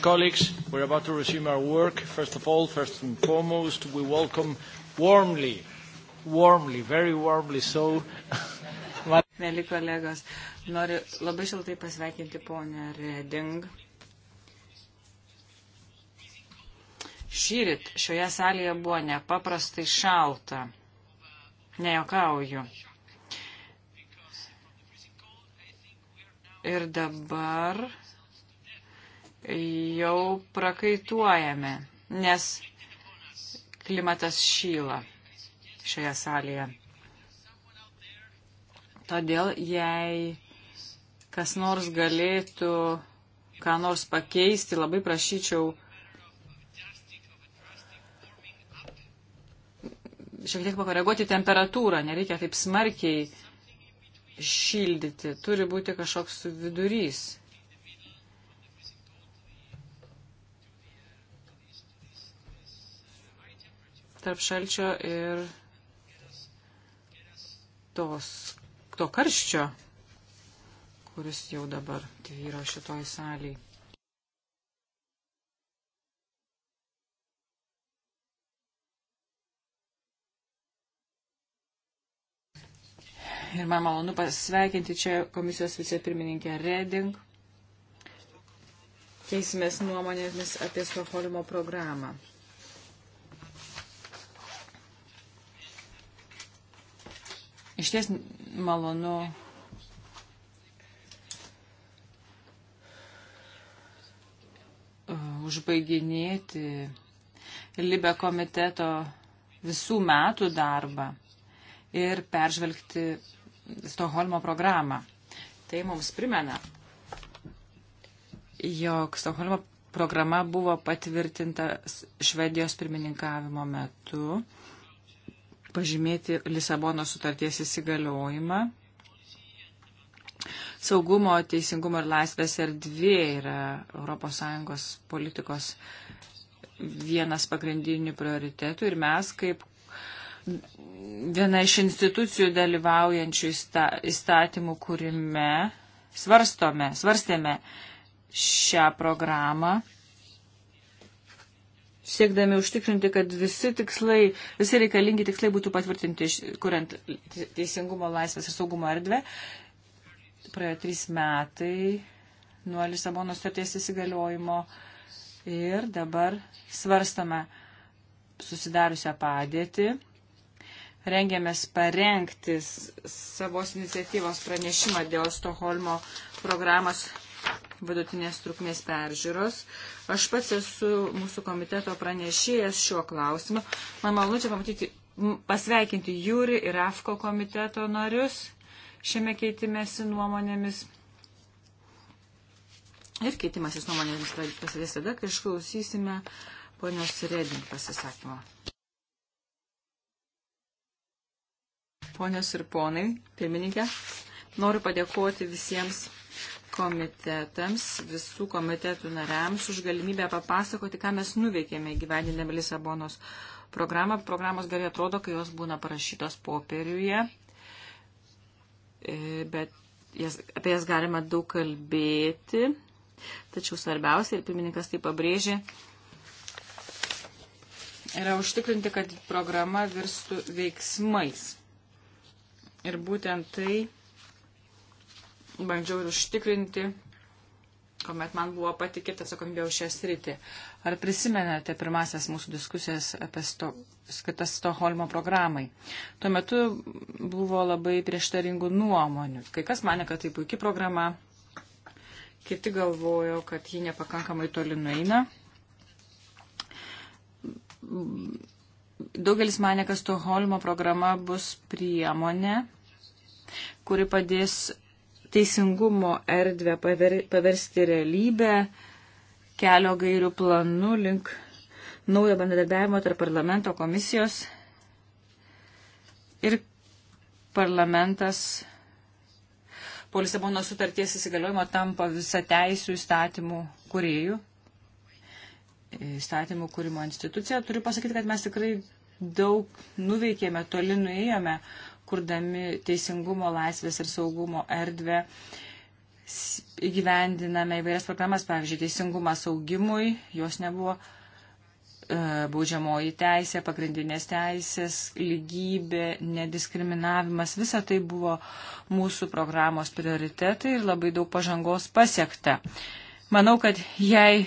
colleagues, we're about to resume our work. First of all, first and foremost, we welcome warmly, warmly, very warmly so. Mėly kolegos, noriu labai šiltai pasveikinti ponę Reding. Šyrit šioje salėje buvo nepaprastai šalta. Nejokauju. Ir dabar jau prakaituojame, nes klimatas šyla šioje salėje. Todėl jei kas nors galėtų ką nors pakeisti, labai prašyčiau šiek tiek pakoreguoti temperatūrą, nereikia taip smarkiai šildyti, turi būti kažkoks vidurys. tarp šalčio ir tos, to karščio, kuris jau dabar tvyro šitoj saliai. Ir man malonu pasveikinti čia komisijos vicepirmininkę Reding. Keisimės nuomonėmis apie Stokholmo programą. Iš ties malonu. užbaiginėti Libe komiteto visų metų darbą ir peržvelgti Stoholmo programą. Tai mums primena, jog Stoholmo programa buvo patvirtinta Švedijos pirmininkavimo metu pažymėti Lisabono sutarties įsigaliojimą. Saugumo, teisingumo ir laisvės erdvė yra ES politikos vienas pagrindinių prioritetų ir mes kaip viena iš institucijų dalyvaujančių įstatymų kūrime svarstome, svarstėme šią programą siekdami užtikrinti, kad visi tikslai, visi reikalingi tikslai būtų patvirtinti, kuriant teisingumo, laisvės ir saugumo erdvę. Praėjo trys metai nuo Lisabono starties įsigaliojimo ir dabar svarstame susidariusią padėtį. Rengiamės parengtis savos iniciatyvos pranešimą dėl Stoholmo programos vidutinės trukmės peržiūros. Aš pats esu mūsų komiteto pranešėjas šiuo klausimu. Man malonu čia pamatyti, pasveikinti Jūri ir AFKO komiteto narius šiame keitimėsi nuomonėmis. Ir keitimasis nuomonėmis prasidės tada, kai išklausysime ponios Redin pasisakymą. Ponios ir ponai, pirmininkė, noriu padėkoti visiems komitetams, visų komitetų nariams už galimybę papasakoti, ką mes nuveikėme gyvendinėme Lisabonos programą. Programos gerai atrodo, kai jos būna parašytos popieriuje, e, bet jas, apie jas galima daug kalbėti. Tačiau svarbiausia, ir pirmininkas tai pabrėžė, yra užtikrinti, kad programa virstų veiksmais. Ir būtent tai bandžiau ir užtikrinti, kuomet man buvo patikėta atsakomybė už šią sritį. Ar prisimenate pirmasias mūsų diskusijas apie sto, skirtas Stoholmo programai? Tuo metu buvo labai prieštaringų nuomonių. Kai kas mane, kad tai puikia programa, kiti galvojo, kad ji nepakankamai toli nueina. Daugelis mane, kad Stoholmo programa bus priemonė, kuri padės teisingumo erdvę paver, paversti realybę kelio gairių planu link naujo bendradarbiavimo tarp parlamento komisijos ir parlamentas po Lisabono sutarties įsigaliojimo tampa visą teisų įstatymų kuriejų, įstatymų kūrimo institucija. Turiu pasakyti, kad mes tikrai daug nuveikėme, toli nuėjome, uh, kurdami teisingumo, laisvės ir saugumo erdvę, įgyvendiname įvairias problemas, pavyzdžiui, teisingumas augimui, jos nebuvo e, baudžiamoji teisė, pagrindinės teisės, lygybė, nediskriminavimas, visa tai buvo mūsų programos prioritetai ir labai daug pažangos pasiekta. Manau, kad jei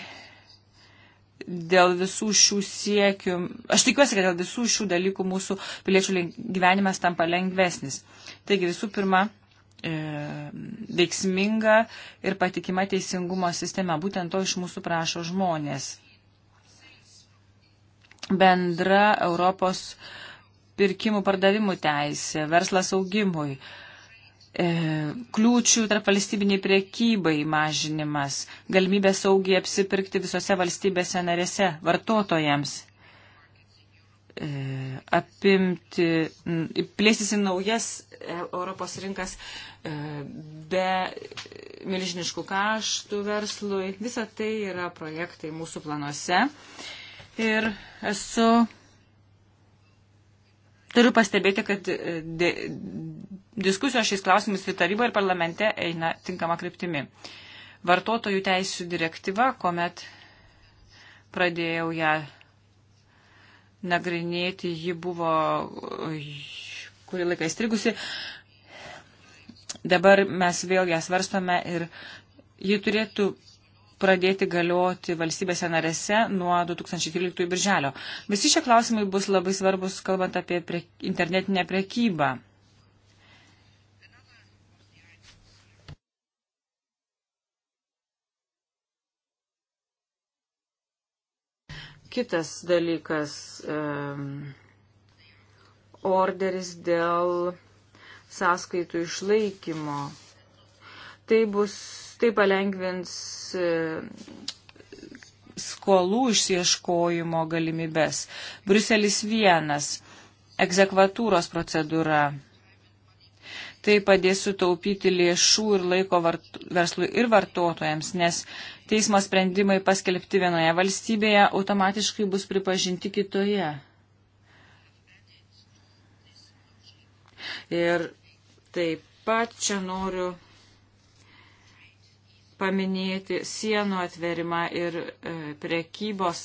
dėl visų šių siekių, aš tikiuosi, kad dėl visų šių dalykų mūsų piliečių gyvenimas tampa lengvesnis. Taigi visų pirma, e, veiksminga ir patikima teisingumo sistema. Būtent to iš mūsų prašo žmonės. Bendra Europos pirkimų pardavimų teisė, verslas augimui. Uh, E, kliūčių tarp valstybiniai priekybai mažinimas, galimybė saugiai apsipirkti visose valstybėse narėse vartotojams, e, apimti, plėsis į naujas e, Europos rinkas be milžiniškų kaštų verslui. Visa tai yra projektai mūsų planuose. Ir esu Turiu pastebėti, kad e, de, diskusijos šiais klausimais ir taryboje ir parlamente eina tinkama kryptimi. Vartotojų teisų direktyva, kuomet pradėjau ją nagrinėti, ji buvo kurį laiką įstrigusi. Dabar mes vėl ją svarstome ir ji turėtų pradėti galioti valstybėse narėse nuo 2013 birželio. Visi šie klausimai bus labai svarbus, kalbant apie pre internetinę prekybą. Kitas dalykas um, - orderis dėl sąskaitų išlaikymo. Tai bus tai palengvins e, skolų išieškojimo galimybės. Bruselis vienas - egzekvatūros procedūra. Tai padės sutaupyti lėšų ir laiko vart, verslui ir vartotojams, nes teismo sprendimai paskelbti vienoje valstybėje automatiškai bus pripažinti kitoje. Ir taip pat čia noriu paminėti sienų atverimą ir e, prekybos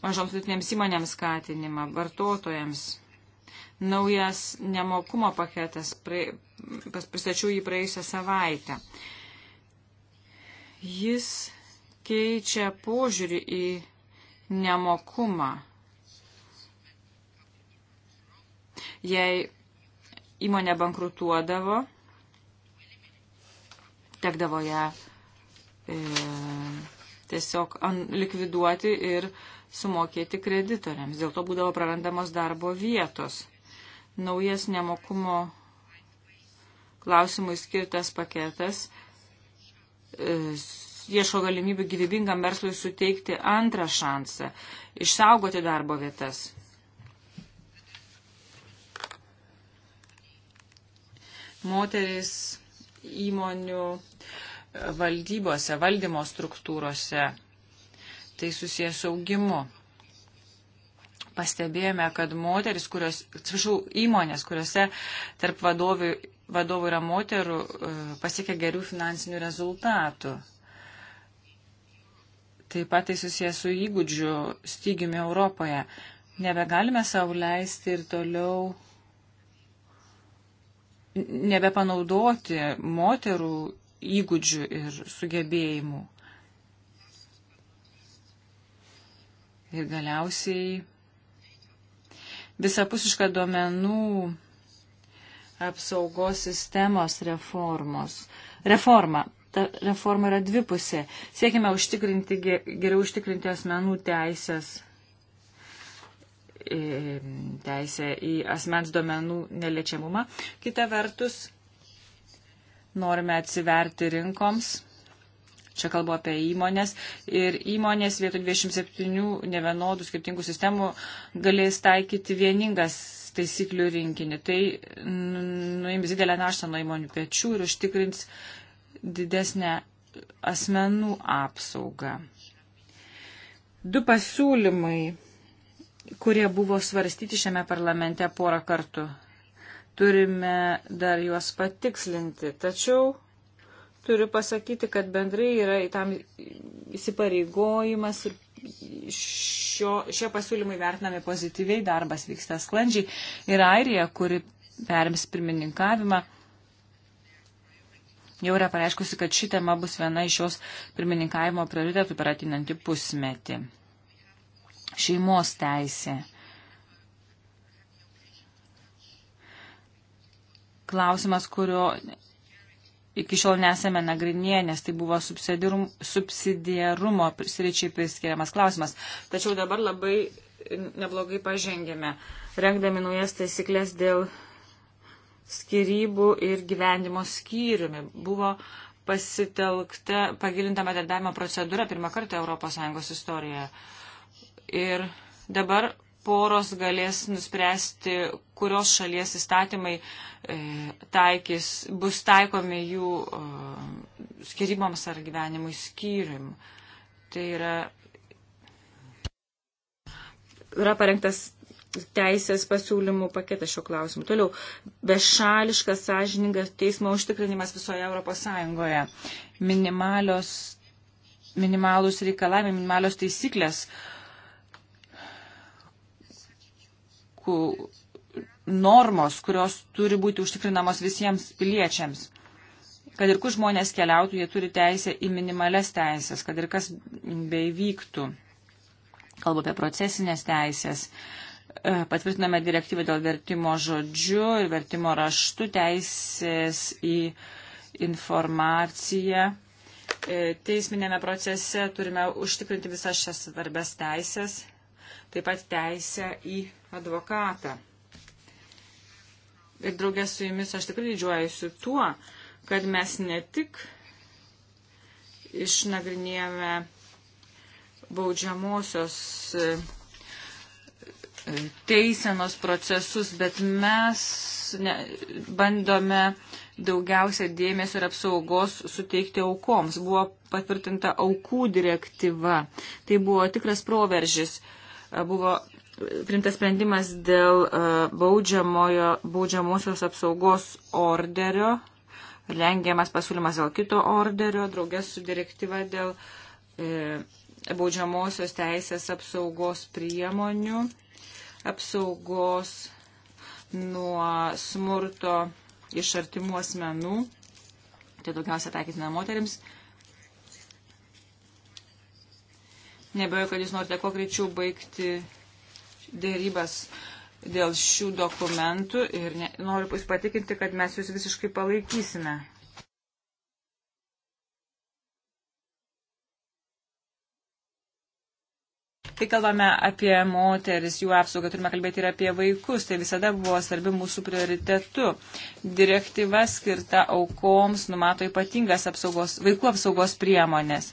mažoms vidutinėms įmonėms skatinimą, vartotojams. Naujas nemokumo paketas, prie, pas, pristačiau jį praėjusią savaitę. Jis keičia požiūrį į nemokumą. Jei įmonė bankrutuodavo, tekdavo ją e, tiesiog an, likviduoti ir sumokėti kreditoriams. Dėl to būdavo prarandamos darbo vietos. Naujas nemokumo klausimui skirtas paketas e, ieško galimybių gyvybingam verslui suteikti antrą šansą, išsaugoti darbo vietas. Moteris įmonių valdybose, valdymo struktūrose. Tai susijęs su augimu. Pastebėjome, kad moteris, kurios, atsiprašau, įmonės, kuriuose tarp vadovių, vadovų yra moterų, e, pasiekia gerių finansinių rezultatų. Taip pat tai susijęs su įgūdžių stygiumi Europoje. Nebegalime savo leisti ir toliau nebepanaudoti moterų įgūdžių ir sugebėjimų. Ir galiausiai visapusiška duomenų apsaugos sistemos reformos. Reforma. Ta reforma yra dvipusė. Siekime užtikrinti, geriau užtikrinti asmenų teisės e, teisę į asmens duomenų neliečiamumą. Kita vertus, norime atsiverti rinkoms. Čia kalbu apie įmonės. Ir įmonės vietoj 27 nevienodų skirtingų sistemų galės taikyti vieningas taisyklių rinkinį. Tai nu, nuims didelę naštą nuo įmonių pečių ir užtikrins didesnę asmenų apsaugą. Du pasiūlymai, kurie buvo svarstyti šiame parlamente porą kartų turime dar juos patikslinti. Tačiau turiu pasakyti, kad bendrai yra tam įsipareigojimas ir šio, šie pasiūlymai vertinami pozityviai, darbas vyksta sklandžiai ir Airija, kuri perims pirmininkavimą, jau yra pareiškusi, kad ši tema bus viena iš jos pirmininkavimo prioritetų per atinantį pusmetį. Šeimos teisė. klausimas, kurio iki šiol nesame nagrinėję, nes tai buvo subsidiarumo sričiai priskiriamas klausimas. Tačiau dabar labai neblogai pažengėme, rengdami naujas taisyklės dėl skirybų ir gyvenimo skyriumi. Buvo pasitelkta pagilinta bendradarbiavimo procedūra pirmą kartą ES istorijoje. Ir dabar poros galės nuspręsti, kurios šalies įstatymai e, taikys, bus taikomi jų e, skiryboms ar gyvenimui skyrim. Tai yra, yra parengtas teisės pasiūlymų paketas šio klausimu. Toliau, bešališkas, sąžiningas teismo užtikrinimas visoje Europos Sąjungoje. Minimalios, minimalus reikalavimai, minimalios taisyklės, uh, dalykų normos, kurios turi būti užtikrinamos visiems piliečiams. Kad ir kur žmonės keliautų, jie turi teisę į minimales teisės, kad ir kas beivyktų. Kalbu apie procesinės teisės. E, patvirtiname direktyvą dėl vertimo žodžiu ir vertimo raštu teisės į informaciją. E, teisminėme procese turime užtikrinti visas šias svarbes teisės, taip pat teisę į advokatą. Ir draugės su jumis aš tikrai didžiuojusiu tuo, kad mes ne tik išnagrinėjome baudžiamosios e, teisenos procesus, bet mes ne, bandome daugiausia dėmesio ir apsaugos suteikti aukoms. Buvo patvirtinta aukų direktyva. Tai buvo tikras proveržis. Buvo primtas sprendimas dėl e, baudžiamosios apsaugos orderio, rengiamas pasiūlymas dėl kito orderio, draugės su direktyva dėl e, baudžiamosios teisės apsaugos priemonių, apsaugos nuo smurto iš artimų asmenų, tai daugiausia taikytina moteriams. Nebejoju, kad jūs norite kuo greičiau baigti dėrybas dėl šių dokumentų ir ne, noriu jūs patikinti, kad mes jūs visiškai palaikysime. Kai kalbame apie moteris, jų apsaugą, turime kalbėti ir apie vaikus. Tai visada buvo svarbi mūsų prioritetu. Direktyva skirta aukoms numato ypatingas apsaugos, vaikų apsaugos priemonės.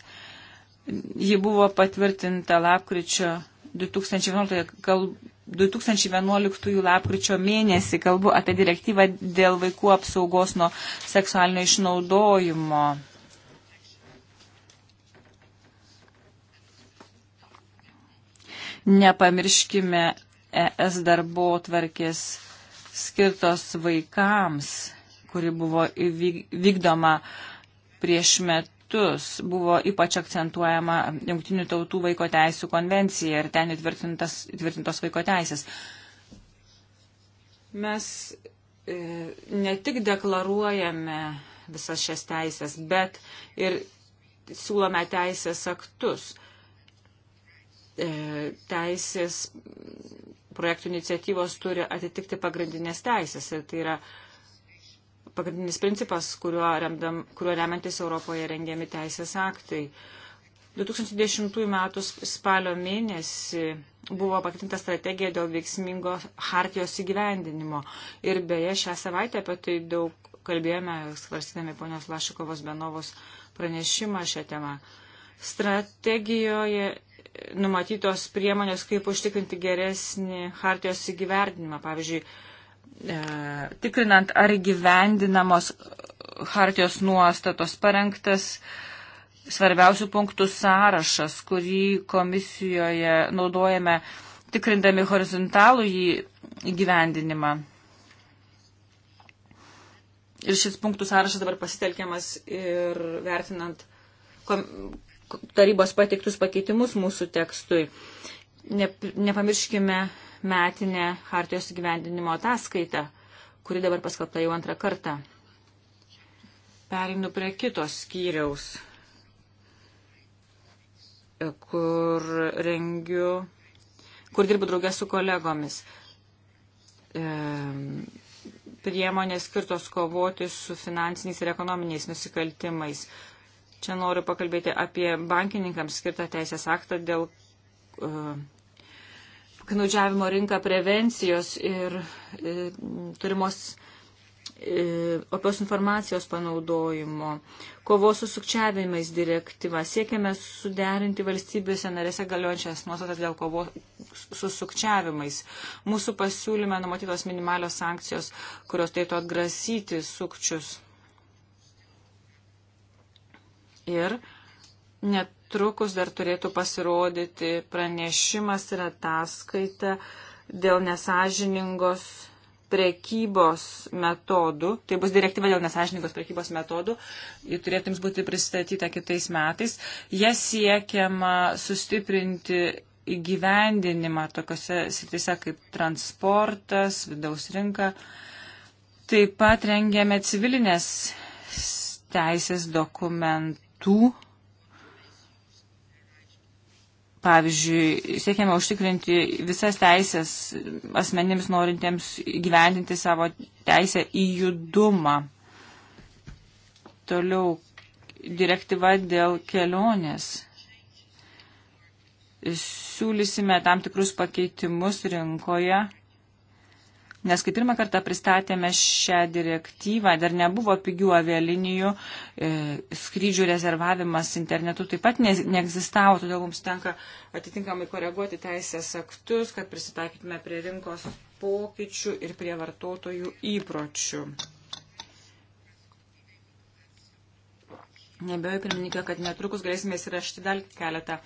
Ji buvo patvirtinta lapkričio 2011, kal, 2011 lapkričio mėnesį kalbu apie direktyvą dėl vaikų apsaugos nuo seksualinio išnaudojimo. Nepamirškime ES darbo tvarkės skirtos vaikams, kuri buvo vykdoma prieš metus metus buvo ypač akcentuojama Junktinių tautų vaiko teisų konvencija ir ten įtvirtintos vaiko teisės. Mes e, ne tik deklaruojame visas šias teisės, bet ir siūlome teisės aktus, e, teisės projektų iniciatyvos turi atitikti pagrindinės teisės. Ir tai yra pagrindinis principas, kuriuo, remdam, kuriuo remiantis Europoje rengiami teisės aktai. 2010 m. spalio mėnesį buvo pakrinta strategija dėl veiksmingo hartijos įgyvendinimo. Ir beje, šią savaitę apie tai daug kalbėjome, svarstydami ponios Lašikovos Benovos pranešimą šią temą. Strategijoje numatytos priemonės, kaip užtikrinti geresnį hartijos įgyvendinimą. Pavyzdžiui, E, tikrinant ar gyvendinamos hartijos nuostatos parengtas svarbiausių punktų sąrašas, kurį komisijoje naudojame tikrindami horizontalų jį gyvendinimą. Ir šis punktų sąrašas dabar pasitelkiamas ir vertinant kom, tarybos pateiktus pakeitimus mūsų tekstui. Ne, nepamirškime metinę Hartijos gyvendinimo ataskaitą, kuri dabar paskelbta jau antrą kartą. Perinu prie kitos skyriaus, kur rengiu, kur dirbu draugę su kolegomis. E, priemonės skirtos kovoti su finansiniais ir ekonominiais nusikaltimais. Čia noriu pakalbėti apie bankininkams skirtą teisės aktą dėl uh, piknaudžiavimo rinką prevencijos ir e, turimos e, opios informacijos panaudojimo, kovos su sukčiavimais direktyva. Siekiame suderinti valstybėse narėse galiojančias nuostatas dėl kovos su sukčiavimais. Mūsų pasiūlyme numatytos minimalios sankcijos, kurios turėtų atgrasyti sukčius. Ir Netrukus dar turėtų pasirodyti pranešimas ir ataskaita dėl nesažiningos prekybos metodų. Tai bus direktyva dėl nesažiningos prekybos metodų. Ji turėtų jums būti pristatyta kitais metais. Jie siekiama sustiprinti įgyvendinimą tokiuose sritise kaip transportas, vidaus rinka. Taip pat rengėme civilinės teisės dokumentų Pavyzdžiui, siekiame užtikrinti visas teisės asmenims norintiems gyvendinti savo teisę į judumą. Toliau direktyva dėl kelionės. Siūlysime tam tikrus pakeitimus rinkoje Nes kai pirmą kartą pristatėme šią direktyvą, dar nebuvo pigių avialinijų, e, skrydžių rezervavimas internetu taip pat ne, neegzistavo, todėl mums tenka atitinkamai koreguoti teisės aktus, kad prisitaikytume prie rinkos pokyčių ir prie vartotojų įpročių. Nebejoju, pirmininkė, kad netrukus galėsime įsirašti dar keletą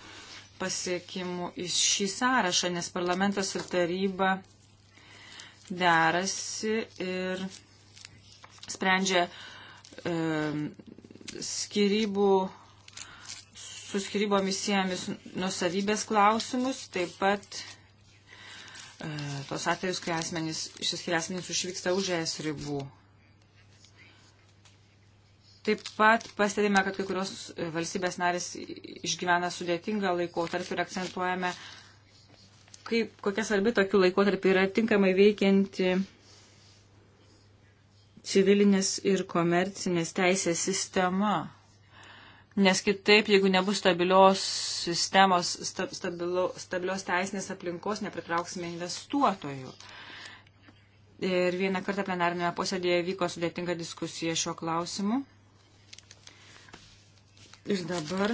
pasiekimų į šį sąrašą, nes parlamentas ir taryba derasi ir sprendžia e, skirybų, su skirybomis siejamis nusavybės klausimus, taip pat e, tos atvejus, kai asmenys, šis asmenys užvyksta už es ribų. Taip pat pastebime, kad kai kurios valstybės narės išgyvena sudėtingą laikotarpį ir akcentuojame kaip, kokia svarbi tokiu laikotarpiu yra tinkamai veikianti civilinės ir komercinės teisės sistema. Nes kitaip, jeigu nebus stabilios sistemos, stabilo, stabilios teisinės aplinkos, nepritrauksime investuotojų. Ir vieną kartą plenarinėme posėdėje vyko sudėtinga diskusija šiuo klausimu. Ir dabar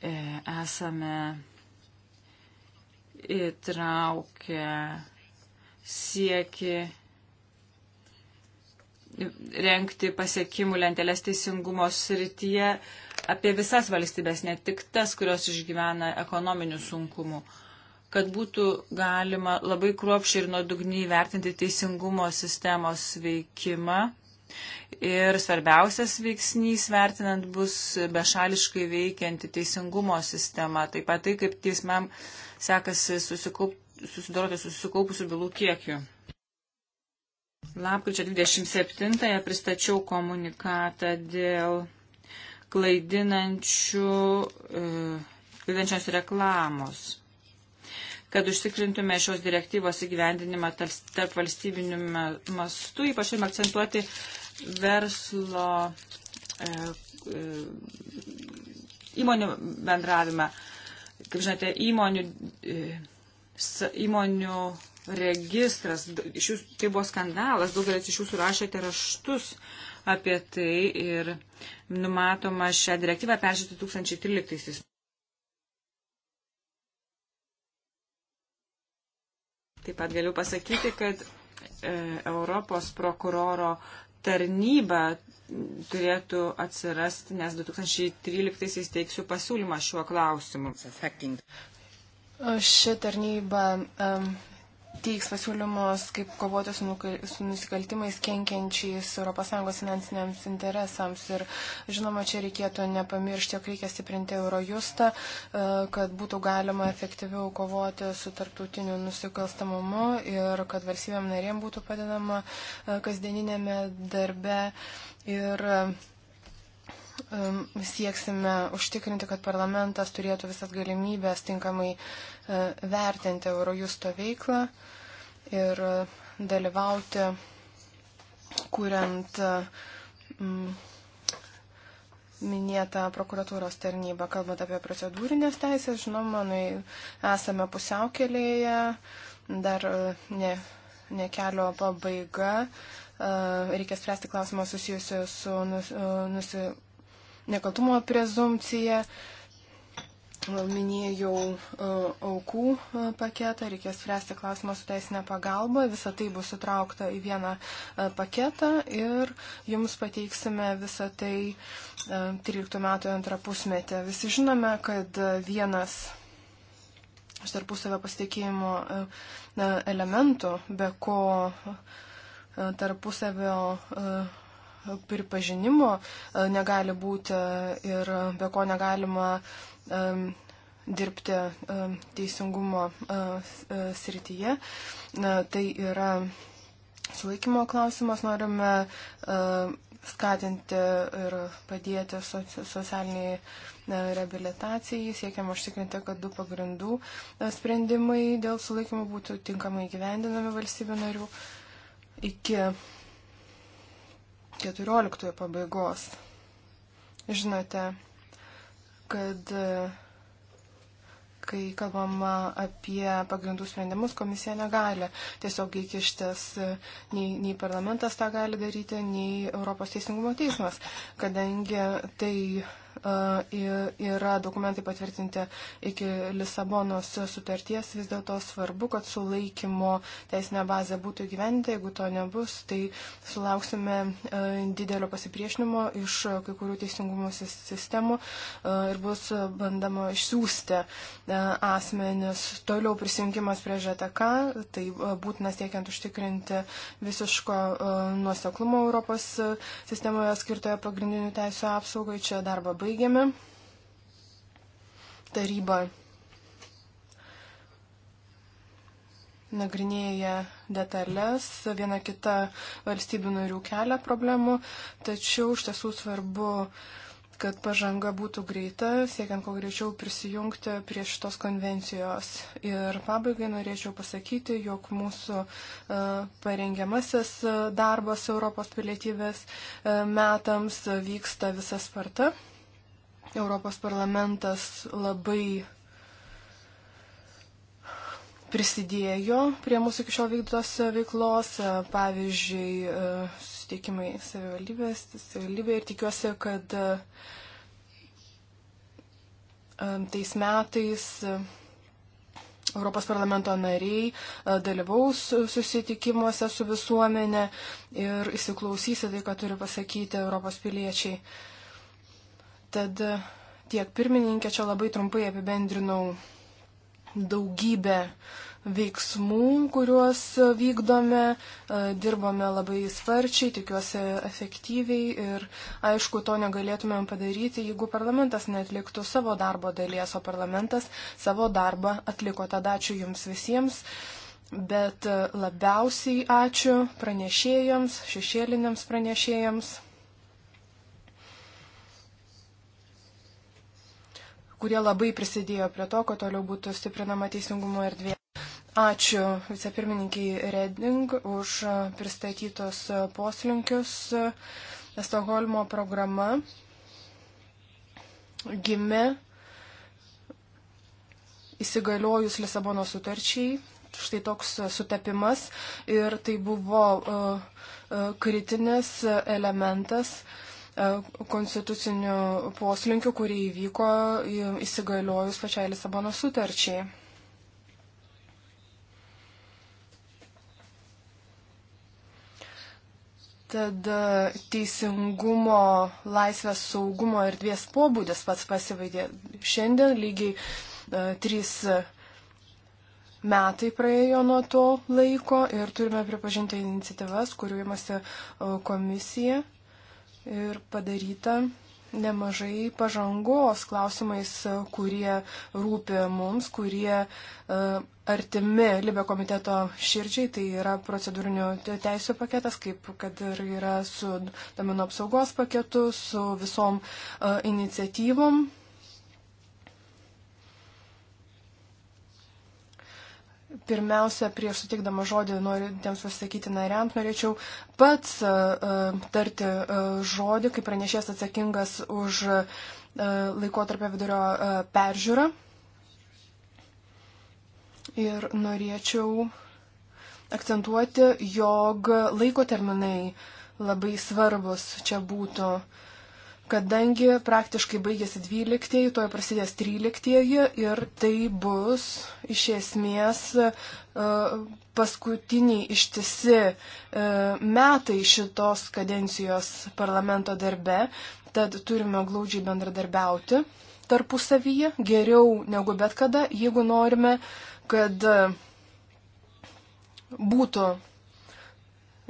E, esame įtraukę sieki renkti pasiekimų lentelės teisingumo srityje apie visas valstybės, ne tik tas, kurios išgyvena ekonominių sunkumų, kad būtų galima labai kruopšiai ir nuodugniai vertinti teisingumo sistemos veikimą Ir svarbiausias veiksnys vertinant bus bešališkai veikianti teisingumo sistema, taip pat tai, kaip teismam sekasi susikaup, susidoroti su susikaupusiu bylų kiekiu. Lapkričio 27-ąją pristačiau komunikatą dėl klaidinančių, e, klaidinančios reklamos. Kad užtikrintume šios direktyvos įgyvendinimą tarp valstybinių mastų, ypač akcentuoti verslo e, e, įmonių bendravimą. Kaip žinote, įmonių, e, įmonių registras, iš jūsų, tai buvo skandalas, daugelis iš jūsų rašėte raštus apie tai ir numatoma šią direktyvą peržiūrėti 2013. Taip pat galiu pasakyti, kad e, Europos prokuroro tarnyba turėtų atsirasti, nes 2013 teiksiu pasiūlymą šiuo klausimu. Ši tarnyba um, teiks pasiūlymus, kaip kovoti su, su nusikaltimais kenkiančiais ES finansiniams interesams. Ir žinoma, čia reikėtų nepamiršti, jog reikia stiprinti Eurojustą, e, kad būtų galima efektyviau kovoti su tarptautiniu nusikalstamumu ir kad valstybėm narėm būtų padedama e, kasdieninėme darbe. Ir sieksime užtikrinti, kad parlamentas turėtų visas galimybės tinkamai e, vertinti Eurojusto veiklą ir dalyvauti, kuriant minėtą prokuratūros tarnybą, kalbant apie procedūrinės teisės, žinoma, nu, esame pusiaukelėje, dar e, ne, ne kelio pabaiga, e, reikia spręsti klausimą susijusiu su nus, nus, nekaltumo prezumciją. Minėjau e, aukų e, paketą, reikės spręsti klausimą su teisinė pagalba, visa tai bus sutraukta į vieną e, paketą ir jums pateiksime visą tai 13 metų antrą pusmetę. Visi žinome, kad vienas iš tarpusavio pasitikėjimo elementų, be ko tarpusavio pripažinimo e, negali būti e, ir be ko negalima e, dirbti teisingumo srityje. Tai yra sulaikymo klausimas. Norime skatinti ir padėti socialiniai reabilitacijai, siekiam užtikrinti, kad du pagrindų sprendimai dėl sulaikymo būtų tinkamai gyvendinami valstybių narių iki 14 pabaigos. Žinote, kad e, kai kalbama apie pagrindų sprendimus, komisija negali tiesiog įkištis, e, nei, nei parlamentas tą gali daryti, nei Europos teisingumo teismas, kadangi tai yra dokumentai patvirtinti iki Lisabonos sutarties, vis dėlto svarbu, kad sulaikymo teisinė bazė būtų gyventa. Jeigu to nebus, tai sulauksime e, didelio pasipriešinimo iš kai kurių teisingumo sistemų e, ir bus bandama išsiųsti e, asmenis. Toliau prisijungimas prie ŽTK, tai būtinas tiekiant užtikrinti visiško nuoseklumo Europos sistemoje skirtoje pagrindinių teisų apsaugai. Čia darbą baigė baigiame. Taryba nagrinėja detalės, viena kita valstybių narių kelia problemų, tačiau iš tiesų svarbu, kad pažanga būtų greita, siekiant kuo greičiau prisijungti prie šitos konvencijos. Ir pabaigai norėčiau pasakyti, jog mūsų e, parengiamasis e, darbas Europos pilietybės e, metams vyksta visa sparta. Europos parlamentas labai prisidėjo prie mūsų iki šiol vykdytos veiklos, pavyzdžiui, susitikimai savivaldybėje ir tikiuosi, kad tais metais Europos parlamento nariai e, dalyvaus susitikimuose su visuomenė ir įsiklausys į tai, ką turi pasakyti Europos piliečiai. Tad tiek pirmininkė čia labai trumpai apibendrinau daugybę veiksmų, kuriuos vykdome, e, dirbame labai sparčiai, tikiuosi efektyviai ir aišku, to negalėtumėm padaryti, jeigu parlamentas netliktų savo darbo dalies, o parlamentas savo darbą atliko. Tada ačiū Jums visiems, bet e, labiausiai ačiū pranešėjams, šešėliniams pranešėjams. kurie labai prisidėjo prie to, kad toliau būtų stiprinama teisingumo erdvė. Ačiū vicepirmininkiai Reding už pristatytos poslinkius. Stokholmo programa gimė įsigaliojus Lisabono sutarčiai. Štai toks sutapimas ir tai buvo uh, uh, kritinis elementas uh, E, konstitucinių poslinkių, kurie įvyko e, įsigaliojus pačiai Lisabono sutarčiai. Tad e, teisingumo, laisvės saugumo ir dvies pobūdis pats pasivaidė. Šiandien lygiai uh, trys metai praėjo nuo to laiko ir turime pripažinti iniciatyvas, kurių įmasi uh, komisija. Uh, ir padaryta nemažai pažangos klausimais, kurie rūpi mums, kurie e, artimi Libė komiteto širdžiai, tai yra procedūrinių teisų paketas, kaip kad ir yra su domino apsaugos paketu, su visom e, iniciatyvom Pirmiausia, prieš sutikdama žodį norintiems pasakyti nariams, norėčiau pats uh, tarti uh, žodį, kaip pranešės atsakingas už uh, laikotarpio vidurio uh, peržiūrą. Ir norėčiau akcentuoti, jog laiko terminai labai svarbus čia būtų. Uh, kadangi praktiškai baigėsi 12-ieji, toje prasidės 13-ieji ir tai bus iš esmės e, paskutiniai ištisi e, metai šitos kadencijos parlamento darbe, tad turime glaudžiai bendradarbiauti tarpusavyje, geriau negu bet kada, jeigu norime, kad būtų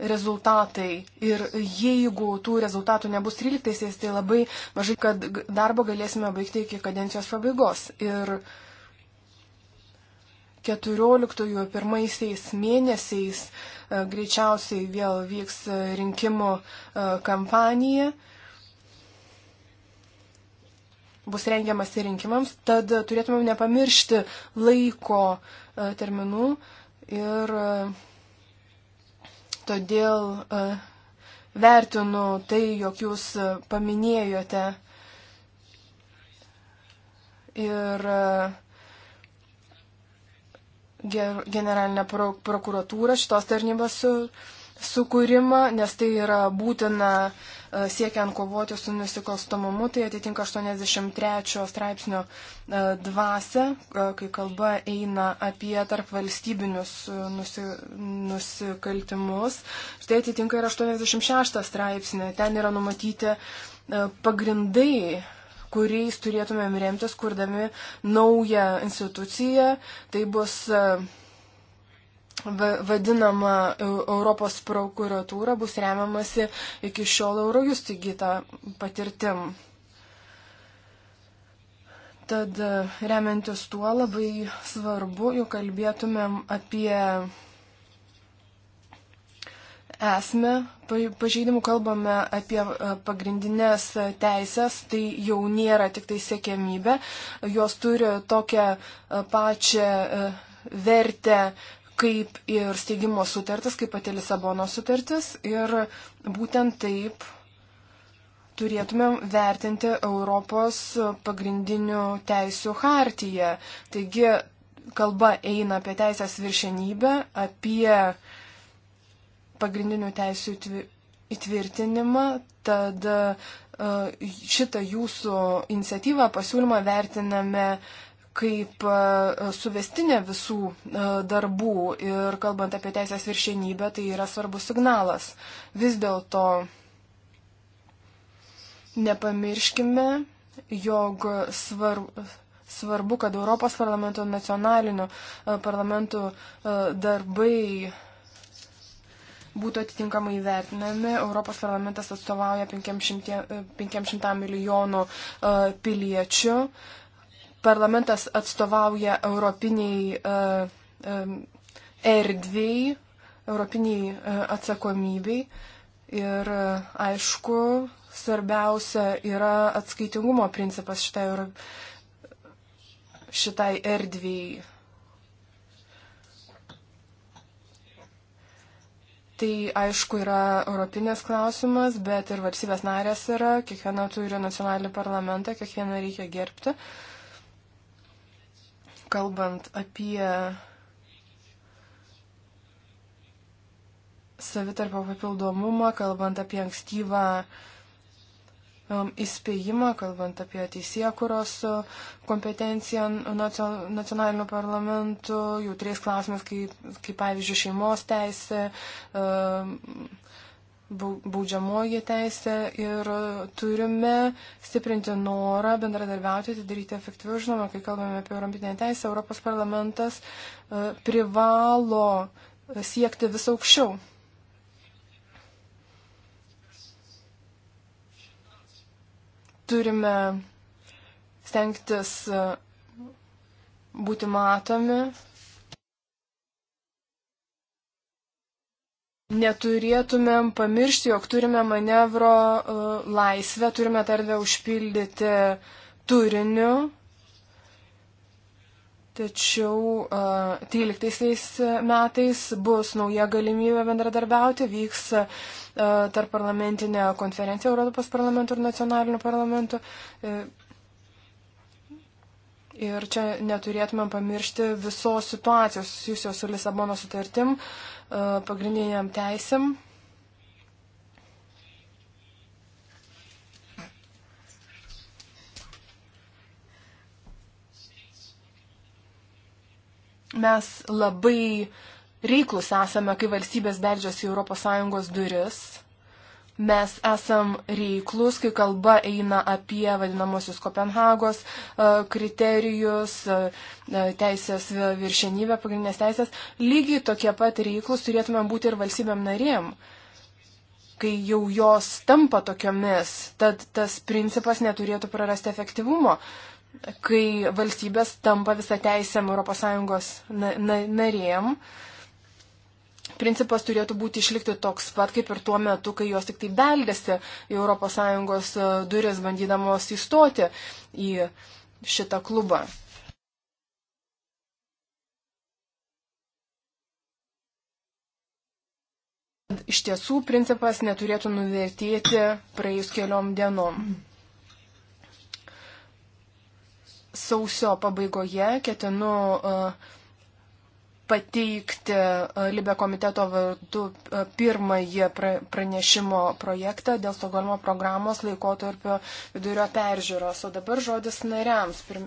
rezultatai. Ir jeigu tų rezultatų nebus 13-aisiais, tai labai mažai, kad darbo galėsime baigti iki kadencijos pabaigos. Ir 14-ųjų pirmaisiais mėnesiais e, greičiausiai vėl vyks e, rinkimų e, kampanija bus rengiamasi rinkimams, tad turėtumėm nepamiršti laiko terminų ir Todėl e, vertinu tai, jog jūs e, paminėjote ir e, generalinę prokuratūrą šitos tarnybos sukūrimą, nes tai yra būtina uh, E, siekiant kovoti su nusikalstamumu, tai atitinka 83 straipsnio e, dvasę, e, kai kalba eina apie tarp valstybinius nusi, nusikaltimus. Štai atitinka ir 86 straipsnį. Ten yra numatyti pagrindai kuriais turėtumėm remtis, kurdami naują instituciją. Tai bus vadinama Europos prokuratūra bus remiamasi iki šiol Eurojus įgyta patirtim. Tad e, remiantis tuo labai svarbu, jog kalbėtumėm apie esmę pažeidimų, kalbame apie e, pagrindinės teisės, tai jau nėra tik tai sėkiamybė, jos turi tokią e, pačią vertę kaip ir steigimo sutartis, kaip pati Lisabono sutartis. Ir būtent taip turėtumėm vertinti Europos pagrindinių teisių hartiją. Taigi kalba eina apie teisės viršenybę, apie pagrindinių teisių įtvirtinimą, tad e, šitą jūsų iniciatyvą pasiūlymą vertiname uh, kaip e, suvestinė visų e, darbų ir kalbant apie teisės viršienybę, tai yra svarbus signalas. Vis dėlto nepamirškime, jog svarbu. Svarbu, kad Europos parlamento nacionalinių e, parlamentų darbai būtų atitinkamai vertinami. Europos parlamentas atstovauja 500, 500 milijonų piliečių. Uh, parlamentas atstovauja europiniai e, e, erdviai, europiniai e, atsakomybei ir aišku, svarbiausia yra atskaitingumo principas šitai, šitai erdviai. Tai aišku yra europinės klausimas, bet ir valstybės narės yra, kiekviena turi nacionalinį parlamentą, kiekvieną reikia gerbti. Uh, kalbant apie savitarpio papildomumą, kalbant apie ankstyvą um, įspėjimą, kalbant apie teisėkuros uh, kompetenciją nacionalinių parlamentų, jautriais klausimais, kaip, kaip pavyzdžiui, šeimos teisė, um, baudžiamoji teisė ir turime stiprinti norą bendradarbiauti, tai daryti efektyviau. Žinoma, kai kalbame apie Europinę teisę, Europos parlamentas e, privalo siekti vis aukščiau. Turime stengtis e, būti matomi neturėtumėm pamiršti, jog turime manevro e, laisvę, turime tarvę užpildyti turiniu. Tačiau 13 e, metais bus nauja galimybė bendradarbiauti, vyks e, tarp parlamentinė konferencija Europos parlamentų ir nacionalinių parlamentų. Ir čia neturėtume pamiršti visos situacijos susijusios su Lisabono sutartim, e, pagrindiniam teisėm. Mes labai reiklus esame, kai valstybės beldžiasi į ES duris mes esam reiklus, kai kalba eina apie vadinamosius Kopenhagos e, kriterijus, e, e, teisės viršenybę, pagrindinės teisės, lygiai tokie pat reiklus turėtume būti ir valstybėm narėm kai jau jos tampa tokiomis, tad tas principas neturėtų prarasti efektyvumo, kai valstybės tampa visą teisę ES narėm, principas turėtų būti išlikti toks pat, kaip ir tuo metu, kai jos tik tai beldėsi į ES e, duris, bandydamos įstoti į šitą klubą. Iš tiesų principas neturėtų nuvertėti praėjus keliom dienom sausio pabaigoje ketinu uh, pateikti e, Libė komiteto vardu e, pirmąjį pranešimo projektą dėl Stokholmo programos laikotarpio vidurio peržiūros. O dabar žodis nariams. Pirm...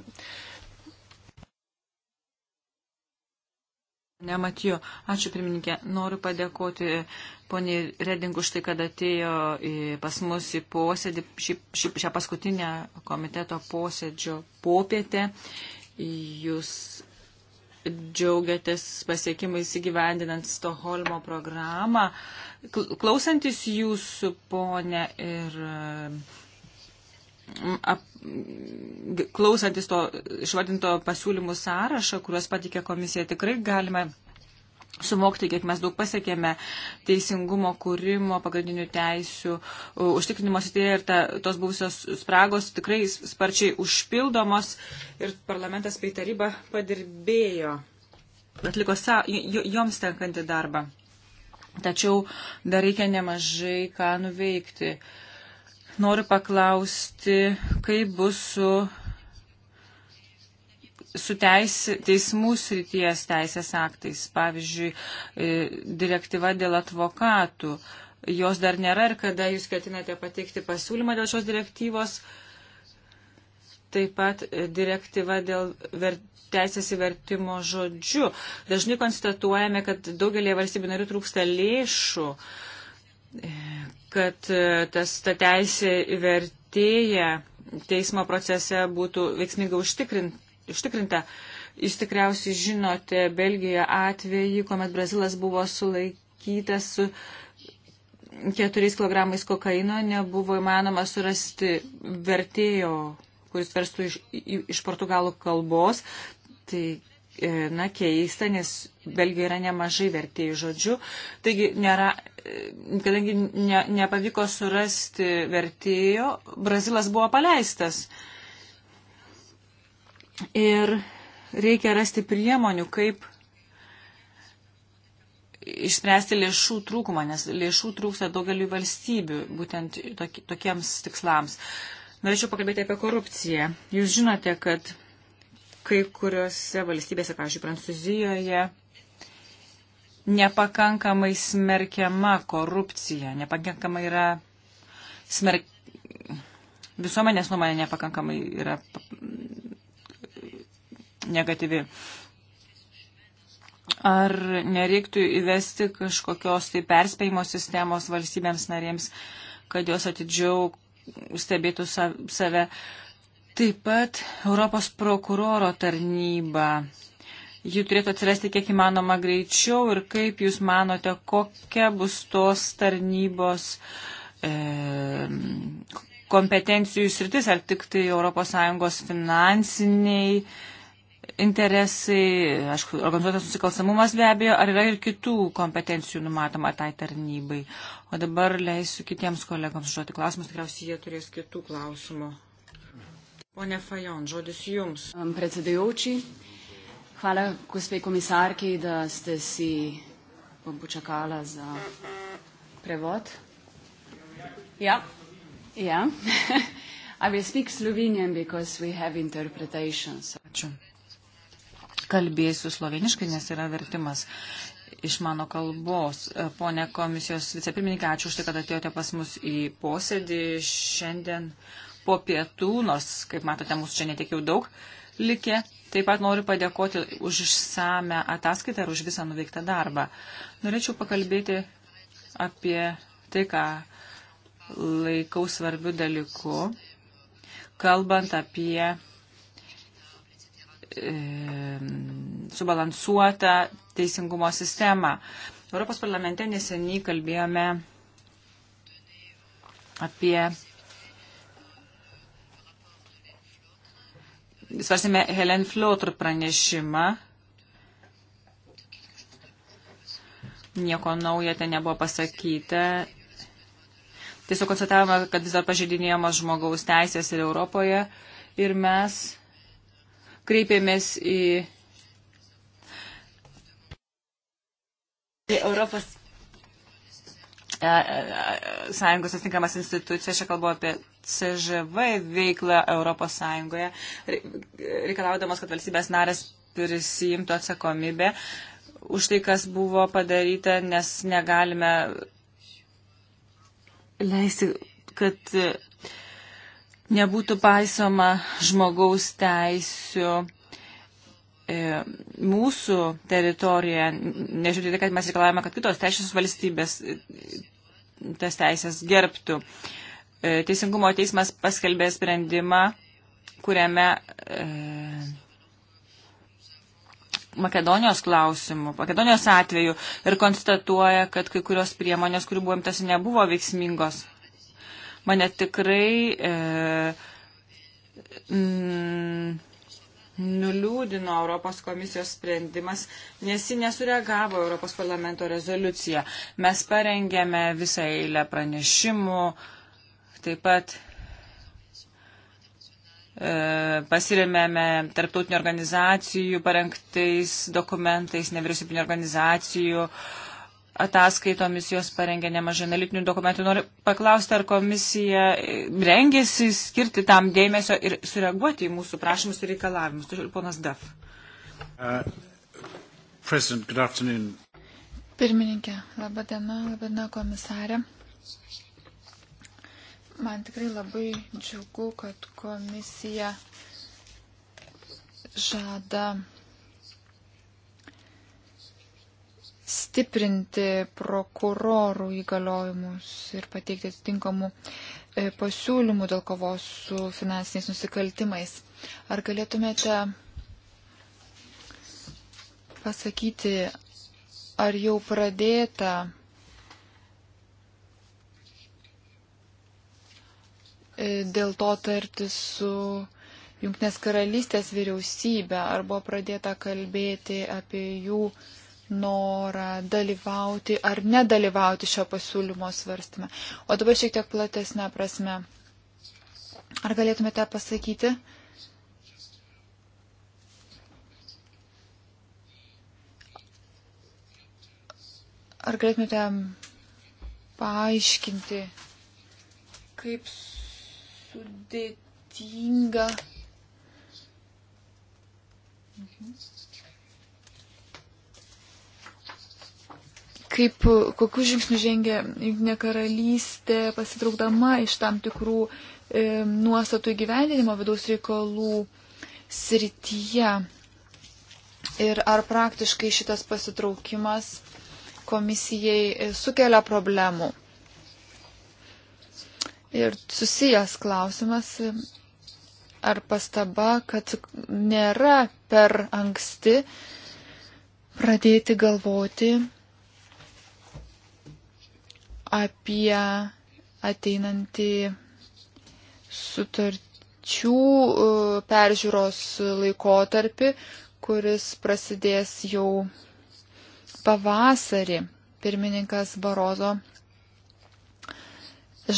Nematijo, ačiū pirmininkė. Noriu padėkoti poniai Reding už tai, kad atėjo pas mus į posėdį, šį, šį, šią paskutinę komiteto posėdžio popietę. Jūs džiaugiatės pasiekimais įgyvendinant Stoholmo programą. Klausantis jūsų, ponė, ir ap, klausantis to išvadinto pasiūlymų sąrašo, kuriuos patikė komisija, tikrai galime suvokti, kiek mes daug pasiekėme teisingumo kūrimo, pagrindinių teisių, užtikrinimo sitėje ir ta, tos buvusios spragos tikrai sparčiai užpildomos ir parlamentas bei taryba padirbėjo, atliko sa, joms tenkantį darbą. Tačiau dar reikia nemažai ką nuveikti. Noriu paklausti, kaip bus su su teis, teismų srities teisės aktais, pavyzdžiui, e, direktyva dėl advokatų. Jos dar nėra ir kada jūs ketinate pateikti pasiūlymą dėl šios direktyvos. Taip pat e, direktyva dėl ver, teisės įvertimo žodžiu. Dažnai konstatuojame, kad daugelį valstybių narių trūksta lėšų, e, kad tas, ta teisė įvertėja teismo procese būtų veiksmingai užtikrint, užtikrinta. Jūs tikriausiai žinote Belgijoje atvejį, kuomet Brazilas buvo sulaikytas su keturiais kilogramais kokaino, nebuvo įmanoma surasti vertėjo, kuris verstų iš, iš portugalų kalbos. Tai e, na, keista, nes Belgijoje yra nemažai vertėjų žodžių. Taigi, nėra, e, kadangi ne, nepavyko surasti vertėjo, Brazilas buvo paleistas. Uh, Ir reikia rasti priemonių, kaip išspręsti lėšų trūkumą, nes lėšų trūksta daugeliu valstybių, būtent tokiems tikslams. Norėčiau pakalbėti apie korupciją. Jūs žinote, kad kai kuriuose valstybėse, pavyzdžiui, Prancūzijoje, nepakankamai smerkiama korupcija, nepakankamai yra smerk... visuomenės nuomonė nepakankamai yra negatyvi. Ar nereiktų įvesti kažkokios tai perspėjimo sistemos valstybėms narėms, kad jos atidžiau stebėtų save? Taip pat Europos prokuroro tarnyba ji turėtų atsirasti kiek įmanoma greičiau ir kaip Jūs manote, kokia bus tos tarnybos e, kompetencijų sritis, ar tik tai ES finansiniai interesai, aišku, organizuotas nusikalstamumas be abejo, ar yra ir kitų kompetencijų numatoma tai tarnybai. O dabar leisiu kitiems kolegams žodį klausimus, tikriausiai jie turės kitų klausimų. Pone Fajon, žodis jums. Predsedujoči, hvala gospej komisarki, da ste si bom počakala za prevod. Ja, ja. I will speak Slovenian because we have interpretations. Ačiū kalbėsiu sloveniškai, nes yra vertimas iš mano kalbos. Pone komisijos vicepirmininkė, ačiū už tai, kad atėjote pas mus į posėdį šiandien po pietų, nors, kaip matote, mūsų čia netiek jau daug likė. Taip pat noriu padėkoti už išsame ataskaitą ir už visą nuveiktą darbą. Norėčiau pakalbėti apie tai, ką laikau svarbiu dalyku, kalbant apie E, subalansuotą teisingumo sistemą. Europos parlamente neseniai kalbėjome apie svarsime Helen Flotr pranešimą. Nieko naujo ten nebuvo pasakyta. Tiesiog konstatavome, kad vis dar pažeidinėjamos žmogaus teisės ir Europoje. Ir mes kreipėmės į, į Europos e, e, sąjungos atitinkamas institucijas, čia kalbu apie CŽV veiklą Europos sąjungoje, reikalaudamas, kad valstybės narės prisijimtų atsakomybę už tai, kas buvo padaryta, nes negalime leisti, kad nebūtų paisoma žmogaus teisių e, mūsų teritorijoje, nežiūrėti, tai, kad mes reikalavome, kad kitos teisės valstybės e, tas teisės gerbtų. E, Teisingumo teismas paskelbė sprendimą, kuriame e, Makedonijos klausimų, Makedonijos atveju ir konstatuoja, kad kai kurios priemonės, kurių buvo imtasi, nebuvo veiksmingos mane tikrai e, n, nuliūdino Europos komisijos sprendimas, nes ji nesureagavo Europos parlamento rezoliuciją. Mes parengėme visą eilę pranešimų, taip pat e, pasiremėme tarptautinių organizacijų parengtais dokumentais, nevyriausybinio organizacijų uh, ataskaitomis jos parengė nemažai analitinių dokumentų. Noriu paklausti, ar komisija rengėsi skirti tam dėmesio ir sureaguoti į mūsų prašymus ir reikalavimus. Tačiau ponas Daf. Uh, Pirmininkė, laba diena, laba diena komisarė. Man tikrai labai džiugu, kad komisija žada stiprinti prokurorų įgaliojimus ir pateikti atitinkamų e, pasiūlymų dėl kovos su finansiniais nusikaltimais. Ar galėtumėte pasakyti, ar jau pradėta e, dėl to tarti su Junknės karalystės vyriausybė, ar buvo pradėta kalbėti apie jų norą dalyvauti ar nedalyvauti šio pasiūlymo svarstymą. O dabar šiek tiek platesnė prasme. Ar galėtumėte pasakyti? Ar galėtumėte paaiškinti, kaip sudėtinga. Mhm kaip, kokiu žingsniu žengia Junktinė karalystė pasitraukdama iš tam tikrų e, nuostatų įgyvendinimo vidaus reikalų srityje. Ir ar praktiškai šitas pasitraukimas komisijai e, sukelia problemų. Ir susijęs klausimas ar pastaba, kad nėra per anksti pradėti galvoti apie ateinantį sutarčių e, peržiūros laikotarpį, kuris prasidės jau pavasarį. Pirmininkas Barozo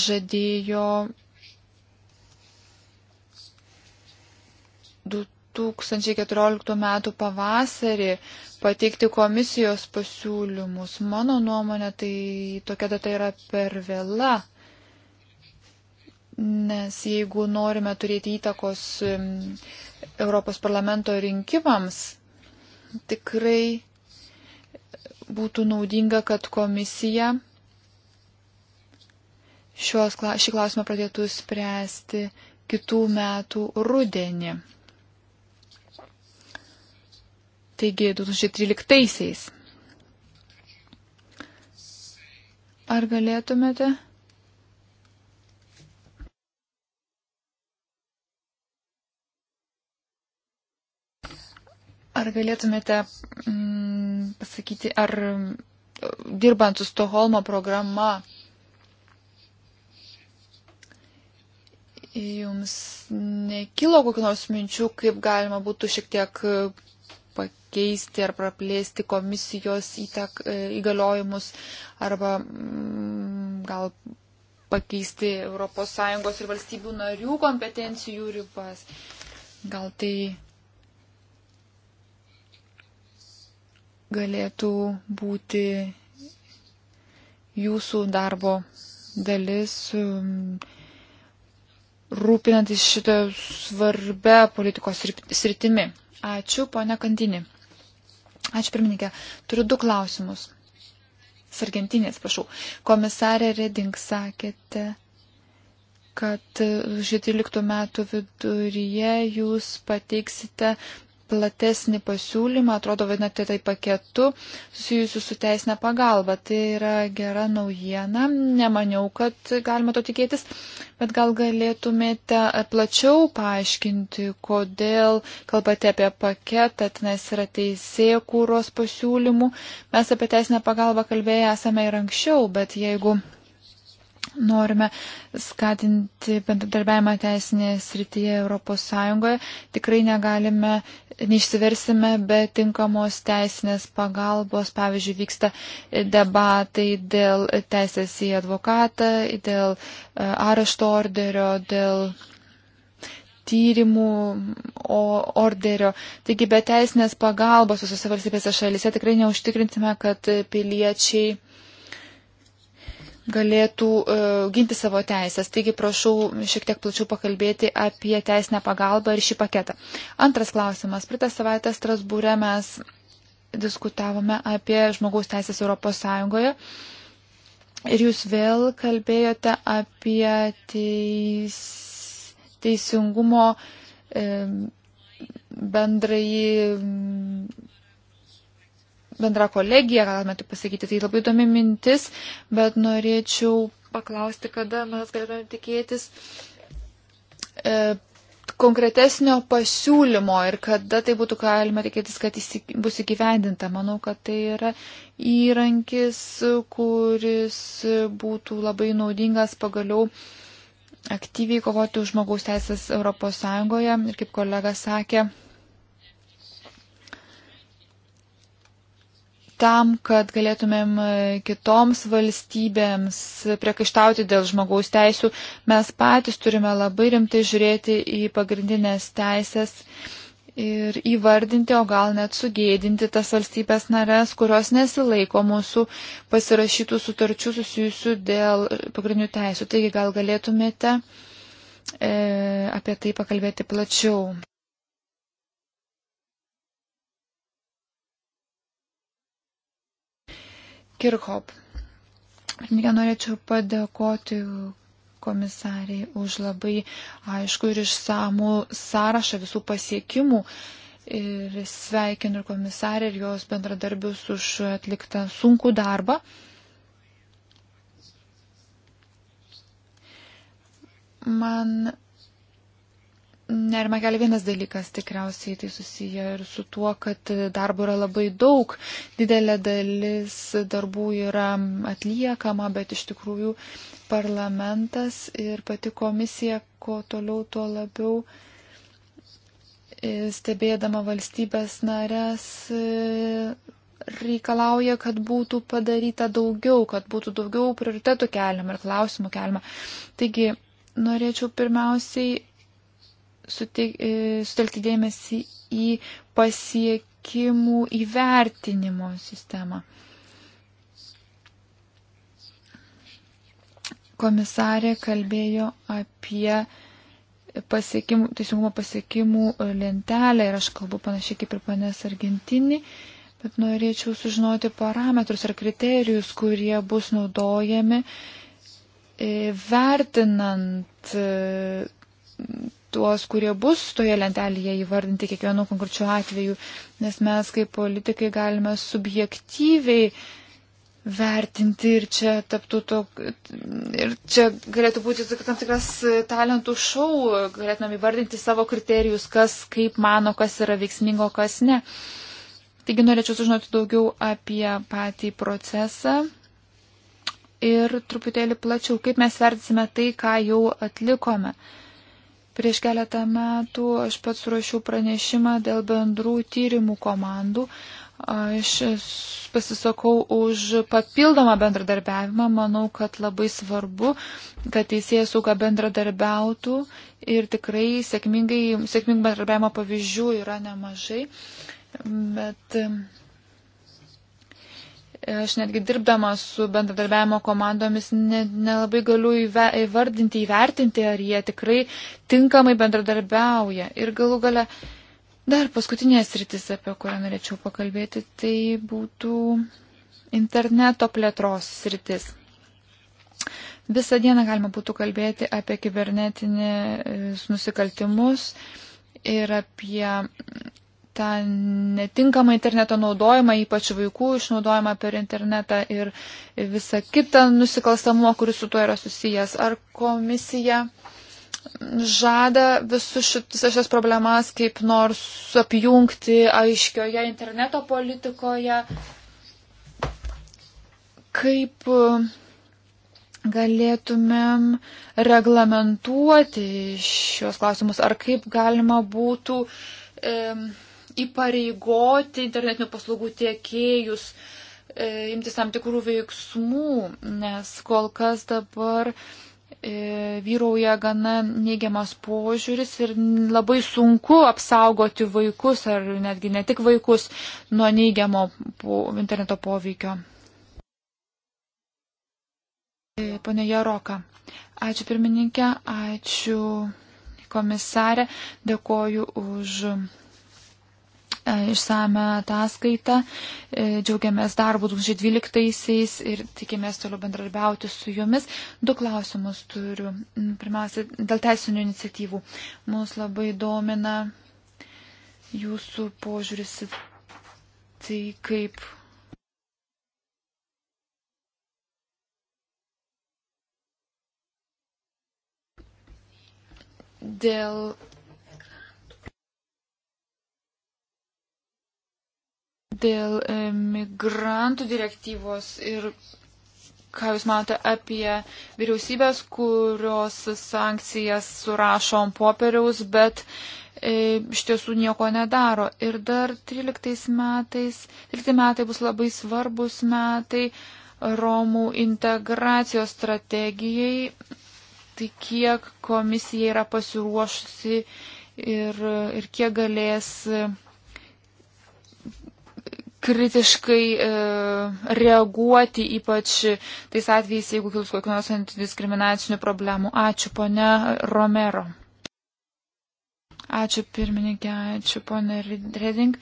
žadėjo 2014 m. pavasarį pateikti komisijos pasiūlymus. Mano nuomonė, tai tokia data yra per vėla, nes jeigu norime turėti įtakos Europos parlamento rinkimams, tikrai būtų naudinga, kad komisija šios, šį klausimą pradėtų spręsti kitų metų rudenį taigi 2013-aisiais. Ar galėtumėte? Ar galėtumėte mm, pasakyti, ar mm, dirbant su Stoholmo programa jums nekilo kokių nors minčių, kaip galima būtų šiek tiek pakeisti ar praplėsti komisijos įtek, e, įgaliojimus arba mm, gal pakeisti ES ir valstybių narių kompetencijų ribas. Gal tai galėtų būti jūsų darbo dalis, mm, rūpinantis šitą svarbę politikos sritimi. Ačiū, ponia Kandini. Ačiū pirmininkė. Turiu du klausimus. Sargentinės, prašau. Komisarė Reding sakėte, kad 2013 metų viduryje jūs pateiksite platesnį pasiūlymą, atrodo vadinate tai paketu, susijusiu su teisinė pagalba. Tai yra gera naujiena, nemaniau, kad galima to tikėtis, bet gal galėtumėte plačiau paaiškinti, kodėl kalbate apie paketą, tai nes yra teisėjų kūros pasiūlymų. Mes apie teisinę pagalbą kalbėję esame ir anksčiau, bet jeigu norime skatinti bendradarbiavimą teisinėje srityje ES, tikrai negalime, neišsiversime be tinkamos teisinės pagalbos. Pavyzdžiui, vyksta debatai dėl teisės į advokatą, dėl e, arešto orderio, dėl tyrimų orderio. Taigi be teisinės pagalbos visose valstybėse šalyse tikrai neužtikrintume, kad piliečiai galėtų e, ginti savo teisės. Taigi prašau šiek tiek plačiau pakalbėti apie teisinę pagalbą ir šį paketą. Antras klausimas. Pritą savaitę Strasbūrė mes diskutavome apie žmogaus teisės Europos Sąjungoje. Ir jūs vėl kalbėjote apie teis, teisingumo e, bendrai bendra kolegija, galime taip pasakyti, tai labai įdomi mintis, bet norėčiau paklausti, kada mes galėtume tikėtis e, konkretesnio pasiūlymo ir kada tai būtų galima tikėtis, kad jis bus įgyvendinta. Manau, kad tai yra įrankis, kuris būtų labai naudingas pagaliau aktyviai kovoti už žmogaus teisės ES ir kaip kolega sakė, tam, kad galėtumėm kitoms valstybėms priekaištauti dėl žmogaus teisų, mes patys turime labai rimtai žiūrėti į pagrindinės teisės ir įvardinti, o gal net sugėdinti tas valstybės narės, kurios nesilaiko mūsų pasirašytų sutarčių susijusių dėl pagrindinių teisų. Taigi gal galėtumėte e, apie tai pakalbėti plačiau. Kirchhop. Pirmininkė, norėčiau padėkoti komisariai už labai aišku ir išsamų sąrašą visų pasiekimų. Ir sveikinu ir komisarį ir jos bendradarbius už atliktą sunkų darbą. Man Nerima kelia vienas dalykas, tikriausiai tai susiję ir su tuo, kad darbo yra labai daug, didelė dalis darbų yra atliekama, bet iš tikrųjų parlamentas ir pati komisija, kuo toliau, tuo labiau e, stebėdama valstybės narės e, reikalauja, kad būtų padaryta daugiau, kad būtų daugiau prioritetų keliama ir klausimų keliama. Taigi, norėčiau pirmiausiai E, sutelkti dėmesį į pasiekimų įvertinimo sistemą. Komisarė kalbėjo apie pasiekimų, teisingumo pasiekimų lentelę ir aš kalbu panašiai kaip ir panės Argentinį, bet norėčiau sužinoti parametrus ar kriterijus, kurie bus naudojami e, vertinant e, tuos, kurie bus toje lentelėje įvardinti kiekvienu konkrečiu atveju, nes mes kaip politikai galime subjektyviai vertinti ir čia taptų to, ir čia galėtų būti tam tikras talentų šau, galėtumėm įvardinti savo kriterijus, kas kaip mano, kas yra veiksmingo, kas ne. Taigi norėčiau sužinoti daugiau apie patį procesą ir truputėlį plačiau, kaip mes vertinsime tai, ką jau atlikome. Uh, Prieš keletą metų aš pats ruošiau pranešimą dėl bendrų tyrimų komandų. Aš pasisakau už papildomą bendradarbiavimą. Manau, kad labai svarbu, kad teisėjai sauga bendradarbiautų ir tikrai sėkmingai, sėkmingų bendradarbiavimo pavyzdžių yra nemažai. Bet Aš netgi dirbdamas su bendradarbiavimo komandomis nelabai ne galiu įve, įvardinti, įvertinti, ar jie tikrai tinkamai bendradarbiauja. Ir galų gale dar paskutinė sritis, apie kurią norėčiau pakalbėti, tai būtų interneto plėtros sritis. Visą dieną galima būtų kalbėti apie kibernetinį nusikaltimus ir apie tą netinkamą interneto naudojimą, ypač vaikų išnaudojimą per internetą ir visą kitą nusikalstamumą, kuris su tuo yra susijęs. Ar komisija žada visus šias problemas kaip nors apjungti aiškioje interneto politikoje? Kaip e, galėtumėm reglamentuoti šios klausimus, ar kaip galima būtų e, įpareigoti internetinių paslaugų tiekėjus e, imtis tam tikrų veiksmų, nes kol kas dabar e, vyrauja gana neigiamas požiūris ir labai sunku apsaugoti vaikus ar netgi ne tik vaikus nuo neigiamo po, interneto poveikio. E, Pane Jaroka, ačiū pirmininkė, ačiū komisarė, dėkoju už E, išsame ataskaitą. E, džiaugiamės darbu 2012-aisiais ir tikimės toliau bendradarbiauti su jumis. Du klausimus turiu. Mm, pirmiausia, dėl teisinių iniciatyvų. Mus labai domina jūsų požiūris į tai, kaip. Dėl dėl e, migrantų direktyvos ir ką Jūs manote apie vyriausybės, kurios sankcijas surašo ant popieriaus, bet e, iš tiesų nieko nedaro. Ir dar 13 metais, 13 metai bus labai svarbus metai Romų integracijos strategijai, tai kiek komisija yra pasiruošusi ir, ir kiek galės. E, kritiškai e, reaguoti, ypač tais atvejais, jeigu kils kokių nors antidiskriminacinių problemų. Ačiū, ponia Romero. Ačiū pirmininkė, ačiū ponė Reding.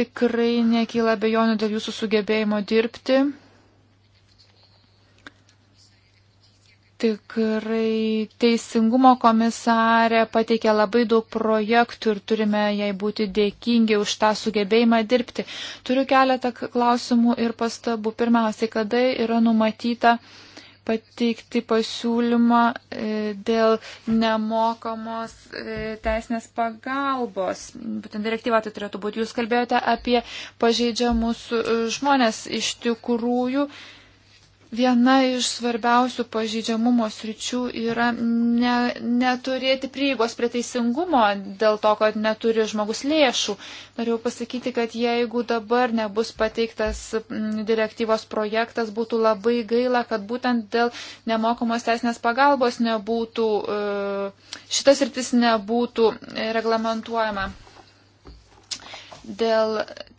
Tikrai nekyla bejonių dėl jūsų sugebėjimo dirbti tikrai teisingumo komisarė pateikė labai daug projektų ir turime jai būti dėkingi už tą sugebėjimą dirbti. Turiu keletą klausimų ir pastabų. Pirmiausiai, kada yra numatyta pateikti pasiūlymą e, dėl nemokamos e, teisinės pagalbos. Būtent direktyva tai turėtų būti. Jūs kalbėjote apie pažeidžiamus e, žmonės iš tikrųjų. Viena iš svarbiausių pažydžiamumo sričių yra ne, neturėti prieigos prie teisingumo dėl to, kad neturi žmogus lėšų. Norėjau pasakyti, kad jeigu dabar nebus pateiktas direktyvos projektas, būtų labai gaila, kad būtent dėl nemokamos teisinės pagalbos nebūtų, e, šitas rytis nebūtų e, reglamentuojama dėl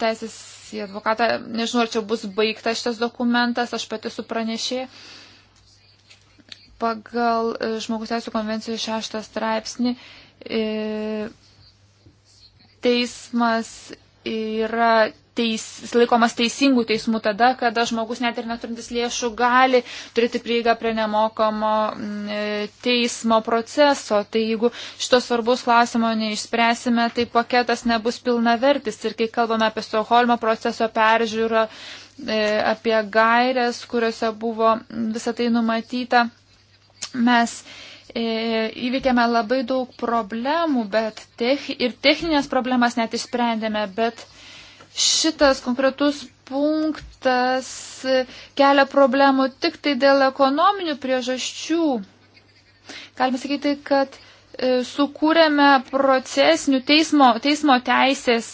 teisės į advokatą. Nežinau, ar čia bus baigtas šitas dokumentas, aš pati su pranešė. Pagal e, žmogus teisų konvencijų šeštą straipsnį e, teismas yra teis, laikomas teisingų teismų tada, kada žmogus net ir neturintis lėšų gali turėti prieigą prie nemokamo mm, e, teismo proceso. Tai jeigu šito svarbus klausimo neišspręsime, tai paketas nebus pilna vertis. Ir kai kalbame apie Stoholmo proceso peržiūrą, e, apie gairias, kuriuose buvo visą tai numatyta, mes e, įveikėme labai daug problemų, bet tech, ir techninės problemas net išsprendėme, bet šitas konkretus punktas kelia problemų tik tai dėl ekonominių priežasčių. Galime sakyti, kad e, sukūrėme procesinių teismo, teismo teisės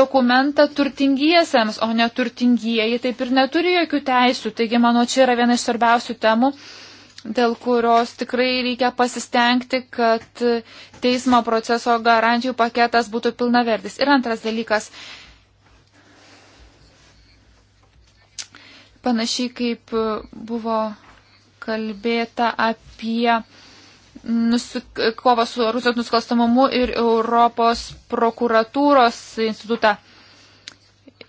dokumentą turtingiesiems, o neturtingieji taip ir neturi jokių teisių. Taigi, manau, čia yra viena iš svarbiausių temų, dėl kurios tikrai reikia pasistengti, kad teismo proceso garantijų paketas būtų pilnavertis. Ir antras dalykas. E, panašiai kaip e, buvo kalbėta apie nusik... kovą su Rusijos nusikalstamumu ir Europos prokuratūros institutą.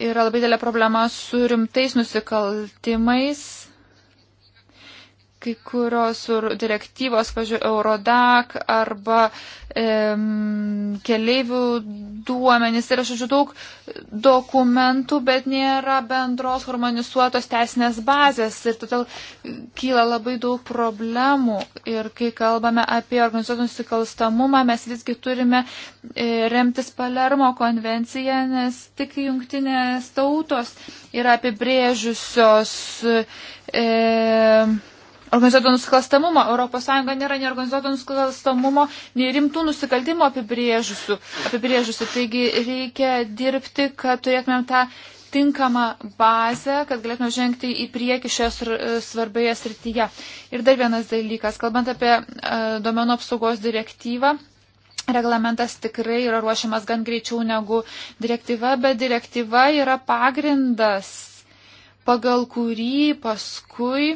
Yra labai didelė problema su rimtais nusikaltimais kai kurios direktyvos, pažiūrėjau, Eurodak arba e, keleivių duomenys. Yra, žodžiu, daug dokumentų, bet nėra bendros harmonizuotos teisinės bazės ir todėl kyla labai daug problemų. Ir kai kalbame apie organizuotų nusikalstamumą, mes visgi turime e, remtis Palermo konvenciją, nes tik jungtinės tautos yra apibrėžusios. E, organizuoto nusikalstamumo. ES nėra nei organizuoto nusikalstamumo, nei rimtų nusikaltimų apibrėžusi. Taigi reikia dirbti, kad turėtumėm tą tinkamą bazę, kad galėtume žengti į priekį šios svarbioje srityje. Ir dar vienas dalykas, kalbant apie e, domenų apsaugos direktyvą. Reglamentas tikrai yra ruošiamas gan greičiau negu direktyva, bet direktyva yra pagrindas, pagal kurį paskui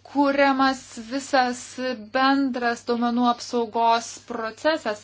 kuriamas visas bendras duomenų apsaugos procesas.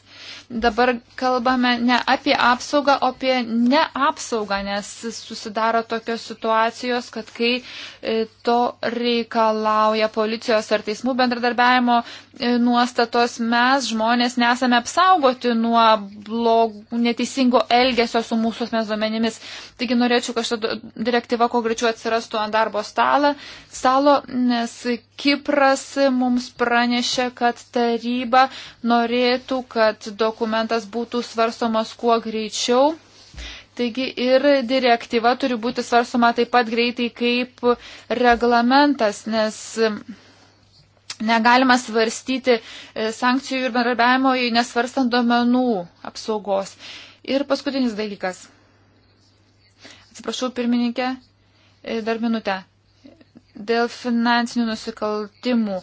Dabar kalbame ne apie apsaugą, o apie neapsaugą, nes susidaro tokios situacijos, kad kai e, to reikalauja policijos ar teismų bendradarbiavimo e, nuostatos, mes žmonės nesame apsaugoti nuo blog, neteisingo elgesio su mūsų asmens duomenimis. Taigi norėčiau, kad šitą direktyvą kuo greičiau atsirastų ant darbo stalo, stalo nes Kipras mums pranešė, kad taryba norėtų, kad dokumentas būtų svarstomas kuo greičiau. Taigi ir direktyva turi būti svarstoma taip pat greitai kaip reglamentas, nes negalima svarstyti e, sankcijų ir bendradarbiavimo, nesvarstant domenų apsaugos. Ir paskutinis dalykas. Atsiprašau, pirmininkė, e, dar minutę dėl finansinių nusikaltimų.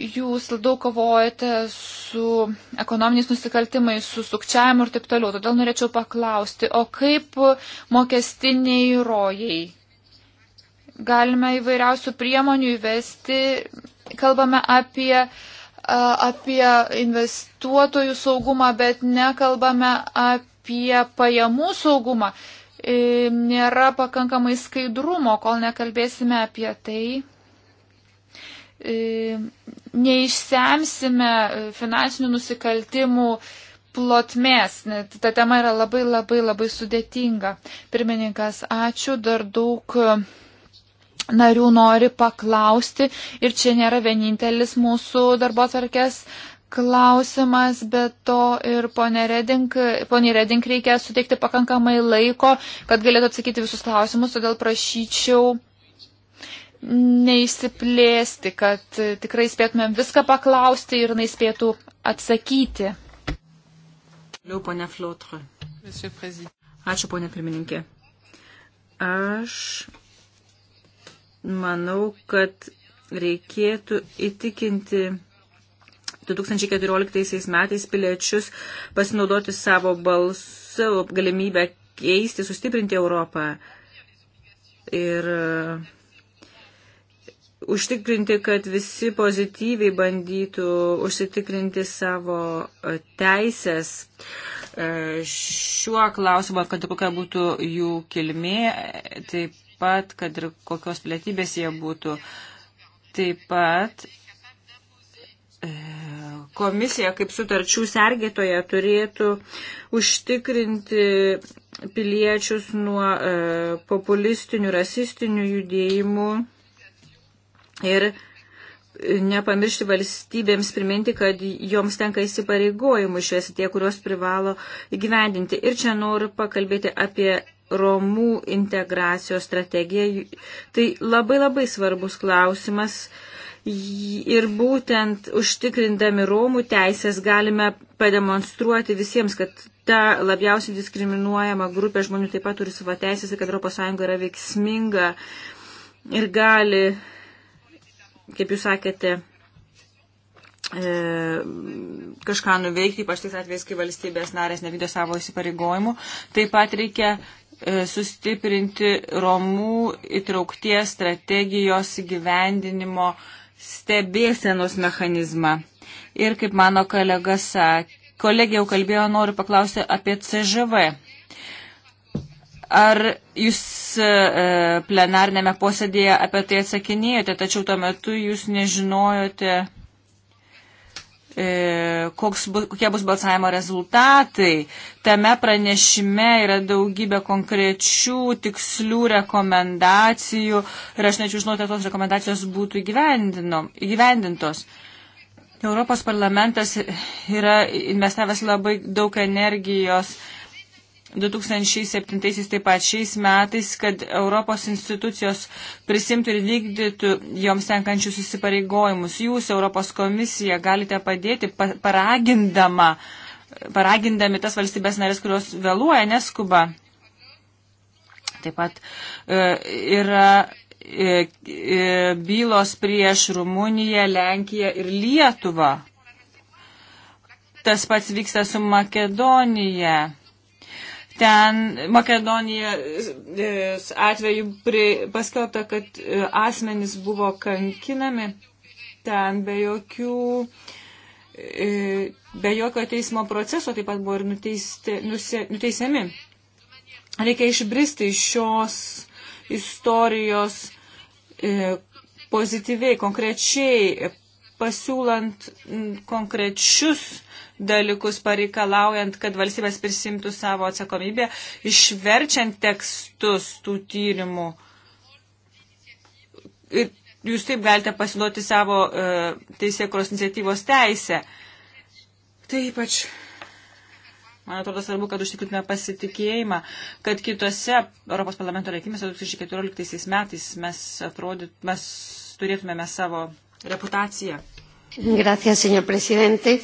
Jūs daug kovojate su ekonominiais nusikaltimais, su sukčiavimu ir taip toliau. Todėl norėčiau paklausti, o kaip mokestiniai rojai? Galime įvairiausių priemonių įvesti. Kalbame apie, apie investuotojų saugumą, bet nekalbame apie pajamų saugumą. E, nėra pakankamai skaidrumo, kol nekalbėsime apie tai. E, neišsemsime finansinių nusikaltimų plotmės. Ta tema yra labai labai labai sudėtinga. Pirmininkas, ačiū, dar daug narių nori paklausti ir čia nėra vienintelis mūsų darbo atvarkės klausimas, bet to ir poniai Redink, poniai Redink reikia suteikti pakankamai laiko, kad galėtų atsakyti visus klausimus, todėl prašyčiau neišsiplėsti, kad tikrai spėtumėm viską paklausti ir neispėtų atsakyti. Ačiū, ponė pirmininkė. Aš manau, kad reikėtų įtikinti 2014 metais piliečius pasinaudoti savo balsu, galimybę keisti, sustiprinti Europą ir e, užtikrinti, kad visi pozityviai bandytų užsitikrinti savo e, teisės e, šiuo klausimu, kad ir kokia būtų jų kilmė, taip pat, kad ir kokios plėtybės jie būtų. Taip pat. E, komisija kaip sutarčių sergėtoja turėtų užtikrinti piliečius nuo e, populistinių, rasistinių judėjimų ir nepamiršti valstybėms priminti, kad joms tenka įsipareigojimų šiuose tie, kuriuos privalo įgyvendinti. Ir čia noriu pakalbėti apie Romų integracijos strategiją. Tai labai labai svarbus klausimas Ir būtent užtikrindami Romų teisės galime pademonstruoti visiems, kad ta labiausiai diskriminuojama grupė žmonių taip pat turi savo teisės ir kad ES yra veiksminga ir gali, kaip jūs sakėte, e, kažką nuveikti, ypač tais atvejais, kai valstybės narės nevykdo savo įsipareigojimų. Taip pat reikia e, sustiprinti Romų įtraukties strategijos įgyvendinimo uh, stebėsenos mechanizmą. Ir kaip mano kolega sakė, kolegė jau kalbėjo, noriu paklausti apie CŽV. Ar jūs e, plenarnėme posėdėje apie tai atsakinėjote, tačiau tuo metu jūs nežinojote E, koks, kokie bus balsavimo rezultatai. Tame pranešime yra daugybė konkrečių, tikslių rekomendacijų ir aš nečiau žinoti, ar tos rekomendacijos būtų įgyvendintos. Europos parlamentas yra investavęs labai daug energijos uh, 2007 taip pat šiais metais, kad Europos institucijos prisimtų ir vykdytų joms tenkančius įsipareigojimus. Jūs, Europos komisija, galite padėti paragindama, paragindami tas valstybės narės, kurios vėluoja, neskuba. Taip pat e, yra e, e, bylos prieš Rumuniją, Lenkiją ir Lietuvą. Tas pats vyksta su Makedonija ten Makedonija e, atveju paskelbta, kad e, asmenys buvo kankinami ten be jokių e, be jokio teismo proceso taip pat buvo ir nuteisti, nuse, nuteisiami. Reikia išbristi iš šios istorijos pozityviai, konkrečiai pasiūlant konkrečius dalykus pareikalaujant, kad valstybės prisimtų savo atsakomybę, išverčiant tekstus tų tyrimų. Ir jūs taip galite pasiduoti savo e, teisėkros iniciatyvos teisę. Tai ypač Man atrodo svarbu, kad užtikrintume pasitikėjimą, kad kitose Europos parlamento reikimėse 2014 metais mes, atrodyt, mes turėtumėme savo reputaciją. Gracias, señor presidente.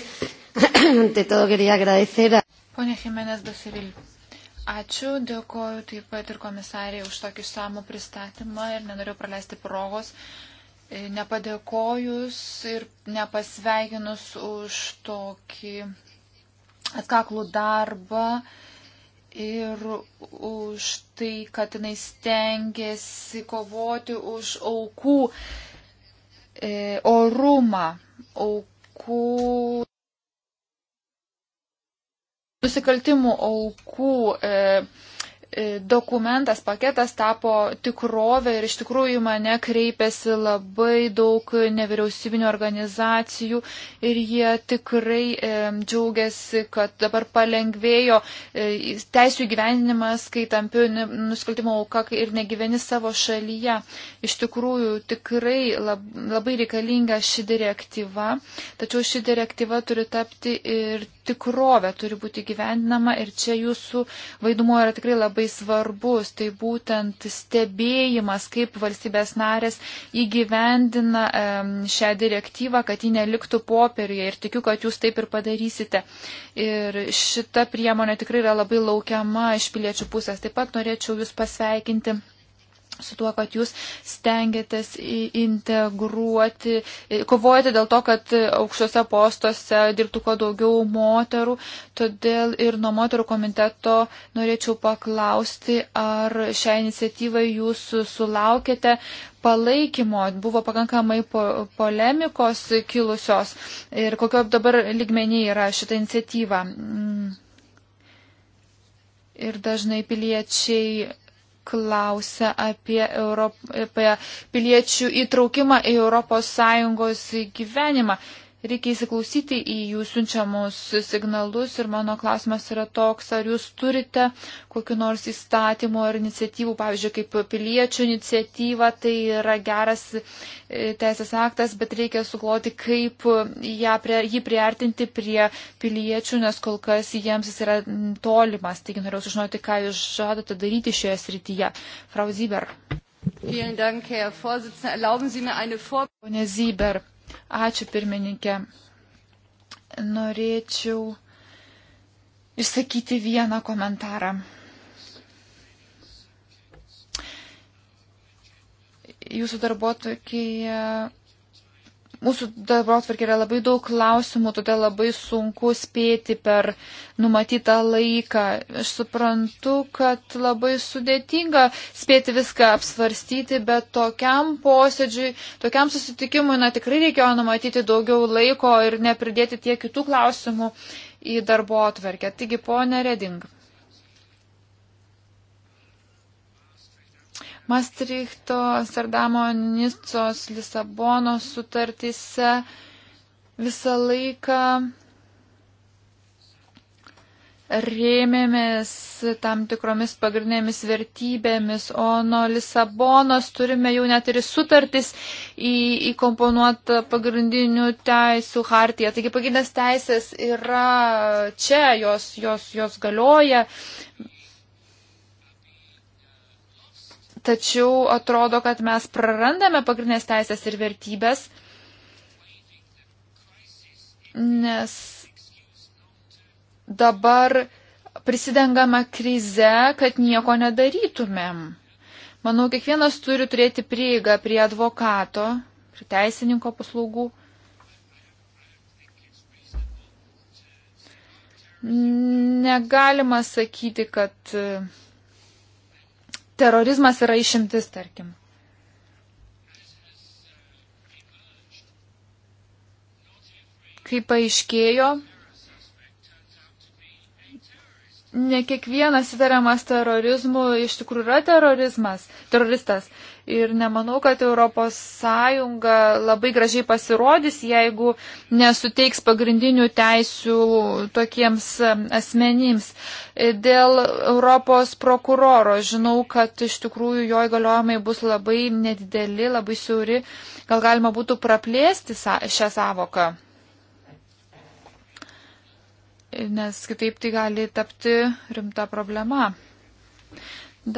Ante todo quería agradecer a... Pone Jimenez Basiril. Ačiū, dėkoju taip pat ir komisariai už tokį samų pristatymą ir nenoriu praleisti progos, e, nepadėkojus ir nepasveikinus už tokį atkaklų darbą ir už tai, kad jinai stengiasi kovoti už aukų e, orumą, aukų nusikaltimų aukų e, E, dokumentas, paketas tapo tikrovė ir iš tikrųjų mane kreipėsi labai daug nevyriausybinio organizacijų ir jie tikrai e, džiaugiasi, kad dabar palengvėjo e, teisų gyvenimas, kai tampi nu, nusikaltimo auka ir negyveni savo šalyje. Iš tikrųjų tikrai lab, labai reikalinga ši direktyva, tačiau ši direktyva turi tapti ir tikrovę, turi būti gyvendinama ir čia jūsų vaidmuo yra tikrai labai labai svarbus, tai būtent stebėjimas, kaip valstybės narės įgyvendina šią direktyvą, kad ji neliktų popieriuje ir tikiu, kad jūs taip ir padarysite. Ir šita priemonė tikrai yra labai laukiama iš piliečių pusės. Taip pat norėčiau jūs pasveikinti su tuo, kad jūs stengiatės integruoti, kovojate dėl to, kad aukščiuose postuose dirbtų kuo daugiau moterų. Todėl ir nuo moterų komiteto norėčiau paklausti, ar šią iniciatyvą jūs sulaukėte palaikymo, buvo pakankamai po, polemikos kilusios ir kokio dabar ligmenį yra šita iniciatyva. Mm. Ir dažnai piliečiai klausia apie, Europ... apie piliečių įtraukimą į ES gyvenimą. Reikia įsiklausyti į jų siunčiamus signalus ir mano klausimas yra toks, ar jūs turite kokiu nors įstatymu ar iniciatyvų, pavyzdžiui, kaip piliečių iniciatyva, tai yra geras e, teisės aktas, bet reikia sugloti, kaip prie, jį priartinti prie piliečių, nes kol kas jiems jis yra tolimas. Taigi norėjau sužinoti, ką jūs žadate daryti šioje srityje. Frau Zyber. Vielen Dank, Herr Vorsitzender. Erlauben Sie mir eine Vor Pone Zyber. Ačiū pirmininkė. Norėčiau išsakyti vieną komentarą. Jūsų darbuotojai Mūsų darbo atvarkė yra labai daug klausimų, todėl labai sunku spėti per numatytą laiką. Aš suprantu, kad labai sudėtinga spėti viską apsvarstyti, bet tokiam posėdžiui, tokiam susitikimui, na tikrai reikėjo numatyti daugiau laiko ir nepridėti tiek kitų klausimų į darbo atvarkę. Taigi, ponė Reding. Mastrichto, Amsterdamo, Nicos, Lisabonos sutartyse visą laiką rėmėmės tam tikromis pagrindinėmis vertybėmis, o nuo Lisabonos turime jau net ir sutartis į, įkomponuotą pagrindinių teisų hartiją. Taigi pagrindinės teisės yra čia, jos, jos, jos galioja, Tačiau atrodo, kad mes prarandame pagrindinės teisės ir vertybės, nes dabar prisidengama krize, kad nieko nedarytumėm. Manau, kiekvienas turi turėti prieigą prie advokato, prie teisininko paslaugų. Negalima sakyti, kad terorizmas yra išimtis, tarkim. Kaip paaiškėjo, ne kiekvienas įtariamas terorizmu iš tikrųjų yra terorizmas, teroristas ir nemanau, kad ES labai gražiai pasirodys, jeigu nesuteiks pagrindinių teisių tokiems asmenims. Dėl Europos prokuroro žinau, kad iš tikrųjų jo įgaliojimai bus labai nedideli, labai siauri. Gal galima būtų praplėsti šią savoką? Nes kitaip tai gali tapti rimta problema.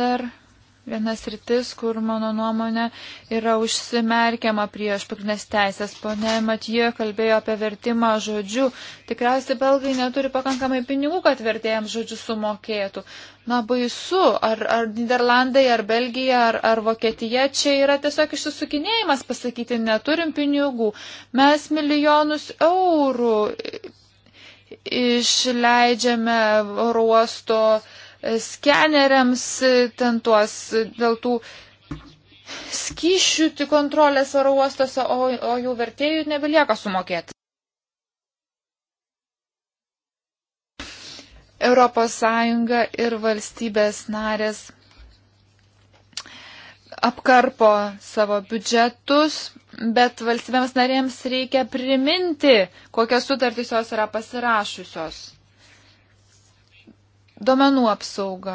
Dar vienas rytis, kur mano nuomonė yra užsimerkiama prieš pagrindinės teisės. Pone Matija kalbėjo apie vertimą žodžių. Tikriausiai belgai neturi pakankamai pinigų, kad vertėjams žodžių sumokėtų. Na baisu, ar, ar Niderlandai, ar Belgija, ar, ar Vokietija čia yra tiesiog išsisukinėjimas pasakyti, neturim pinigų. Mes milijonus eurų išleidžiame oro uosto uh, skeneriams, ten tuos dėl tų skyšių tik kontrolės oro uostose, o, o jų vertėjų nebelieka sumokėti. Europos Sąjunga ir valstybės narės apkarpo savo biudžetus, bet valstybėms narėms reikia priminti, kokias sutartys jos yra pasirašusios. Domenų apsauga.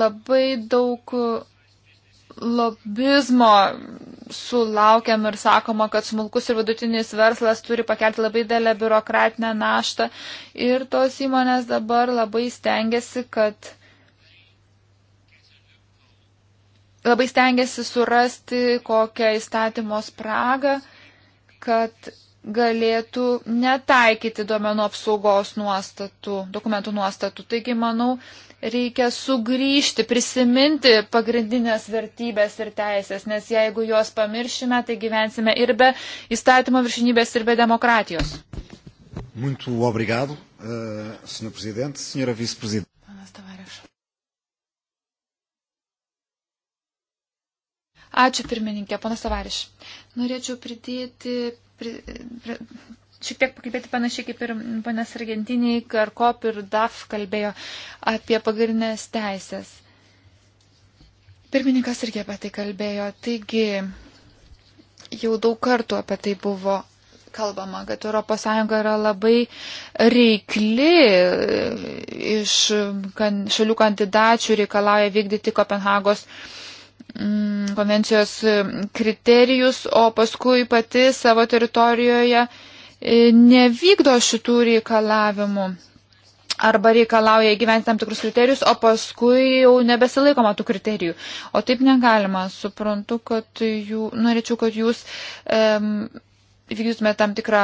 Labai daug lobizmo sulaukiam ir sakoma, kad smulkus ir vidutinis verslas turi pakelti labai dėlę biurokratinę naštą ir tos įmonės dabar labai stengiasi, kad labai stengiasi surasti kokią įstatymo spragą, kad galėtų netaikyti duomenų apsaugos nuostatų, dokumentų nuostatų. Taigi, manau, reikia sugrįžti, prisiminti pagrindinės vertybės ir teisės, nes jeigu juos pamiršime, tai gyvensime ir be įstatymo viršinybės, ir be demokratijos. Muito obrigado, uh, senhor presidente, senhora vice-presidente. Ačiū pirmininkė, panas Tavariš. Norėčiau pridėti, pri, pri, šiek tiek pakalbėti panašiai kaip ir panas Argentiniai, Karkop ir DAF kalbėjo apie pagrindinės teisės. Pirmininkas irgi apie tai kalbėjo, taigi jau daug kartų apie tai buvo kalbama, kad ES yra labai reikli e, iš šalių kandidačių reikalauja vykdyti Kopenhagos Mm, konvencijos e, kriterijus, o paskui pati savo teritorijoje e, nevykdo šitų reikalavimų arba reikalauja įgyventi tam tikrus kriterijus, o paskui jau nebesilaikoma tų kriterijų. O taip negalima. Suprantu, kad jų, norėčiau, kad jūs um, vykdytumėte tam tikrą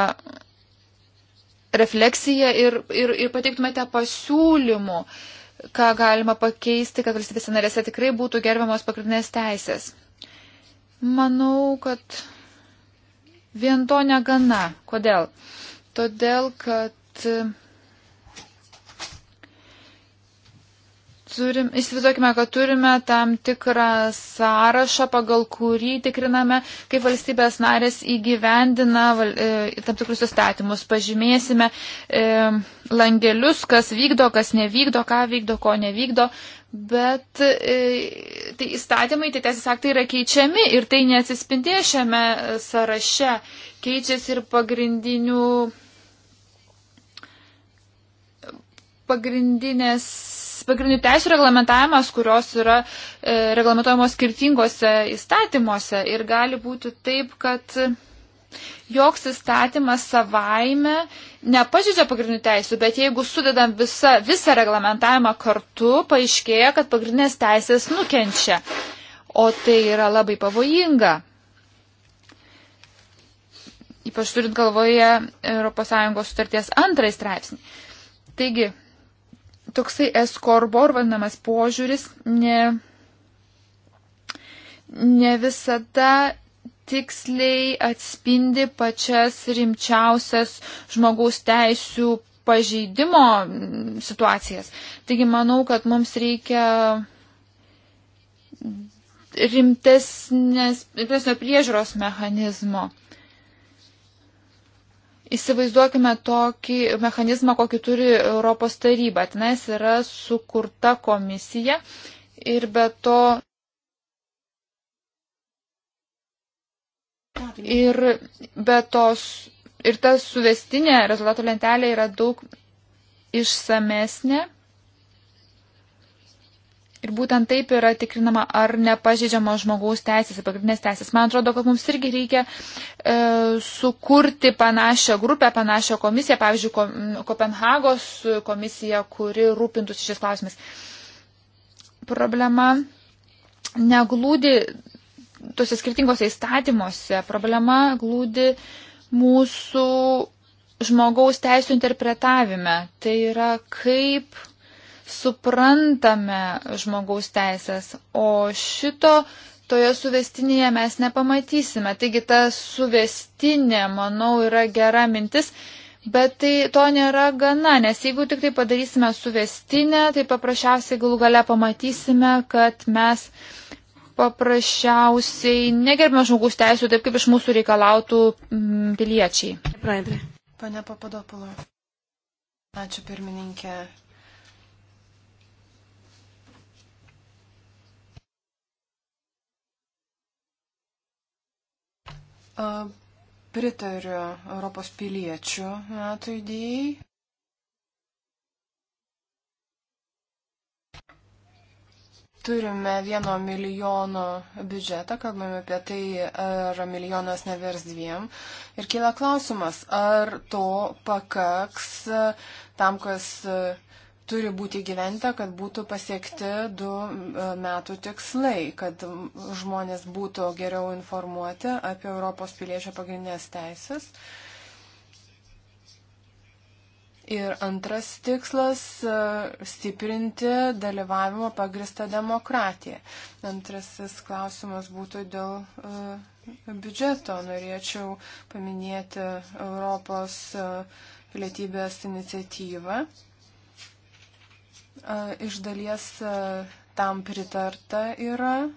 refleksiją ir, ir, ir pateiktumėte pasiūlymų. Uh, ką galima pakeisti, kad valstybėse narėse tikrai būtų gerbiamos pagrindinės teisės. Manau, kad vien to negana. Kodėl? Todėl, kad turim, įsivaizduokime, kad turime tam tikrą sąrašą, pagal kurį tikriname, kaip valstybės narės įgyvendina val, e, tam tikrus įstatymus. Pažymėsime e, langelius, kas vykdo, kas nevykdo, ką vykdo, ko nevykdo. Bet e, tai įstatymai, tai teisės aktai yra keičiami ir tai neatsispindė šiame sąraše. Keičiasi ir pagrindinių pagrindinės pagrindinių teisų reglamentavimas, kurios yra e, reglamentojamos skirtingose įstatymuose ir gali būti taip, kad joks įstatymas savaime nepažydžia pagrindinių teisų, bet jeigu sudedam visa, visą reglamentavimą kartu, paaiškėja, kad pagrindinės teisės nukenčia. O tai yra labai pavojinga ypač turint galvoje ES sutarties antrąjį straipsnį. Taigi, toksai eskorbor vadinamas požiūris ne, ne visada tiksliai atspindi pačias rimčiausias žmogaus teisų pažeidimo mm, situacijas. Taigi manau, kad mums reikia rimtesnės, rimtesnio priežiūros mechanizmo. Įsivaizduokime tokį mechanizmą, kokį turi Europos taryba. Tenais yra sukurta komisija ir be to. Ir be tos. Ir ta suvestinė rezultatų lentelė yra daug išsamesnė. Ir būtent taip yra tikrinama, ar nepažeidžiama žmogaus teisės ir pagrindinės teisės. Man atrodo, kad mums irgi reikia e, sukurti panašią grupę, panašią komisiją, pavyzdžiui, ko, Kopenhagos komisija, kuri rūpintųsi šis klausimais. Problema neglūdi tuose skirtingose įstatymuose, problema glūdi mūsų žmogaus teisų interpretavime. Tai yra kaip suprantame žmogaus teisės, o šito toje suvestinėje mes nepamatysime. Taigi ta suvestinė, manau, yra gera mintis, bet tai to nėra gana, nes jeigu tik tai padarysime suvestinę, tai paprasčiausiai galų gale pamatysime, kad mes paprasčiausiai negerbime žmogus teisų taip, kaip iš mūsų reikalautų mm, piliečiai. Praeidrė. Pane Papadopulo. Ačiū pirmininkė. Pritariu Europos piliečių metų idėjai. Turime vieno milijono biudžetą, kalbame apie tai, ar milijonas nevers dviem. Ir kyla klausimas, ar to pakaks tam, kas turi būti gyventa, kad būtų pasiekti du e, metų tikslai, kad žmonės būtų geriau informuoti apie Europos piliečio pagrindinės teisės. Ir antras tikslas - e, stiprinti dalyvavimo pagristą demokratiją. Antrasis klausimas būtų dėl e, biudžeto. Norėčiau paminėti Europos pilietybės iniciatyvą iš dalies tam pritarta yra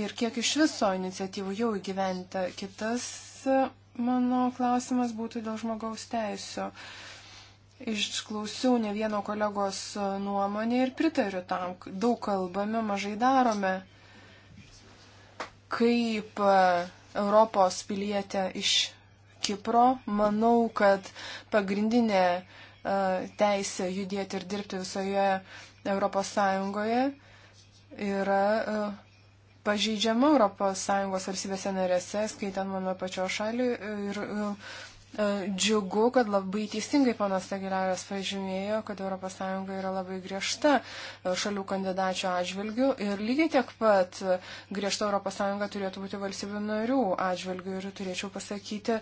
ir kiek iš viso iniciatyvų jau įgyventa. Kitas mano klausimas būtų dėl žmogaus teisų. Išklausiau ne vieno kolegos nuomonę ir pritariu tam. Daug kalbame, mažai darome. Kaip Europos pilietė iš Kipro, manau, kad pagrindinė uh, E, teisė judėti ir dirbti visoje Europos Sąjungoje yra e, pažeidžiama Europos Sąjungos valstybėse narėse, skaitant mano pačio šalį ir e, E, džiugu, kad labai teisingai panas Agiliaras pažymėjo, kad ES yra labai griežta e, šalių kandidačių atžvilgių ir lygiai tiek pat e, griežta ES turėtų būti valstybių narių atžvilgių ir turėčiau pasakyti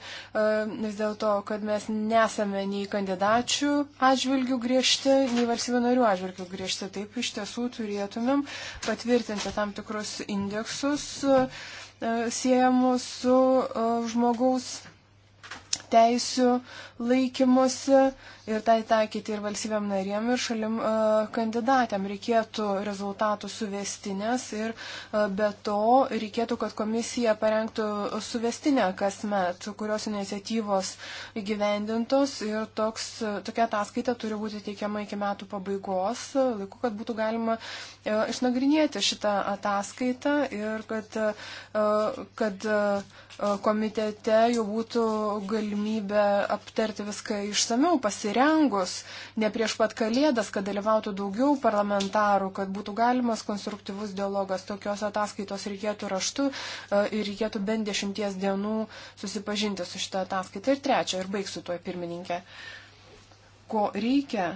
vis dėlto, kad mes nesame nei kandidačių atžvilgių griežti, nei valstybių narių atžvilgių griežti. Taip iš tiesų turėtumėm patvirtinti tam tikrus indeksus siejamus su žmogaus teisių laikymusi ir tai taikyti ir valstybėm narėm, ir šalim e, kandidatėm. Reikėtų rezultatų suvestinės ir e, be to reikėtų, kad komisija parengtų suvestinę kasmet, kurios iniciatyvos įgyvendintos ir toks, tokia ataskaita turi būti teikiama iki metų pabaigos, laiku, kad būtų galima e, išnagrinėti šitą ataskaitą ir kad, kad komitete jau būtų galimybė aptarti aptarti viską išsameu, pasirengus, ne prieš pat kalėdas, kad dalyvautų daugiau parlamentarų, kad būtų galimas konstruktyvus dialogas. Tokios ataskaitos reikėtų raštu e, ir reikėtų bent dešimties dienų susipažinti su šitą ataskaitą. Ir trečia, ir baigsiu tuo pirmininkė. Ko reikia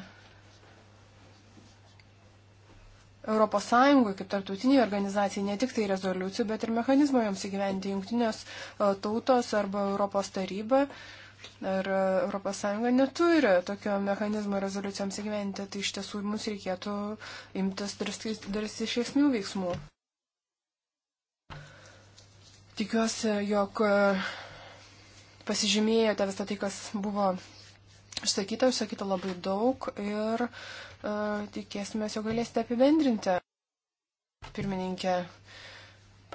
Europos Sąjungoje kaip tarptautiniai organizacijai ne tik tai rezoliucijų, bet ir mechanizmo joms įgyventi jungtinės e, tautos arba Europos taryba. Uh, Ir ES neturi tokio mechanizmo rezoliucijoms įgyventi, tai iš tiesų mums reikėtų imtis drąsiškesnių veiksmų. Tikiuosi, jog pasižymėjote visą tai, kas buvo išsakyta, išsakyta labai daug ir uh, tikėsime, jog galėsite apibendrinti. Pirmininkė,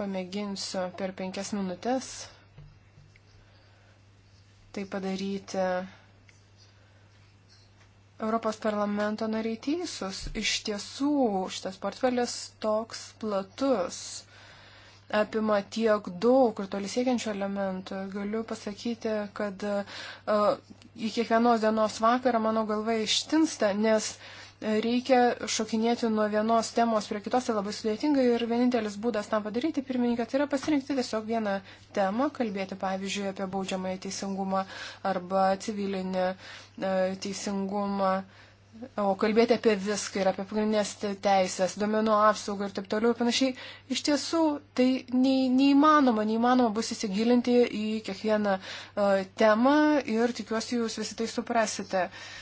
pamėginsiu per penkias minutės tai padaryti. Europos parlamento nariai teisūs. Iš tiesų šitas portfelis toks platus, apima tiek daug ir toli siekiančių elementų. Galiu pasakyti, kad uh, į kiekvienos dienos vakarą mano galva ištinsta, nes uh, reikia šokinėti nuo vienos temos prie kitos, tai labai sudėtinga ir vienintelis būdas tam padaryti, pirmininkė, tai yra pasirinkti tiesiog vieną temą, kalbėti pavyzdžiui apie baudžiamąją teisingumą arba civilinį e, teisingumą. O kalbėti apie viską ir apie pagrindinės teisės, domenų apsaugą ir taip toliau ir panašiai, iš tiesų tai nei, neįmanoma, neįmanoma bus įsigilinti į kiekvieną uh, temą ir tikiuosi jūs visi tai suprasite. Uh,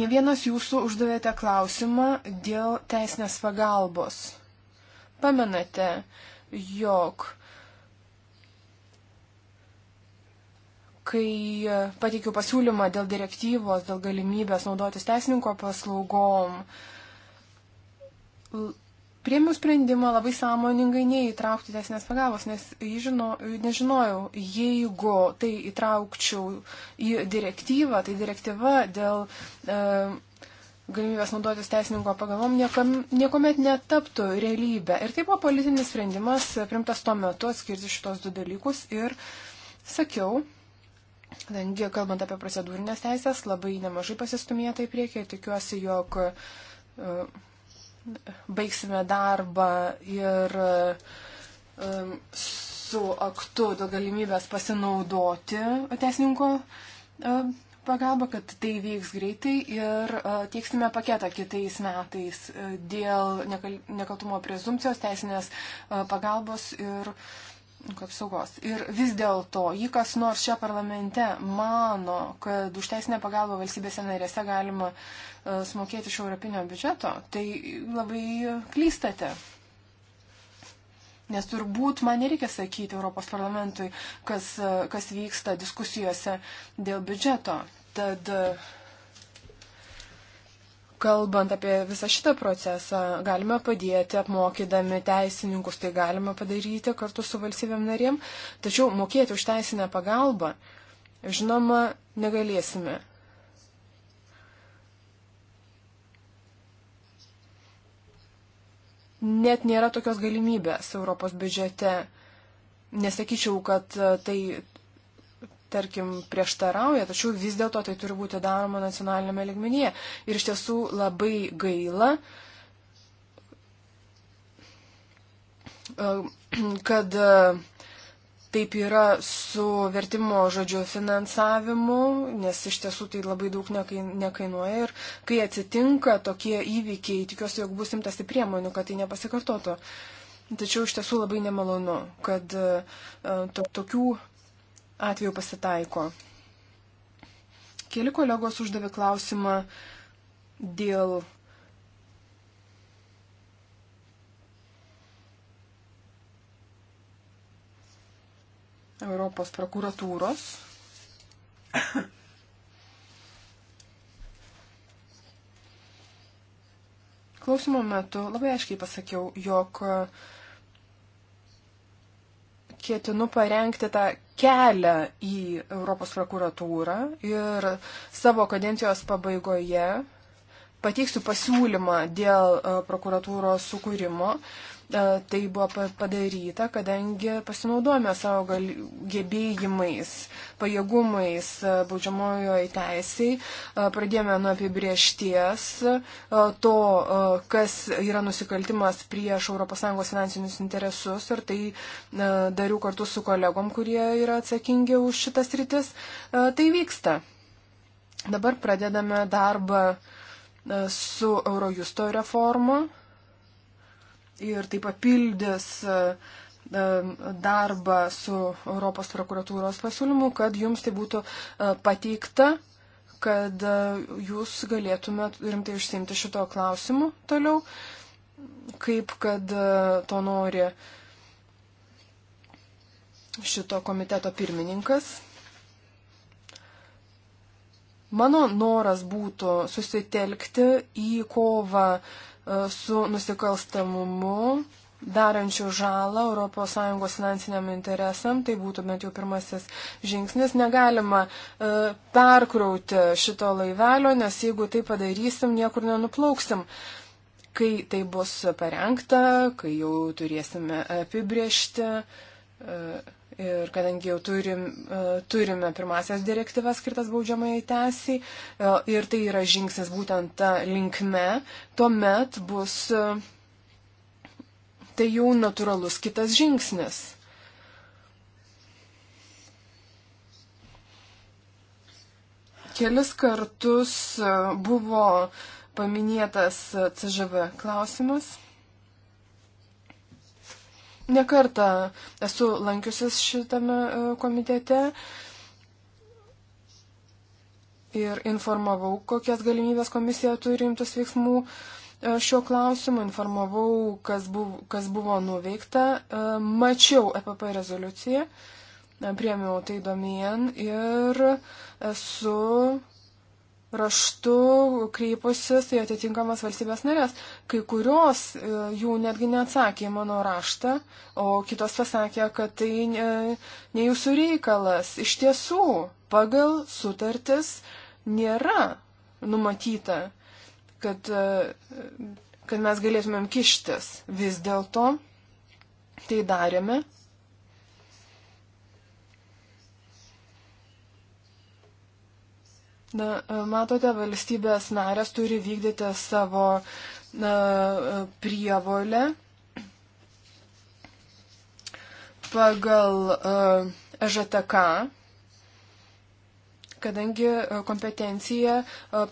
Ne vienas jūsų uždavėte klausimą dėl teisinės pagalbos. Pamenate, jog kai pateikiau pasiūlymą dėl direktyvos, dėl galimybės naudotis teisininko paslaugom, Priemiau sprendimą labai sąmoningai neįtraukti teisinės pagalbos, nes žino, nežinojau, jeigu tai įtraukčiau į direktyvą, tai direktyva dėl e, galimybės naudotis teisininko pagalbom niekam, niekuomet netaptų realybę. Ir tai buvo politinis sprendimas, primtas tuo metu atskirti šitos du dalykus. Ir sakiau, kadangi kalbant apie procedūrinės teisės, labai nemažai pasistumėta į priekį ir tikiuosi, jog. E, baigsime darbą ir su aktu dėl galimybės pasinaudoti teisininko pagalba, kad tai vyks greitai ir e, teiksime paketą kitais metais e, dėl nekaltumo prezumcijos, teisinės e, pagalbos ir apsaugos. Ir vis dėlto, jei kas nors čia parlamente mano, kad už teisinę pagalbą valstybėse narėse galima uh, e, smokėti iš europinio biudžeto, tai labai klystate. Nes turbūt man nereikia sakyti Europos parlamentui, kas, e, kas vyksta diskusijose dėl biudžeto. Tad uh, kalbant apie visą šitą procesą, galime padėti apmokydami teisininkus, tai galime padaryti kartu su valstybėm narėm, tačiau mokėti už teisinę pagalbą, žinoma, negalėsime. Net nėra tokios galimybės Europos biudžete. Nesakyčiau, kad tai tarkim, prieštarauja, tačiau vis dėlto tai turi būti daroma nacionalinėme ligmenyje. Ir iš tiesų labai gaila, kad taip yra su vertimo žodžiu finansavimu, nes iš tiesų tai labai daug nekainuoja ir kai atsitinka tokie įvykiai, tikiuosi, jog bus imtasi priemonių, kad tai nepasikartotų. Tačiau iš tiesų labai nemalonu, kad to, tokių atveju pasitaiko. Keli kolegos uždavė klausimą dėl Europos prokuratūros. Klausimo metu labai aiškiai pasakiau, jog ketinu parengti tą kelią į Europos prokuratūrą ir savo kadencijos pabaigoje pateiksiu pasiūlymą dėl e, prokuratūros sukūrimo. Uh, E, tai buvo padaryta, kadangi pasinaudojame savo gal, gebėjimais, pajėgumais e, baudžiamojoje teisėje, e, pradėjome nuo apibriešties to, kas yra nusikaltimas prieš ES finansinius interesus ir tai dariau kartu su kolegom, kurie yra atsakingi už šitas rytis. Tai vyksta. Dabar pradedame darbą su Eurojusto reformu ir taip papildys e, e, darbą su Europos prokuratūros pasiūlymu, kad jums tai būtų e, pateikta, kad jūs galėtumėt rimtai užsimti šito klausimu toliau, kaip kad to nori šito komiteto pirmininkas. Mano noras būtų susitelkti į kovą uh, E, su nusikalstamumu, darančių žalą ES finansiniam interesam, tai būtų bent jau pirmasis žingsnis. Negalima e, perkrauti šito laivelio, nes jeigu tai padarysim, niekur nenuplauksim. Kai tai bus parengta, kai jau turėsime apibriežti. E, Ir kadangi jau turim, e, turime pirmasias direktyvas skirtas baudžiamai teisiai e, ir tai yra žingsnis būtent tą linkme, tuomet bus e, tai jau natūralus kitas žingsnis. Kelis kartus buvo paminėtas CŽV klausimas. Nekartą esu lankiusis šitame e, komitete ir informavau, kokias galimybės komisija turi imtis veiksmų e, šiuo klausimu, informavau, kas buvo, kas buvo nuveikta, e, mačiau EPP rezoliuciją, priemiau tai domien ir esu raštu kreipusis į atitinkamas valstybės narės. Kai kurios e, jų netgi neatsakė į mano raštą, o kitos pasakė, kad tai ne, ne jūsų reikalas. Iš tiesų, pagal sutartis nėra numatyta, kad, e, kad mes galėtumėm kištis. Vis dėlto tai darėme Na, matote, valstybės narės turi vykdyti savo na, prievolę pagal e, ŽTK, kadangi e, kompetencija e,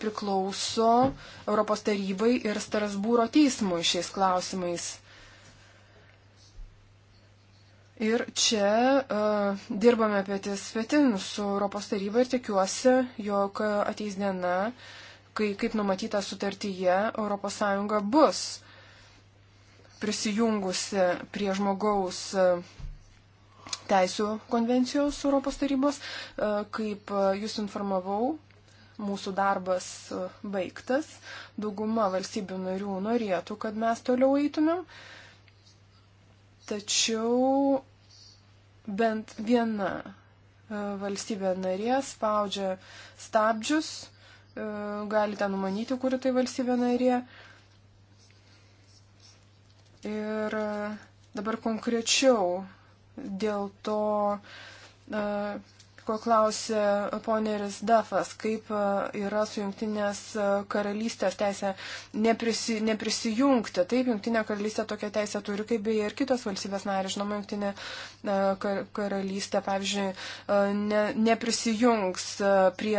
priklauso Europos tarybai ir Strasbūro teismui šiais klausimais. Ir čia uh, dirbame pėtis svetin su Europos taryba ir tikiuosi, jog ateis diena, kai, kaip numatyta sutartyje, ES bus prisijungusi prie žmogaus e, teisų konvencijos Europos tarybos. Uh, kaip jūs informavau, mūsų darbas baigtas. Dauguma valstybių narių norėtų, kad mes toliau eitumėm. Tačiau bent viena e, valstybė narė spaudžia stabdžius, e, galite numanyti, kuri tai valstybė narė. Ir e, dabar konkrečiau dėl to, ko klausė poneris Dafas, kaip e, yra su jungtinės e, karalystės teisė neprisi, neprisijungti. Taip, jungtinė karalystė tokią teisę turi, kaip beje ir kitos valstybės narė. Žinoma, jungtinė e, karalystė, pavyzdžiui, ne, neprisijungs prie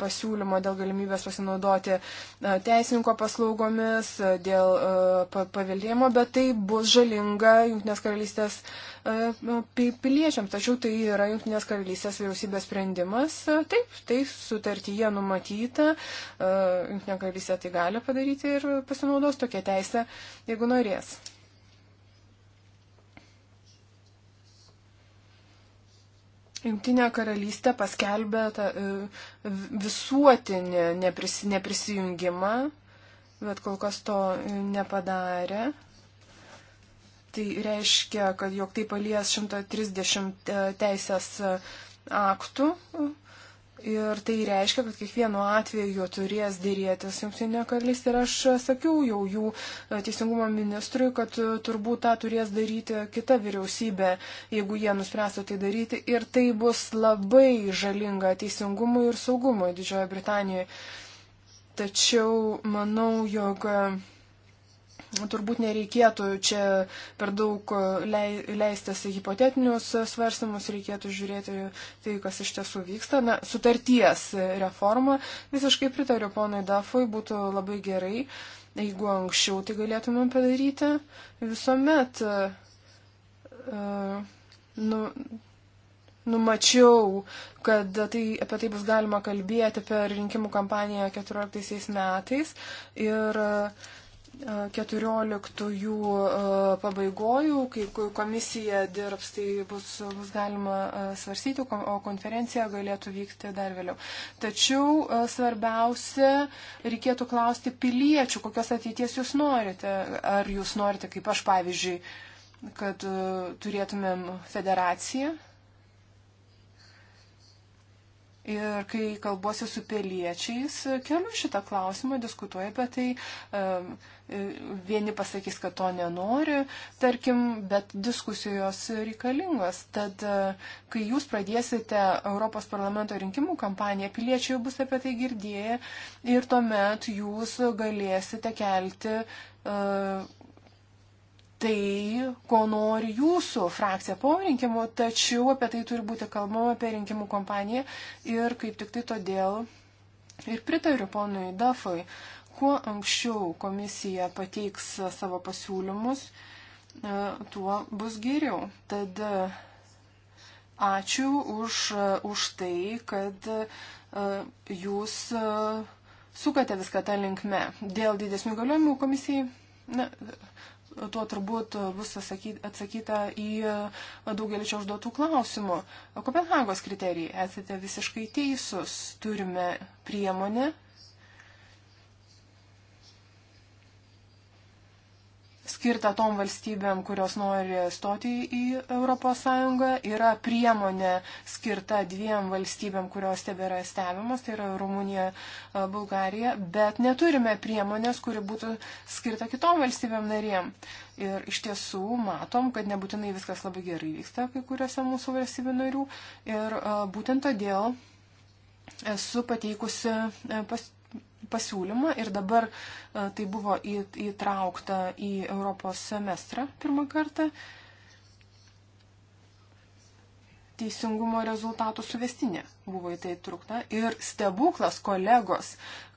pasiūlymo dėl galimybės pasinaudoti teisininko paslaugomis, dėl paveldėjimo, bet tai bus žalinga jungtinės karalystės piliečiams. Tačiau tai yra jungtinės karalystės vyriausybės vyriausybės sprendimas, taip, tai sutartyje numatyta, e, jungtinė karalystė tai gali padaryti ir pasinaudos tokią teisę, jeigu norės. Jungtinė karalystė paskelbė tą e, visuotinį nepris, neprisijungimą, bet kol kas to nepadarė. Tai reiškia, kad jog tai palies 130 e, teisės aktų. Ir tai reiškia, kad kiekvienu atveju turės dėrėtis Junktinė karalystė. Ir aš sakiau jau jų e, teisingumo ministrui, kad e, turbūt tą turės daryti kita vyriausybė, jeigu jie nuspręstų tai daryti. Ir tai bus labai žalinga teisingumui ir saugumui Didžiojo Britanijoje. Tačiau manau, jog. Joga turbūt nereikėtų čia per daug e, leistis į hipotetinius svarstymus, reikėtų žiūrėti tai, kas iš tiesų vyksta. Na, sutarties reforma visiškai pritariu ponai Dafui, būtų labai gerai, jeigu anksčiau tai galėtumėm padaryti. Visuomet e, nu, numačiau, kad tai, apie tai bus galima kalbėti per rinkimų kampaniją 14 metais. Ir 14 e, pabaigojų, kai komisija dirbs, tai bus, bus galima e, svarstyti, o konferencija galėtų vykti dar vėliau. Tačiau e, svarbiausia, reikėtų klausti piliečių, kokios ateities jūs norite. Ar jūs norite, kaip aš pavyzdžiui, kad turėtumėm federaciją, Ir kai kalbuosi su piliečiais, keliu šitą klausimą, diskutuoju apie tai. Um, vieni pasakys, kad to nenori, tarkim, bet diskusijos reikalingos. Tad, e, kai jūs pradėsite Europos parlamento rinkimų kampaniją, piliečiai jau bus apie tai girdėję ir tuomet jūs galėsite kelti uh, tai, ko nori jūsų frakcija po rinkimų, tačiau apie tai turi būti kalbama apie rinkimų kompaniją ir kaip tik tai todėl ir pritariu ponui Dafui, kuo anksčiau komisija pateiks savo pasiūlymus, e, tuo bus geriau. Tad e, ačiū už, už tai, kad e, jūs sukate viską tą linkme. Dėl didesnių galiojimų komisijai. Na, tuo turbūt bus atsakyta į daugelį čia užduotų klausimų. Kopenhagos kriterijai, esate visiškai teisūs, turime priemonę skirta tom valstybėm, kurios nori stoti į ES, yra priemonė skirta dviem valstybėm, kurios tebėra stebimos, tai yra Rumunija, e, Bulgarija, bet neturime priemonės, kuri būtų skirta kitom valstybėm narėm. Ir iš tiesų matom, kad nebūtinai viskas labai gerai vyksta kai kuriuose mūsų valstybių narių. Ir e, būtent todėl esu pateikusi e, pas, pasiūlymą ir dabar e, tai buvo įtraukta į Europos semestrą pirmą kartą. Teisingumo rezultatų suvestinė buvo į tai trukta ir stebuklas kolegos,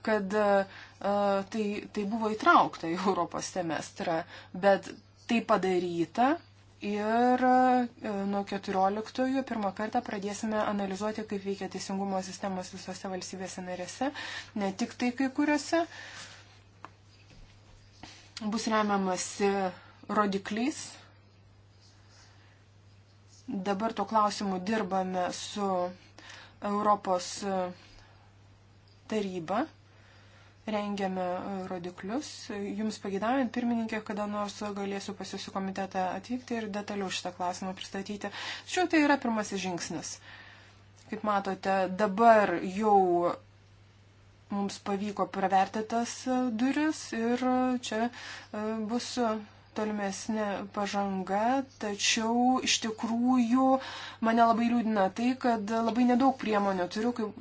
kad uh, tai, tai buvo įtraukta į Europos semestrą, bet tai padaryta ir e, nuo 14-ųjų pirmą kartą pradėsime analizuoti, kaip veikia teisingumo sistemos visose valstybėse narėse, ne tik tai kai kuriuose. Bus remiamasi rodikliais. Dabar to klausimu dirbame su Europos taryba rengiame e, rodiklius. Jums pagidavint, pirmininkė, kada nors galėsiu pas jūsų komitetą atvykti ir detaliau šitą klausimą pristatyti. Šiuo tai yra pirmasis žingsnis. Kaip matote, dabar jau mums pavyko praverti tas e, duris ir čia e, bus tolimesnė pažanga, tačiau iš tikrųjų mane labai liūdina tai, kad labai nedaug priemonių turiu, kaip,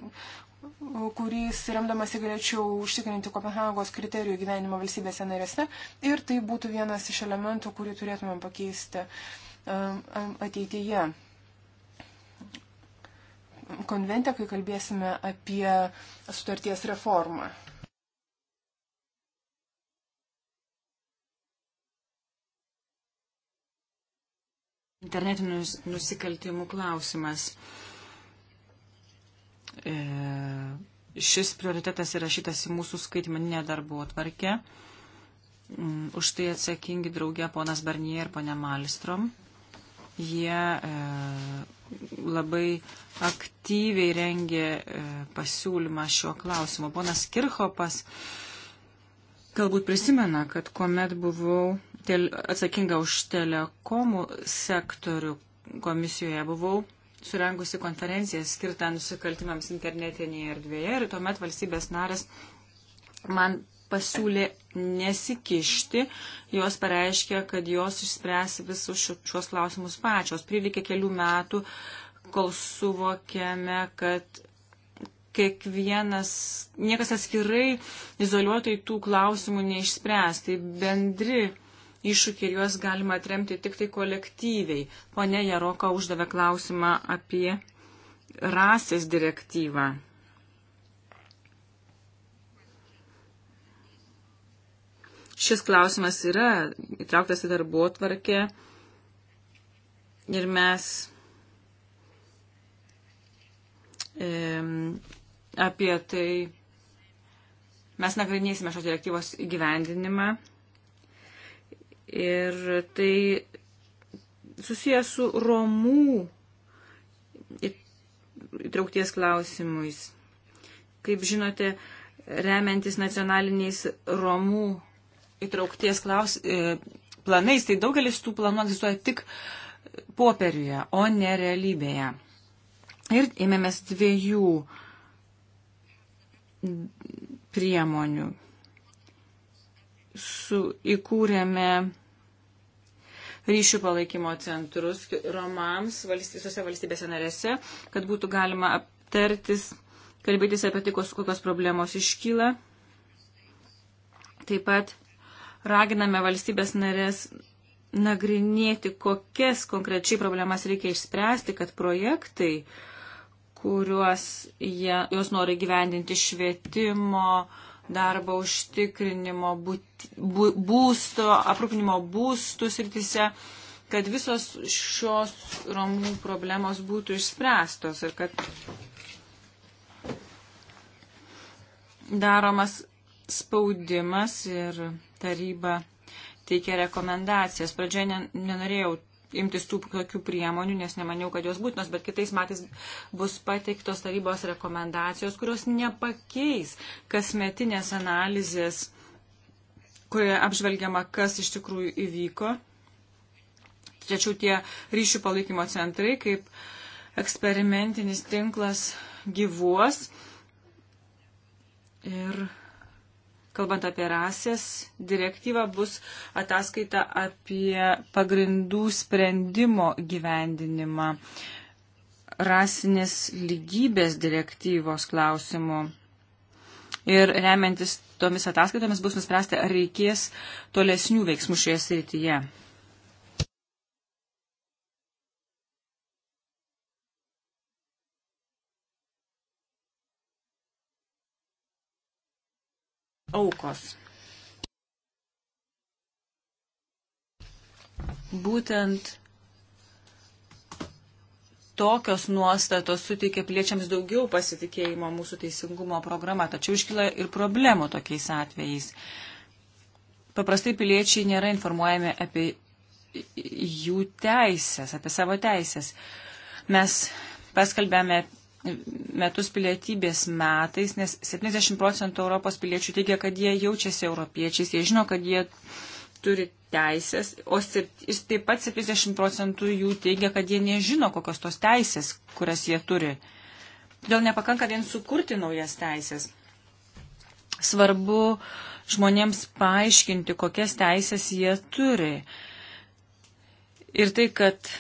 kuriais remdamasi galėčiau užtikrinti Kopenhagos kriterijų gyvenimo valstybėse narėse ir tai būtų vienas iš elementų, kurį turėtumėm pakeisti um, um, ateityje. Konvente, kai kalbėsime apie sutarties reformą. Internetinių nusikaltimų klausimas. Uh, E, šis prioritetas įrašytas į mūsų skaitmeninę darbo atvarkę. Mm, už tai atsakingi draugė ponas Barnie ir ponė Malstrom. Jie e, labai aktyviai rengė e, pasiūlymą šiuo klausimu. Ponas Kirchopas galbūt prisimena, kad kuomet buvau atsakinga už telekomų sektorių komisijoje, buvau surengusi konferenciją skirtą nusikaltimams internetinėje erdvėje ir tuomet valstybės narės man pasiūlė nesikišti, jos pareiškė, kad jos išspręs visus šios klausimus pačios. Prireikė kelių metų, kol suvokėme, kad kiekvienas, niekas atskirai izoliuotai tų klausimų neišspręs. Tai bendri iššūkiai ir juos galima atremti tik tai kolektyviai. Pone Jaroka uždavė klausimą apie rasės direktyvą. Šis klausimas yra įtrauktas į darbo tvarkę ir mes e, apie tai mes nagrinėsime šios direktyvos įgyvendinimą Ir tai susijęs su Romų įtraukties klausimais. Kaip žinote, remiantis nacionaliniais Romų įtraukties klaus, e, planais, tai daugelis tų planų egzistuoja tik popieriuje, o ne realybėje. Ir ėmėmės dviejų priemonių. Su, įkūrėme ryšių palaikymo centrus romams visose valstybėse narėse, kad būtų galima aptartis, kalbėtis apie tai, kokios problemos iškyla. Taip pat raginame valstybės narės nagrinėti, kokias konkrečiai problemas reikia išspręsti, kad projektai, kuriuos jie, jos nori gyvendinti švietimo, uh, darbo užtikrinimo, būsto, aprūpinimo būstų srityse, kad visos šios romų problemos būtų išspręstos ir kad daromas spaudimas ir taryba teikia rekomendacijas. Pradžioje nenorėjau imtis tų tokių priemonių, nes nemaniau, kad jos būtinos, bet kitais metais bus pateiktos tarybos rekomendacijos, kurios nepakeis kasmetinės analizės, kurioje apžvelgiama, kas iš tikrųjų įvyko. Tačiau tie ryšių palaikymo centrai, kaip eksperimentinis tinklas gyvuos. Ir kalbant apie rasės direktyvą, bus ataskaita apie pagrindų sprendimo gyvendinimą rasinės lygybės direktyvos klausimų. Ir remiantis tomis ataskaitomis bus nuspręsta, ar reikės tolesnių veiksmų šioje srityje. aukos. Būtent tokios nuostatos suteikia piliečiams daugiau pasitikėjimo mūsų teisingumo programa, tačiau iškyla ir problemų tokiais atvejais. Paprastai piliečiai nėra informuojami apie jų teisės, apie savo teisės. Mes paskalbėme metus pilietybės metais, nes 70 procentų Europos piliečių teigia, kad jie jaučiasi europiečiais, jie žino, kad jie turi teisės, o taip pat 70 procentų jų teigia, kad jie nežino, kokios tos teisės, kurias jie turi. Todėl nepakanka vien sukurti naujas teisės. Svarbu žmonėms paaiškinti, kokias teisės jie turi. Ir tai, kad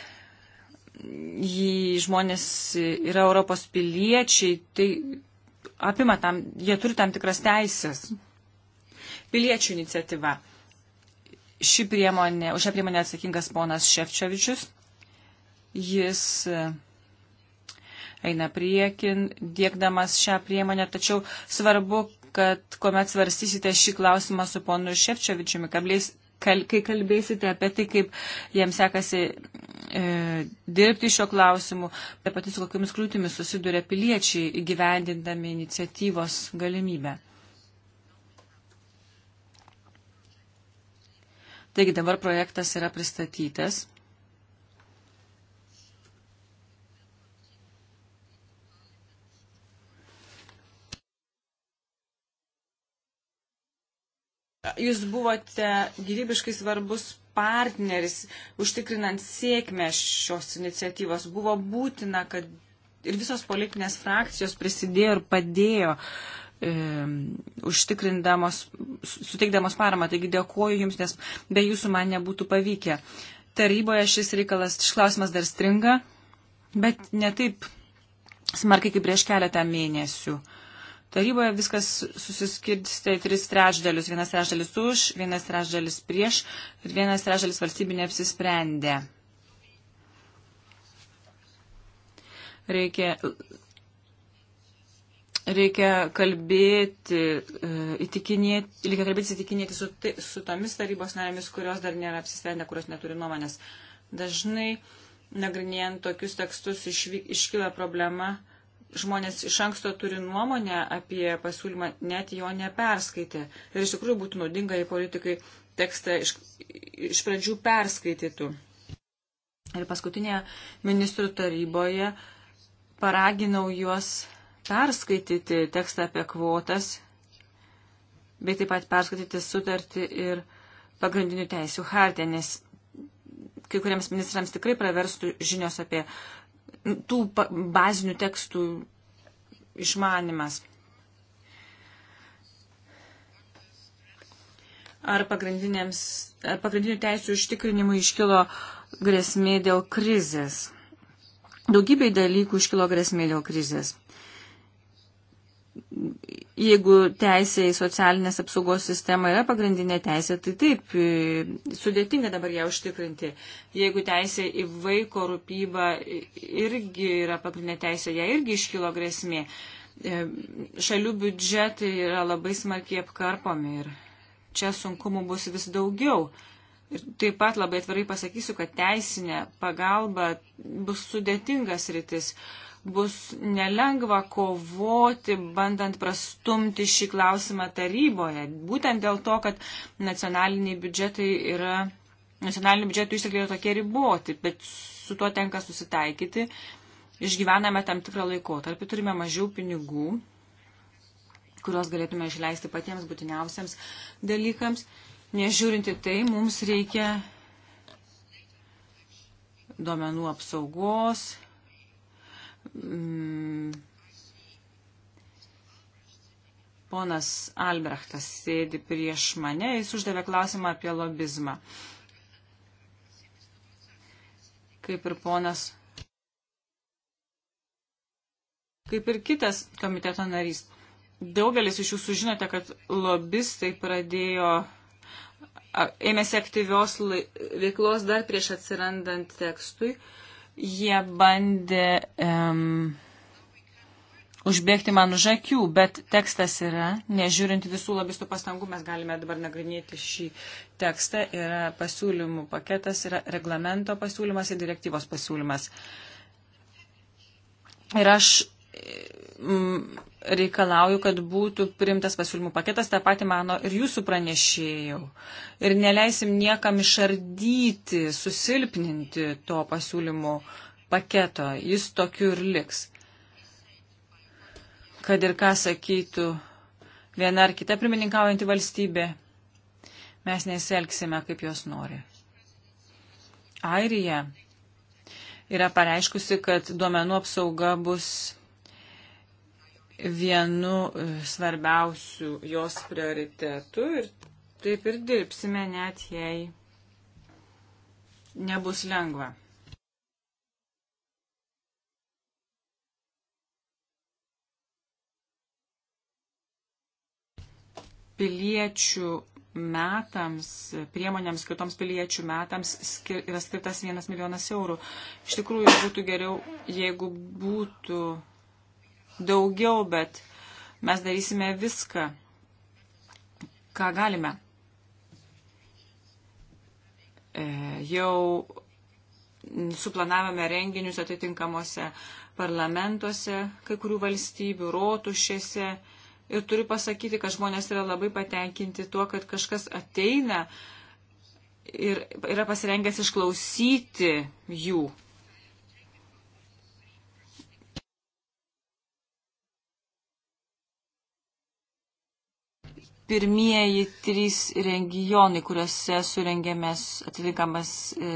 jei žmonės yra Europos piliečiai, tai apima tam, jie turi tam tikras teisės. Piliečių iniciatyva. Ši priemonė, už šią priemonę atsakingas ponas Šefčiovičius. Jis e, eina priekin, dėkdamas šią priemonę, tačiau svarbu, kad kuomet svarstysite šį klausimą su ponu Šefčiovičiumi, kai kalbėsite apie tai, kaip jiems sekasi e, dirbti šio klausimu, taip pat su kokiamis kliūtimis susiduria piliečiai įgyvendindami iniciatyvos galimybę. Taigi dabar projektas yra pristatytas. Jūs buvote gyvybiškai svarbus partneris, užtikrinant sėkmę šios iniciatyvos. Buvo būtina, kad ir visos politinės frakcijos prisidėjo ir padėjo e, užtikrindamos, suteikdamos paramą. Taigi dėkuoju Jums, nes be Jūsų man nebūtų pavykę. Taryboje šis reikalas, šis klausimas dar stringa, bet ne taip smarkiai kaip prieš keletą mėnesių. E, Taryboje viskas susiskirstė į tris trečdalius. Vienas trečdalis už, vienas trečdalis prieš ir vienas trečdalis valstybė neapsisprendė. Reikia, reikia kalbėti, e, įtikinėti, reikia kalbėti įtikinėti su, tai, su tomis tarybos narėmis, kurios dar nėra apsisprendę, kurios neturi nuomonės. Dažnai nagrinėjant tokius tekstus iškyla problema žmonės iš anksto turi nuomonę apie pasiūlymą, net jo neperskaitė. Ir iš tikrųjų būtų naudinga, jei politikai tekstą iš, iš pradžių perskaitytų. Ir paskutinėje ministrų taryboje paraginau juos perskaityti tekstą apie kvotas, bei taip pat perskaityti sutartį ir pagrindinių teisių hartę, nes kai kuriems ministrams tikrai praverstų žinios apie uh, tų bazinių tekstų išmanimas. Ar, ar pagrindinių teisų ištikrinimui iškilo grėsmė dėl krizės? Daugybei dalykų iškilo grėsmė dėl krizės jeigu teisė į socialinės apsaugos sistemą yra pagrindinė teisė, tai taip, e, sudėtinga dabar ją užtikrinti. Jeigu teisė į vaiko rūpybą irgi yra pagrindinė teisė, ją irgi iškilo grėsmė. E, šalių biudžetai yra labai smarkiai apkarpomi ir čia sunkumų bus vis daugiau. Ir taip pat labai atvirai pasakysiu, kad teisinė pagalba bus sudėtingas rytis. Uh, bus nelengva kovoti, bandant prastumti šį klausimą taryboje. Būtent dėl to, kad nacionaliniai biudžetai yra, nacionaliniai biudžetų ištekliai yra tokie riboti, bet su tuo tenka susitaikyti. Išgyvename tam tikrą laikotarpį, turime mažiau pinigų, kuriuos galėtume išleisti patiems būtiniausiams dalykams. Nežiūrinti tai, mums reikia duomenų apsaugos, Mm. Ponas Albrechtas sėdi prieš mane, jis uždavė klausimą apie lobizmą. Kaip ir ponas. Kaip ir kitas komiteto narys. Daugelis iš jūsų žinote, kad lobistai pradėjo, ėmėsi aktyvios veiklos dar prieš atsirandant tekstui Jie bandė um, užbėgti man už akių, bet tekstas yra, nežiūrint visų labistų pastangų, mes galime dabar nagrinėti šį tekstą, yra pasiūlymų paketas, yra reglamento pasiūlymas ir direktyvos pasiūlymas. Ir aš Mm, reikalauju, kad būtų primtas pasiūlymų paketas, tą patį mano ir jūsų pranešėjų. Ir neleisim niekam išardyti, susilpninti to pasiūlymų paketo. Jis tokiu ir liks. Kad ir ką sakytų viena ar kita primininkaujanti valstybė, mes nesielgsime, kaip jos nori. Airija yra pareiškusi, kad duomenų apsauga bus vienu e, svarbiausių jos prioritetų ir taip ir dirbsime, net jei nebus lengva. Piliečių metams, priemonėms skirtoms piliečių metams skir, yra skirtas vienas milijonas eurų. Iš tikrųjų, būtų geriau, jeigu būtų daugiau, bet mes darysime viską, ką galime. E, jau suplanavome renginius atitinkamuose parlamentuose, kai kurių valstybių, rotušėse. Ir turiu pasakyti, kad žmonės yra labai patenkinti tuo, kad kažkas ateina ir yra pasirengęs išklausyti jų. pirmieji trys regionai, kuriuose surengėmės atitinkamas e,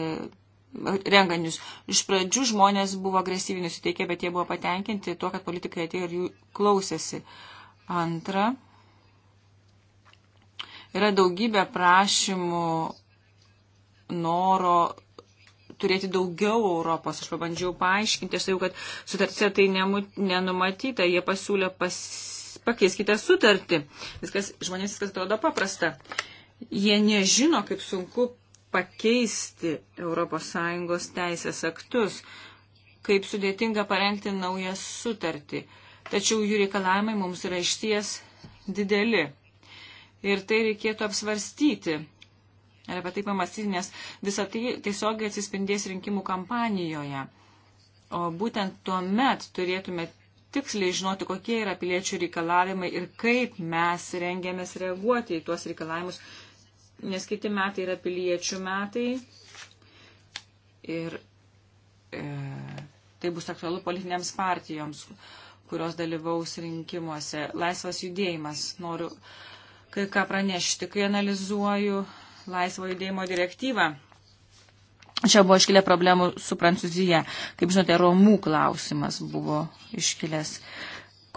renginius. Iš pradžių žmonės buvo agresyviai nusiteikę, bet jie buvo patenkinti tuo, kad politikai atėjo ir jų klausėsi. Antra, yra daugybė prašymų noro turėti daugiau Europos. Aš pabandžiau paaiškinti, aš sakiau, kad sutartise tai nenumatyta, jie pasiūlė pas pakeiskite sutartį. Viskas, žmonės viskas atrodo paprasta. Jie nežino, kaip sunku pakeisti ES teisės aktus, kaip sudėtinga parengti naują sutartį. Tačiau jų reikalavimai mums yra išties dideli. Ir tai reikėtų apsvarstyti. Ar apie tai pamastyti, nes visą tai tiesiogiai atsispindės rinkimų kampanijoje. O būtent tuo met turėtume tiksliai žinoti, kokie yra piliečių reikalavimai ir kaip mes rengiamės reaguoti į tuos reikalavimus, nes kiti metai yra piliečių metai ir e, tai bus aktualu politinėms partijoms, kurios dalyvaus rinkimuose. Laisvas judėjimas, noriu kai ką pranešti, kai analizuoju laisvo judėjimo direktyvą. Čia buvo iškilę problemų su Prancūzija. Kaip žinote, Romų klausimas buvo iškilęs.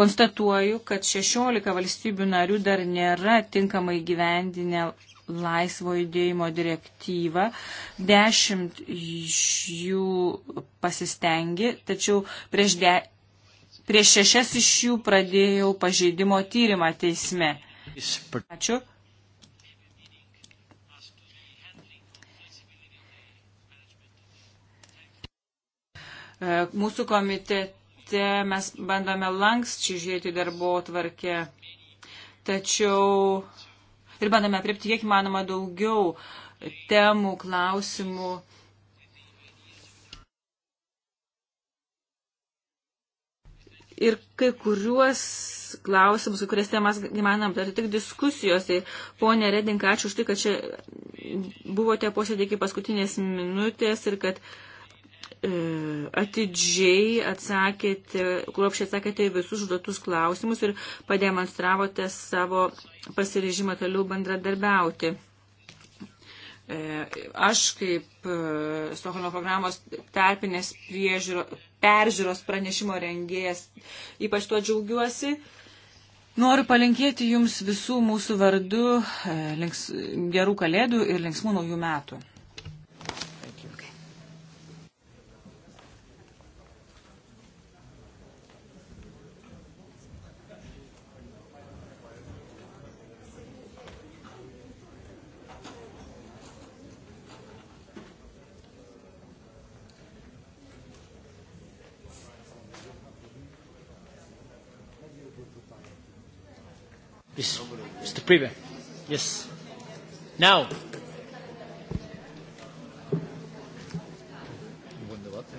Konstatuoju, kad 16 valstybių narių dar nėra tinkamai gyvendinę laisvo judėjimo direktyvą. Dešimt jų pasistengi, tačiau prieš, de, prieš šešias iš jų pradėjau pažeidimo tyrimą teisme. Ačiū. E, mūsų komitete mes bandome lankščiai žiūrėti darbo tvarkę, tačiau ir bandome apriepti kiek įmanoma daugiau temų, klausimų. ir kai kuriuos klausimus, kai kurias temas įmanom aptarti tik diskusijose. Pone Redink, ačiū už tai, kad čia buvote posėdė iki paskutinės minutės ir kad uh, E, atidžiai atsakėte, kruopšiai atsakėte į visus užduotus klausimus ir pademonstravote savo pasirežimą toliau bendradarbiauti. E, aš kaip e, Stokholmo programos tarpinės priežiūro, peržiūros pranešimo rengėjas ypač tuo džiaugiuosi. Noriu palinkėti Jums visų mūsų vardu links, gerų kalėdų ir linksmų naujų metų. Priebe. Yes. Now.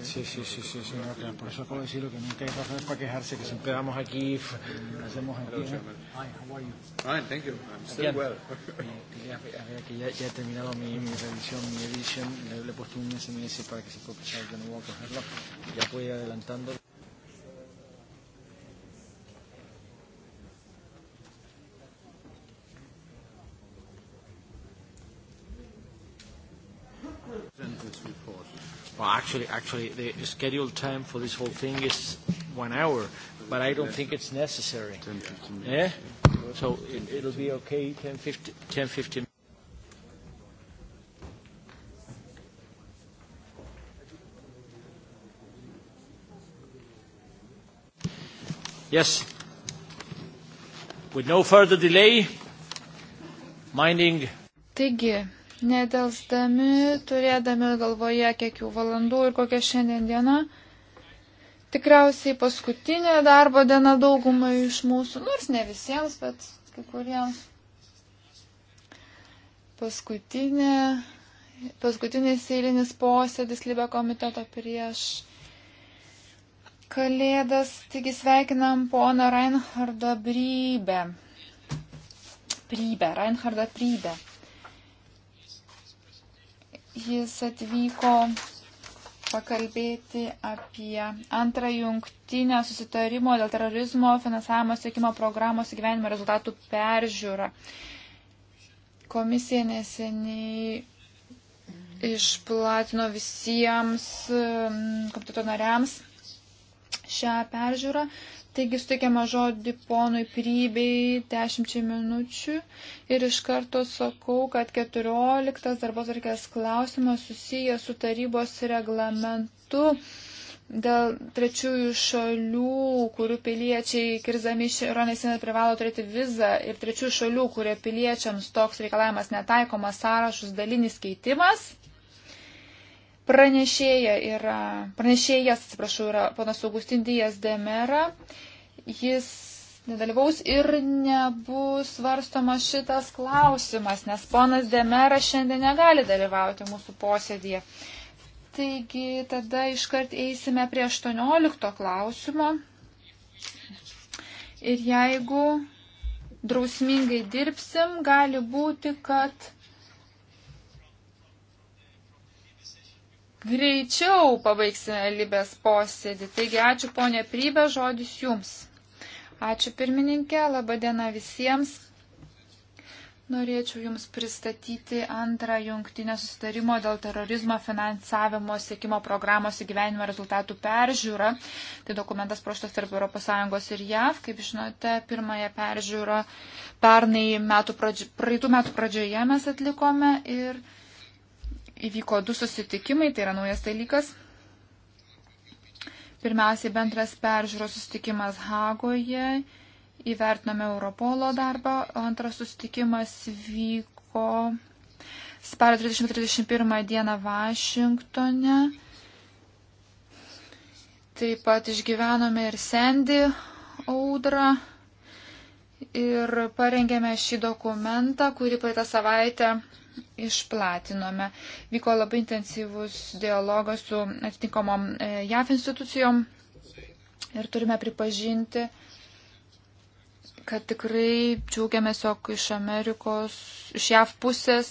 Sí, sí, sí, sí, sí no, claro. por eso acabo de decir lo que nunca hay razones para quejarse, que siempre vamos aquí, hacemos aquí. ¿eh? Hi, how are you? Fine, thank you. I'm still Bien. well. Oye, eh, a ver, que ya, ya he terminado mi, mi revisión, mi edición, le, le he puesto un SMS para que se pueda pensar, yo no voy a cogerlo, ya voy adelantando actually, actually, the scheduled time for this whole thing is one hour, but I don't think it's necessary. 10, 15 minutes. Yeah? So it, it'll be okay, 10, 15, 10, 15 Yes. With no further delay, minding. Taigi, nedelsdami, turėdami galvoje, kiek jų valandų ir kokia šiandien diena. Tikriausiai paskutinė darbo diena daugumai iš mūsų, nors ne visiems, bet kai kuriems. Paskutinė, paskutinis eilinis posėdis Libė komiteto prieš Kalėdas. Taigi sveikinam poną Reinhardą Brybę. Prybę, Reinhardą Prybę. Jis atvyko pakalbėti apie antrą jungtinę susitarimo dėl terorizmo finansavimo siekimo programos įgyvenimo rezultatų peržiūrą. Komisija neseniai išplatino visiems e, komiteto nariams šią peržiūrą. Taigi suteikiama žodį ponui prybei 10 minučių ir iš karto sakau, kad 14 darbos arkės klausimas susijęs su tarybos reglamentu dėl trečiųjų šalių, kurių piliečiai kirzami Šironės sieną privalo turėti vizą ir trečiųjų šalių, kurie piliečiams toks reikalavimas netaikomas sąrašus dalinis keitimas. Pranešėja yra, pranešėjas, atsiprašau, yra ponas Augustindijas Demera jis nedalyvaus ir nebus svarstomas šitas klausimas, nes ponas Demeras šiandien negali dalyvauti mūsų posėdėje. Taigi tada iškart eisime prie 18 klausimo. Ir jeigu drausmingai dirbsim, gali būti, kad greičiau pabaigsime Libės posėdį. Taigi ačiū ponė Prybė, žodis jums. Ačiū pirmininkė, laba diena visiems. Norėčiau Jums pristatyti antrą jungtinę susitarimo dėl terorizmo finansavimo siekimo programos įgyvenimo rezultatų peržiūrą. Tai dokumentas proštas tarp ES ir JAV. Kaip žinote, pirmąją peržiūrą pernai metų pradži... praeitų metų pradžioje mes atlikome ir įvyko du susitikimai, tai yra naujas dalykas. Tai Pirmiausiai bendras peržiūros sustikimas Hagoje, įvertinome Europolo darbą, antras sustikimas vyko spalio 30-31 dieną Vašingtone. Taip pat išgyvenome ir Sandy audrą ir parengėme šį dokumentą, kurį praeitą savaitę išplatinome. Vyko labai intensyvus dialogas su atitinkomom e, JAF institucijom ir turime pripažinti, kad tikrai džiaugiamės, jog iš Amerikos, iš JAV pusės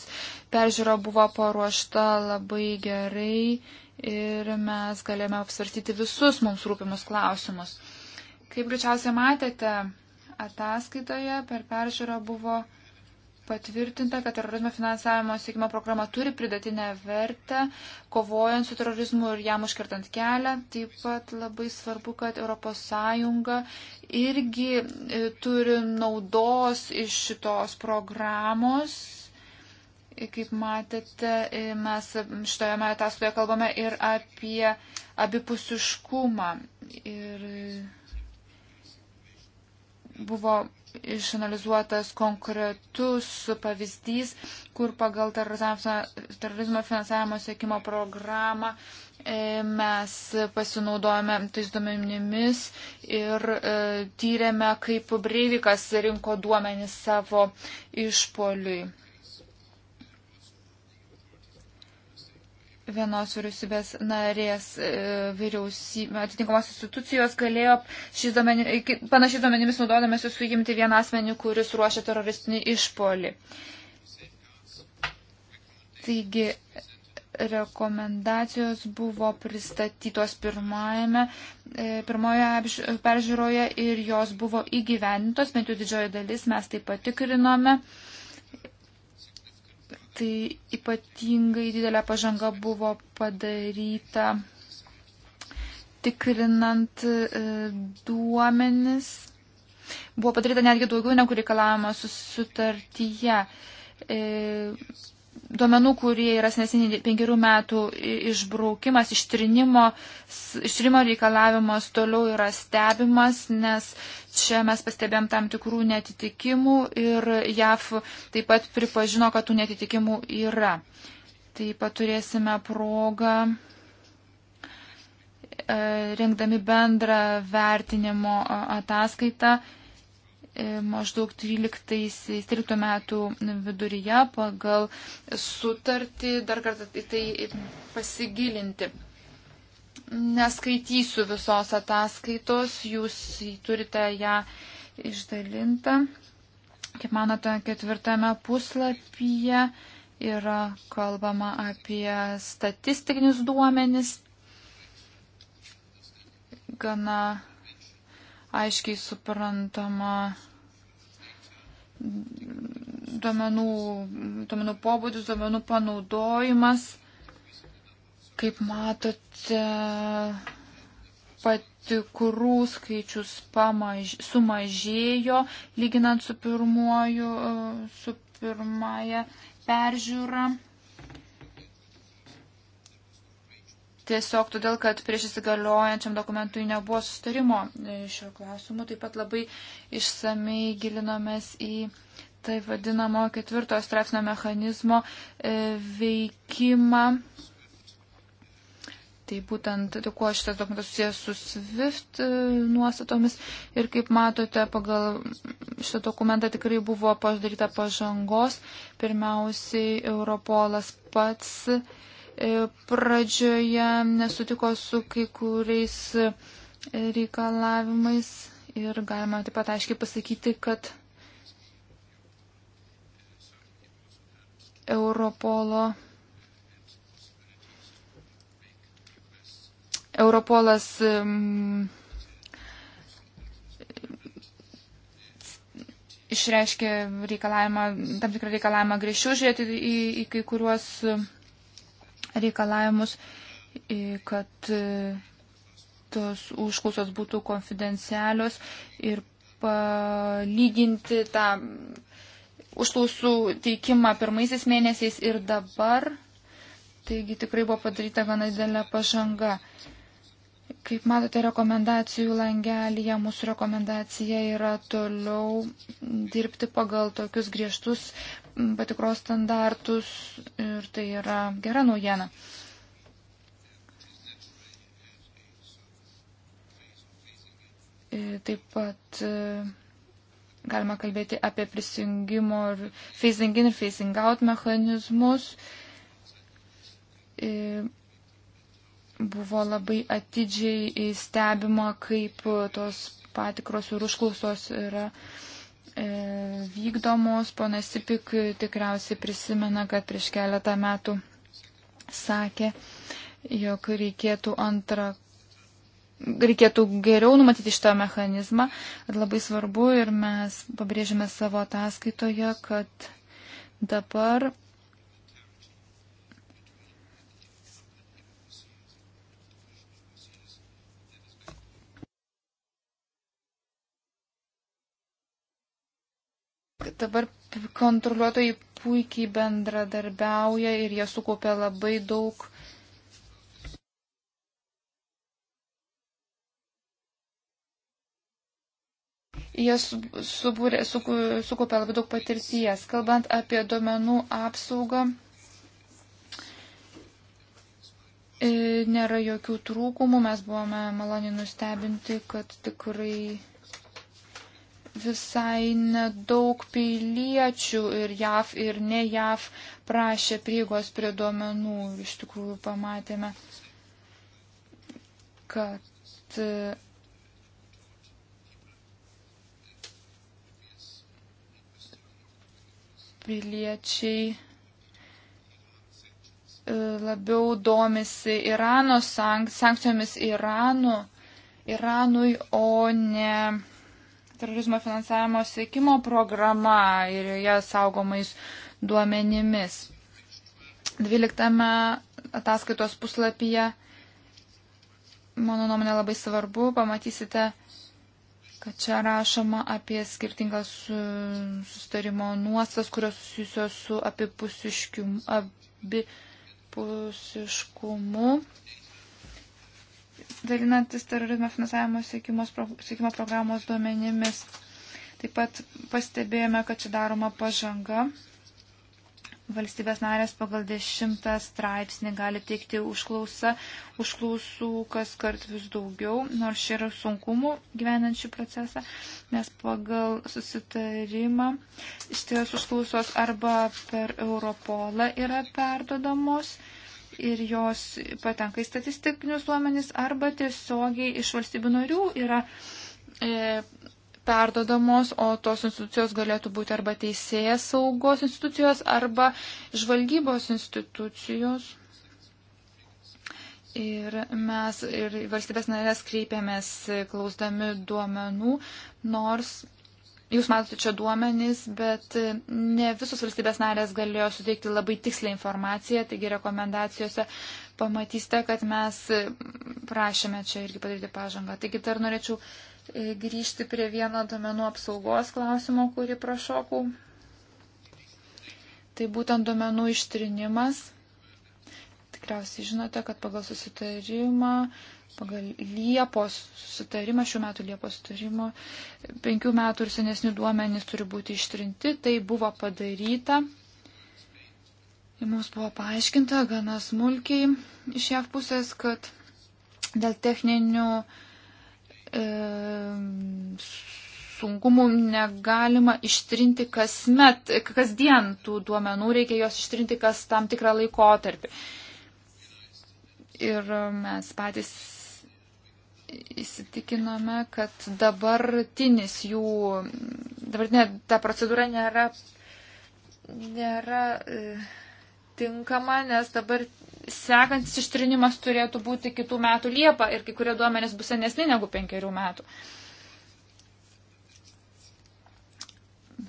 peržiūra buvo paruošta labai gerai ir mes galėjome apsvarstyti visus mums rūpimus klausimus. Kaip greičiausiai matėte, ataskaitoje per peržiūrą buvo patvirtinta, kad terorizmo finansavimo siekimo programa turi pridatinę vertę, kovojant su terorizmu ir jam užkirtant kelią. Taip pat labai svarbu, kad ES irgi e, turi naudos iš šitos programos. E, kaip matėte, e, mes šitoje ataskaitoje kalbame ir apie abipusiškumą. Ir buvo išanalizuotas konkretus pavyzdys, kur pagal terorizmo finansavimo sėkimo programą e, mes pasinaudojame tais duomenimis ir e, tyrėme, kaip Breivikas rinko duomenys savo išpoliui. vienos vyriausybės narės e, vyriausybė, atitinkamos institucijos galėjo duomenį, e, panašiais duomenimis naudodamėsi suimti vieną asmenį, kuris ruošia teroristinį išpolį. Taigi rekomendacijos buvo pristatytos pirmajame, e, pirmoje peržiūroje ir jos buvo įgyvenintos, bent jau didžioji dalis mes tai patikrinome. tikrinome tai ypatingai didelė pažanga buvo padaryta tikrinant e, duomenis. Buvo padaryta netgi daugiau negu reikalavimo sutartyje. E, duomenų, kurie yra senesni penkerių metų išbraukimas, ištrinimo, ištrinimo reikalavimas toliau yra stebimas, nes Čia mes pastebėm tam tikrų netitikimų ir JAF taip pat pripažino, kad tų netitikimų yra. Taip pat turėsime progą e, rengdami bendrą vertinimo ataskaitą e, maždaug 13, 13 metų viduryje pagal sutartį dar kartą į tai pasigilinti neskaitysiu visos ataskaitos, jūs turite ją išdalintą. Kaip manote, ketvirtame puslapyje yra kalbama apie statistinius duomenis. Gana aiškiai suprantama duomenų, duomenų pobūdis, duomenų panaudojimas Kaip matote, patikrų skaičius pamaž, sumažėjo, lyginant su pirmuoju, su pirmąją peržiūrą. Tiesiog todėl, kad prieš įsigaliojančiam dokumentui nebuvo sustarimo šio klausimu, taip pat labai išsamei gilinomės į tai vadinamo ketvirtojo straipsnio mechanizmo e, veikimą Tai būtent, tai kuo šitas dokumentas susijęs su SWIFT e, nuostatomis ir kaip matote, pagal šitą dokumentą tikrai buvo padaryta pažangos. Pirmiausiai, Europolas pats e, pradžioje nesutiko su kai kuriais e, reikalavimais ir galima taip pat aiškiai pasakyti, kad Europolo Europolas išreiškė reikalavimą, tam tikrą reikalavimą grįžčiau žiūrėti į, į kai kuriuos reikalavimus, kad e, tos užklausos būtų konfidencialios ir palyginti tą užklausų teikimą pirmaisiais mėnesiais ir dabar. Taigi tikrai buvo padaryta gana didelė pažanga. Kaip matote, rekomendacijų langelėje mūsų rekomendacija yra toliau dirbti pagal tokius griežtus patikros standartus ir tai yra gera naujiena. Taip pat e, galima kalbėti apie prisijungimo ir phasing in ir phasing out mechanizmus e, buvo labai atidžiai stebima, kaip tos patikros ir užklausos yra e, vykdomos. Ponas Sipik tikriausiai prisimena, kad prieš keletą metų sakė, jog reikėtų antrą. Reikėtų geriau numatyti šitą mechanizmą ir labai svarbu ir mes pabrėžėme savo ataskaitoje, kad dabar dabar kontroliuotojai puikiai bendradarbiauja ir jie sukaupė labai daug. Jie subūrė, sukaupė labai daug patirties. Kalbant apie duomenų apsaugą, e, nėra jokių trūkumų. Mes buvome maloniai nustebinti, kad tikrai visai nedaug piliečių ir JAV ir ne JAV prašė prieigos prie duomenų. Iš tikrųjų pamatėme, kad e, piliečiai e, labiau domisi Irano sank sankcijomis Iranu, Iranui, o ne terorizmo finansavimo sėkimo programa ir joje saugomais duomenimis. 12 ataskaitos puslapyje, mano nuomonė labai svarbu, pamatysite, kad čia rašoma apie skirtingas e, sustarimo nuostas, kurios susijusios su abipusiškumu dalinantis terorizmo finansavimo sėkimo programos duomenimis. Taip pat pastebėjome, kad čia daroma pažanga. Valstybės narės pagal dešimtą straipsnį gali teikti užklausą, užklausų kas kart vis daugiau, nors čia yra sunkumų gyvenant šį procesą, nes pagal susitarimą šitas užklausos arba per Europolą yra perdodamos ir jos patenka į statistikinius duomenys arba tiesiogiai iš valstybių narių yra e, perdodamos, o tos institucijos galėtų būti arba teisėjas saugos institucijos, arba žvalgybos institucijos. Ir mes ir valstybės narės kreipėmės klausdami duomenų, nors Jūs matote čia duomenys, bet e, ne visos valstybės narės galėjo suteikti labai tikslę informaciją, taigi rekomendacijose pamatysite, kad mes e, prašėme čia irgi padaryti pažangą. Taigi dar norėčiau e, grįžti prie vieno domenų apsaugos klausimo, kurį prašokau. Tai būtent domenų ištrinimas. Tikriausiai žinote, kad pagal susitarimą pagal Liepos sutarimą, šių metų Liepos sutarimo, penkių metų ir senesnių duomenys turi būti ištrinti. Tai buvo padaryta. Ir mums buvo paaiškinta gana smulkiai iš jav pusės, kad dėl techninių e, sunkumų negalima ištrinti kasmet, kasdien tų duomenų, reikia juos ištrinti kas tam tikrą laikotarpį. Ir mes patys įsitikinome, kad dabartinis jų, dabartinė ta procedūra nėra, nėra e, tinkama, nes dabar sekantis ištrinimas turėtų būti kitų metų Liepą ir kai kurie duomenys bus senesni negu penkerių metų.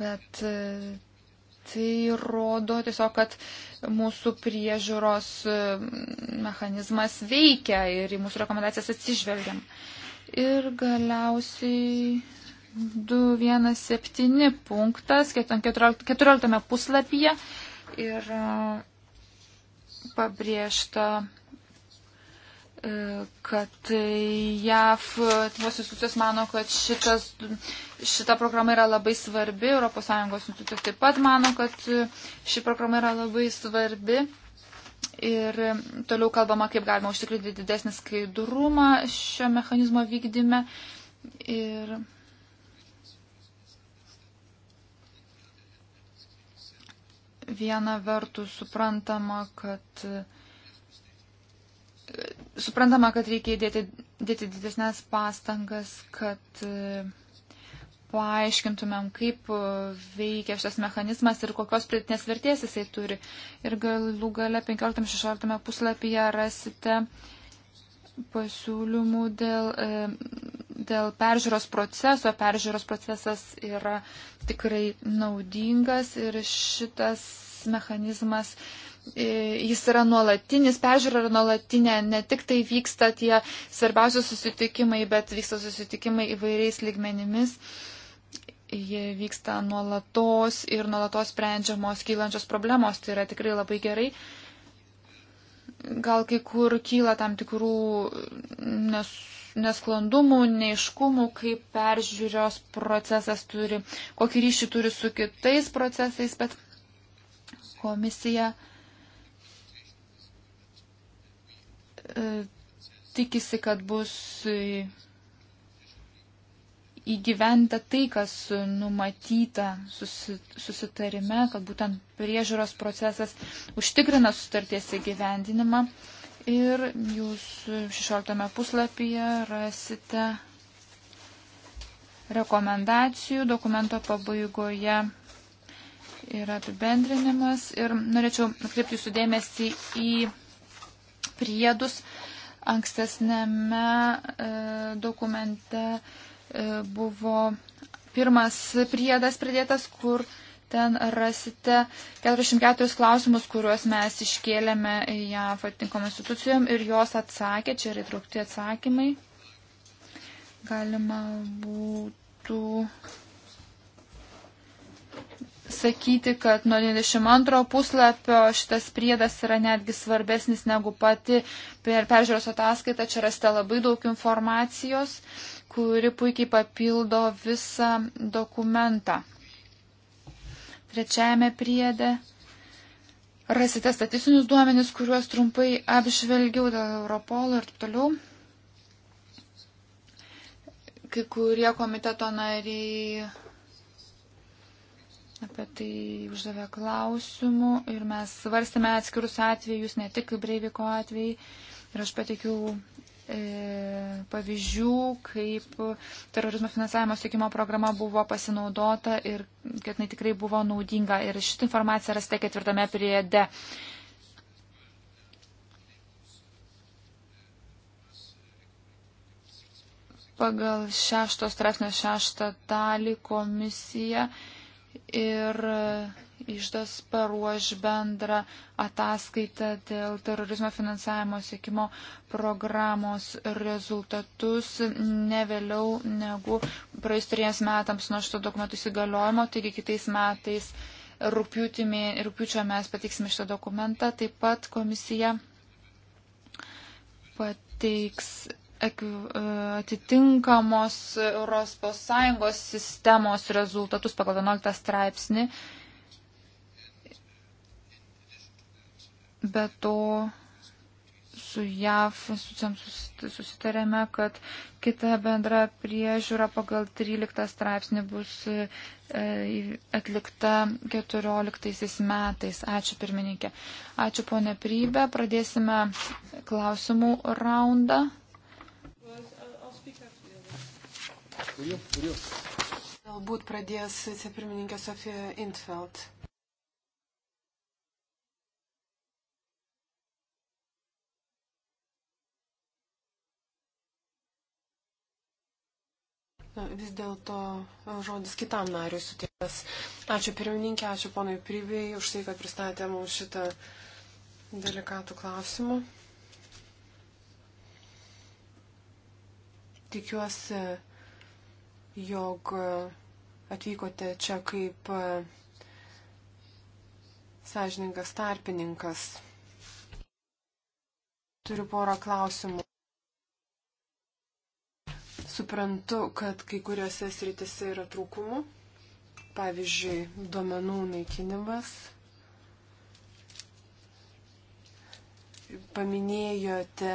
Bet e, tai rodo tiesiog, kad e, mūsų priežiūros e, mechanizmas veikia ir į mūsų rekomendacijas atsižvelgiam. Ir galiausiai 217 punktas 14 puslapyje ir pabrėžta E, kad JAV atmos institucijos mano, kad šitas, šita programa yra labai svarbi, ES institucijos taip pat mano, kad ši programa yra labai svarbi. Ir toliau kalbama, kaip galima užtikrinti didesnį skaidrumą šio mechanizmo vykdyme. Ir viena vertus suprantama, kad Suprantama, kad reikia dėti, dėti didesnės pastangas, kad e, paaiškintumėm, kaip e, veikia šitas mechanizmas ir kokios pridėtinės vertės jisai turi. Ir galų gale 15-16 puslapyje rasite pasiūlymų dėl, e, dėl peržiūros proceso. Peržiūros procesas yra tikrai naudingas ir šitas mechanizmas uh, E, jis yra nuolatinis, peržiūra yra nuolatinė, ne tik tai vyksta tie svarbiausi susitikimai, bet vyksta susitikimai įvairiais ligmenimis. Jie vyksta nuolatos ir nuolatos sprendžiamos kylančios problemos, tai yra tikrai labai gerai. Gal kai kur kyla tam tikrų nes, nesklandumų, neiškumų, kaip peržiūrios procesas turi, kokį ryšį turi su kitais procesais, bet komisija uh, E, tikisi, kad bus e, įgyventa tai, kas numatyta susitarime, kad būtent priežiūros procesas užtikrina sutarties įgyvendinimą. Ir jūs 16 puslapyje rasite rekomendacijų dokumento pabaigoje yra apibendrinimas ir norėčiau atkreipti jūsų dėmesį į priedus. Ankstesnėme e, dokumente e, buvo pirmas priedas pridėtas, kur ten rasite 44 klausimus, kuriuos mes iškėlėme JAF atinkom institucijom ir jos atsakė, čia yra įtraukti atsakymai. Galima būtų sakyti, kad nuo 92 puslapio šitas priedas yra netgi svarbesnis negu pati per peržiūros ataskaitą. Čia rasite labai daug informacijos, kuri puikiai papildo visą dokumentą. Trečiajame priede rasite statistinius duomenis, kuriuos trumpai apžvelgiau dėl Europolo ir taip toliau kai kurie komiteto nariai apie tai uždavė klausimų ir mes svarstėme atskirus atvejus, ne tik Breiviko atvejai. Ir aš pateikiau e, pavyzdžių, kaip terorizmo finansavimo sėkimo programa buvo pasinaudota ir kad jinai tikrai buvo naudinga. Ir šitą informaciją rasite ketvirtame priede. Pagal šešto straipsnio šeštą dalį komisija. E, ir išdas paruoš bendrą ataskaitą dėl terorizmo finansavimo sėkimo programos rezultatus ne vėliau negu praeis turėjęs metams nuo šito dokumentų įsigaliojimo, taigi kitais metais rūpiučio mes patiksime šitą dokumentą, taip pat komisija pateiks E, atitinkamos ES sistemos rezultatus pagal 11 straipsnį. Be to, su JAV institucijom susitarėme, kad kita bendra priežiūra pagal 13 straipsnį bus e, e, atlikta 14 metais. Ačiū pirmininkė. Ačiū ponė Prybė. Pradėsime klausimų raundą. Galbūt pradės vicepirmininkė Sofija Intfeld. vis dėlto e, žodis kitam nariui sutiktas. Ačiū pirmininkė, ačiū ponui Prybėjai už tai, kad pristatė mums šitą delikatų klausimą. Tikiuosi, jog e, atvykote čia kaip e, sąžininkas tarpininkas. Turiu porą klausimų. Suprantu, kad kai kuriuose sritise yra trūkumų. Pavyzdžiui, duomenų naikinimas. Paminėjote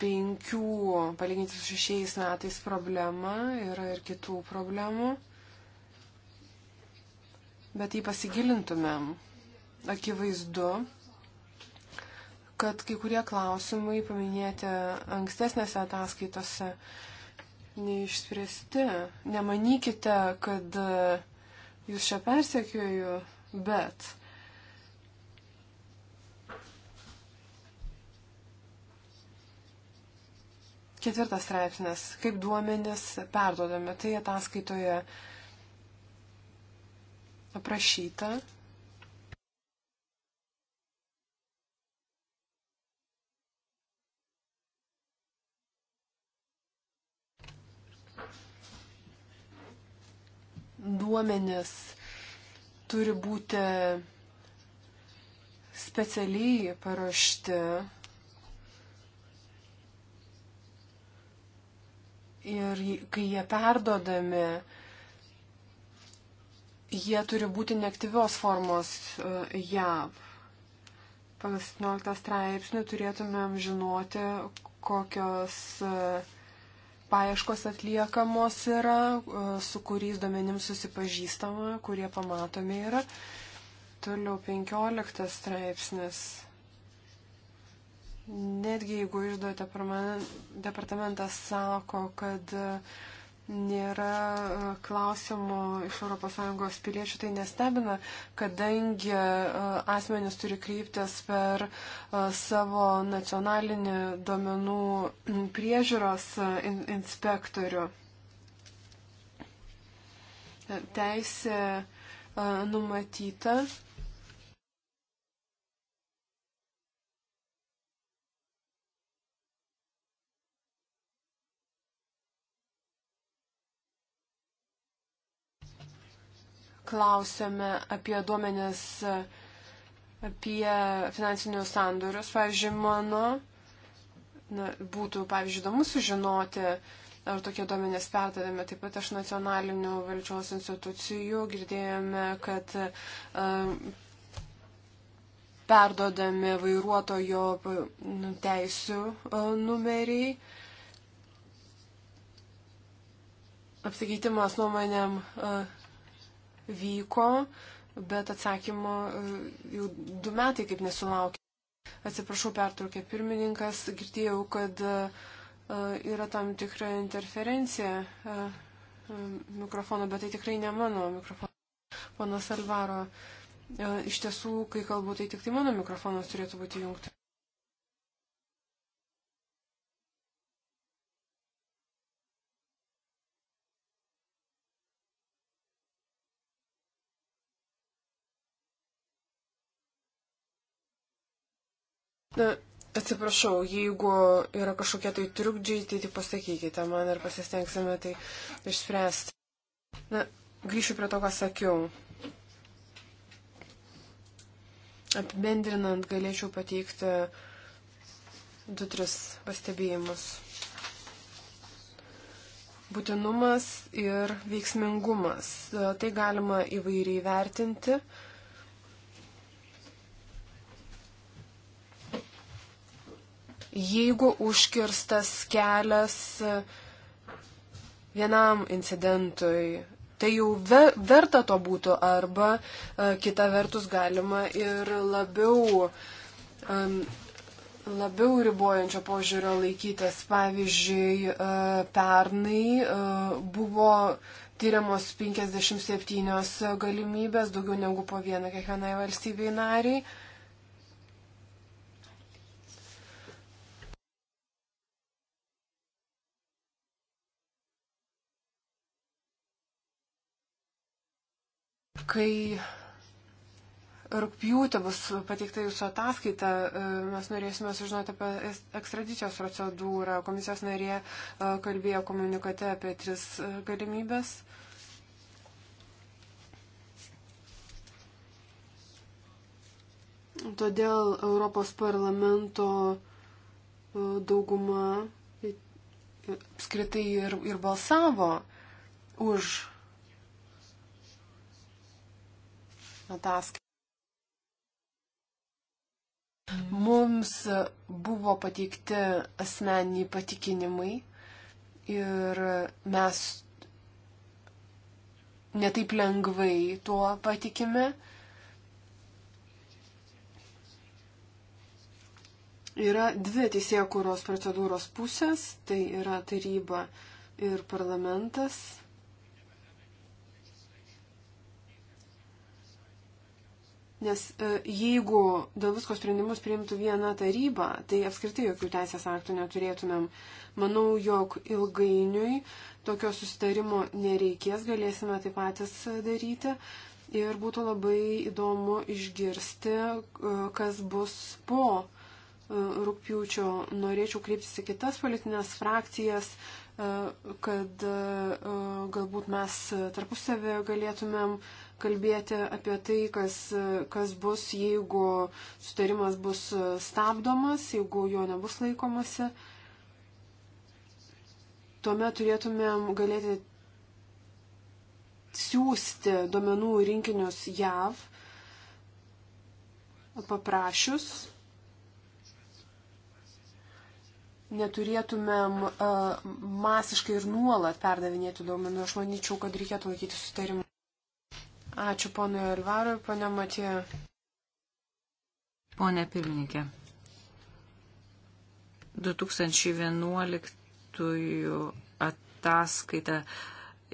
penkių, palyginti su šešiais metais problema, yra ir kitų problemų. Bet jei pasigilintumėm, akivaizdu, kad kai kurie klausimai paminėti ankstesnėse ataskaitose neišspręsti. Nemanykite, kad e, jūs čia persekioju, bet Ketvirtas straipsnis. Kaip duomenis perduodami. Tai ataskaitoje aprašyta. Duomenis turi būti specialiai paruošti ir kai jie perdodami, jie turi būti neaktyvios formos e, jav. Pagal 17 straipsnį turėtumėm žinoti, kokios e, paieškos atliekamos yra, e, su kuriais domenim susipažįstama, kurie pamatomi yra. Toliau 15 straipsnis. Netgi jeigu išdo departamentas sako, kad e, nėra e, klausimų iš ES piliečių, tai nestebina, kadangi e, asmenys turi kryptis per savo nacionalinį domenų priežiūros inspektorių. Teisė numatyta klausėme apie duomenis apie finansinius sandorius. Pavyzdžiui, mano na, būtų, pavyzdžiui, įdomu sužinoti, ar tokie duomenys perdavėme. Taip pat iš nacionalinių valdžios institucijų girdėjome, kad um, perdodami vairuotojo nu, teisų e, numeriai. Apsikeitimas nuomonėm uh, vyko, bet atsakymo e, jau du metai kaip nesulaukia. Atsiprašau, pertraukė pirmininkas, girdėjau, kad e, yra tam tikra interferencija e, mikrofono, bet tai tikrai ne mano mikrofonas. Ponas Alvaro, iš tiesų, kai kalbu, tai tik tai mano mikrofonas turėtų būti jungtas. Na, atsiprašau, jeigu yra kažkokie tai trukdžiai, tai tik pasakykite man ir pasistengsime tai išspręsti. Na, grįšiu prie to, ką sakiau. Apibendrinant, galėčiau pateikti du, tris pastebėjimus. Būtinumas ir veiksmingumas. Tai galima įvairiai vertinti. Uh, jeigu užkirstas kelias e, vienam incidentui. Tai jau ve, verta to būtų, arba e, kita vertus galima ir labiau, e, labiau ribojančio požiūrio laikytis. Pavyzdžiui, e, pernai e, buvo tyriamos 57 galimybės, daugiau negu po vieną kiekvienai valstybei nariai. E, Kai rūpjūtį bus pateikta jūsų ataskaita, e, mes norėsime sužinoti apie ekstradicijos procedūrą. Komisijos narė e, kalbėjo komunikate apie tris e, galimybės. Todėl Europos parlamento dauguma apskritai ir, ir balsavo už ataskaitą. Mums buvo pateikti asmeniniai patikinimai ir mes netaip lengvai tuo patikime. Yra dvi teisėkūros procedūros pusės, tai yra taryba ir parlamentas. Nes e, jeigu dėl visko sprendimus priimtų viena taryba, tai apskritai jokių teisės aktų neturėtumėm. Manau, jog ilgainiui tokio sustarimo nereikės, galėsime tai patys daryti. Ir būtų labai įdomu išgirsti, e, kas bus po e, rūpjūčio. Norėčiau kreiptis į kitas politinės frakcijas, kad galbūt mes tarpusavį galėtumėm kalbėti apie tai, kas, kas bus, jeigu sutarimas bus stabdomas, jeigu jo nebus laikomasi. Tuomet turėtumėm galėti siūsti duomenų rinkinius JAV paprašius. Neturėtumėm uh, masiškai ir nuolat perdavinėti duomenų. Aš manyčiau, kad reikėtų laikyti sutarimą. Ačiū ponui Alvarui, ponė Matija. Pone pirmininkė, 2011 ataskaita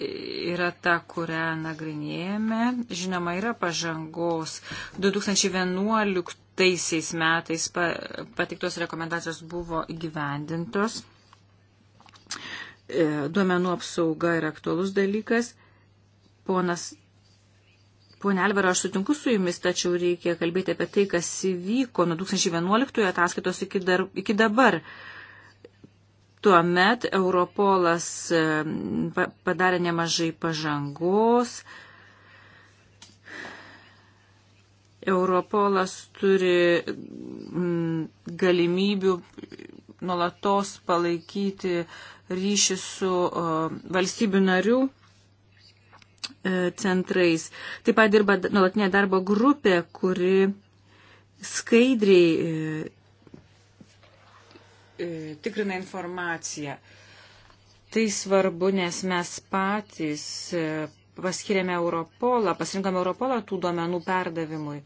yra ta, kurią nagrinėjame. Žinoma, yra pažangos. 2011 metais patiktos rekomendacijos buvo įgyvendintos. E, duomenų apsauga yra aktualus dalykas. Ponas Pone Alvaro, aš sutinku su jumis, tačiau reikia kalbėti apie tai, kas įvyko nuo 2011 ataskaitos iki, dar, iki dabar. Tuomet Europolas e, padarė nemažai pažangos. Europolas turi mm, galimybių nuolatos palaikyti ryšį su e, valstybių narių E, centrais. Taip pat dirba nuolatinė darbo grupė, kuri skaidriai e, e, tikrina informaciją. Tai svarbu, nes mes patys paskiriame Europolą, pasirinkome Europolą tų duomenų perdavimui.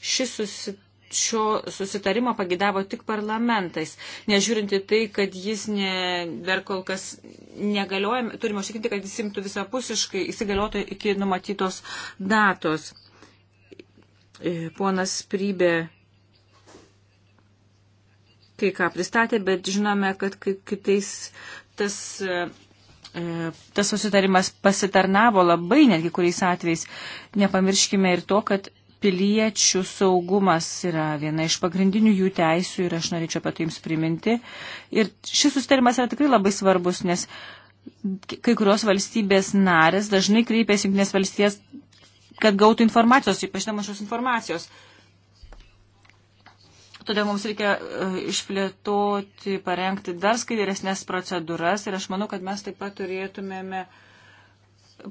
Šis susit šio susitarimo pagidavo tik parlamentais, nežiūrinti tai, kad jis ne, dar kol kas negalioja, turime užtikrinti, kad jis imtų visapusiškai, įsigaliotų iki numatytos datos. E, ponas Prybė kai ką pristatė, bet žinome, kad kitais tas, e, e, tas susitarimas pasitarnavo labai netgi kuriais atvejais. Nepamirškime ir to, kad piliečių saugumas yra viena iš pagrindinių jų teisių ir aš norėčiau apie tai jums priminti. Ir šis sustarimas yra tikrai labai svarbus, nes kai kurios valstybės narės dažnai kreipiasi jungtinės valstijas, kad gautų informacijos, ypač nemažos informacijos. Todėl mums reikia e, išplėtoti, parengti dar skaidresnės procedūras ir aš manau, kad mes taip pat turėtumėme uh,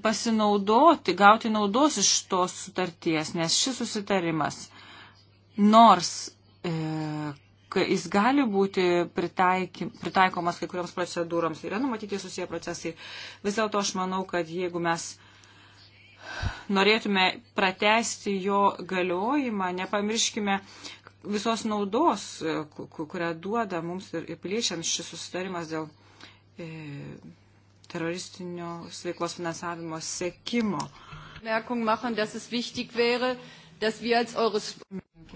pasinaudoti, gauti naudos iš tos sutarties, nes šis susitarimas, nors e, jis gali būti pritaiky, pritaikomas kai kuriams procedūroms, yra numatyti susiję procesai, vis dėlto aš manau, kad jeigu mes norėtume pratesti jo galiojimą, nepamirškime visos naudos, kurią duoda mums ir piliečiams šis susitarimas dėl. E, teroristinios veiklos finansavimo sekimo.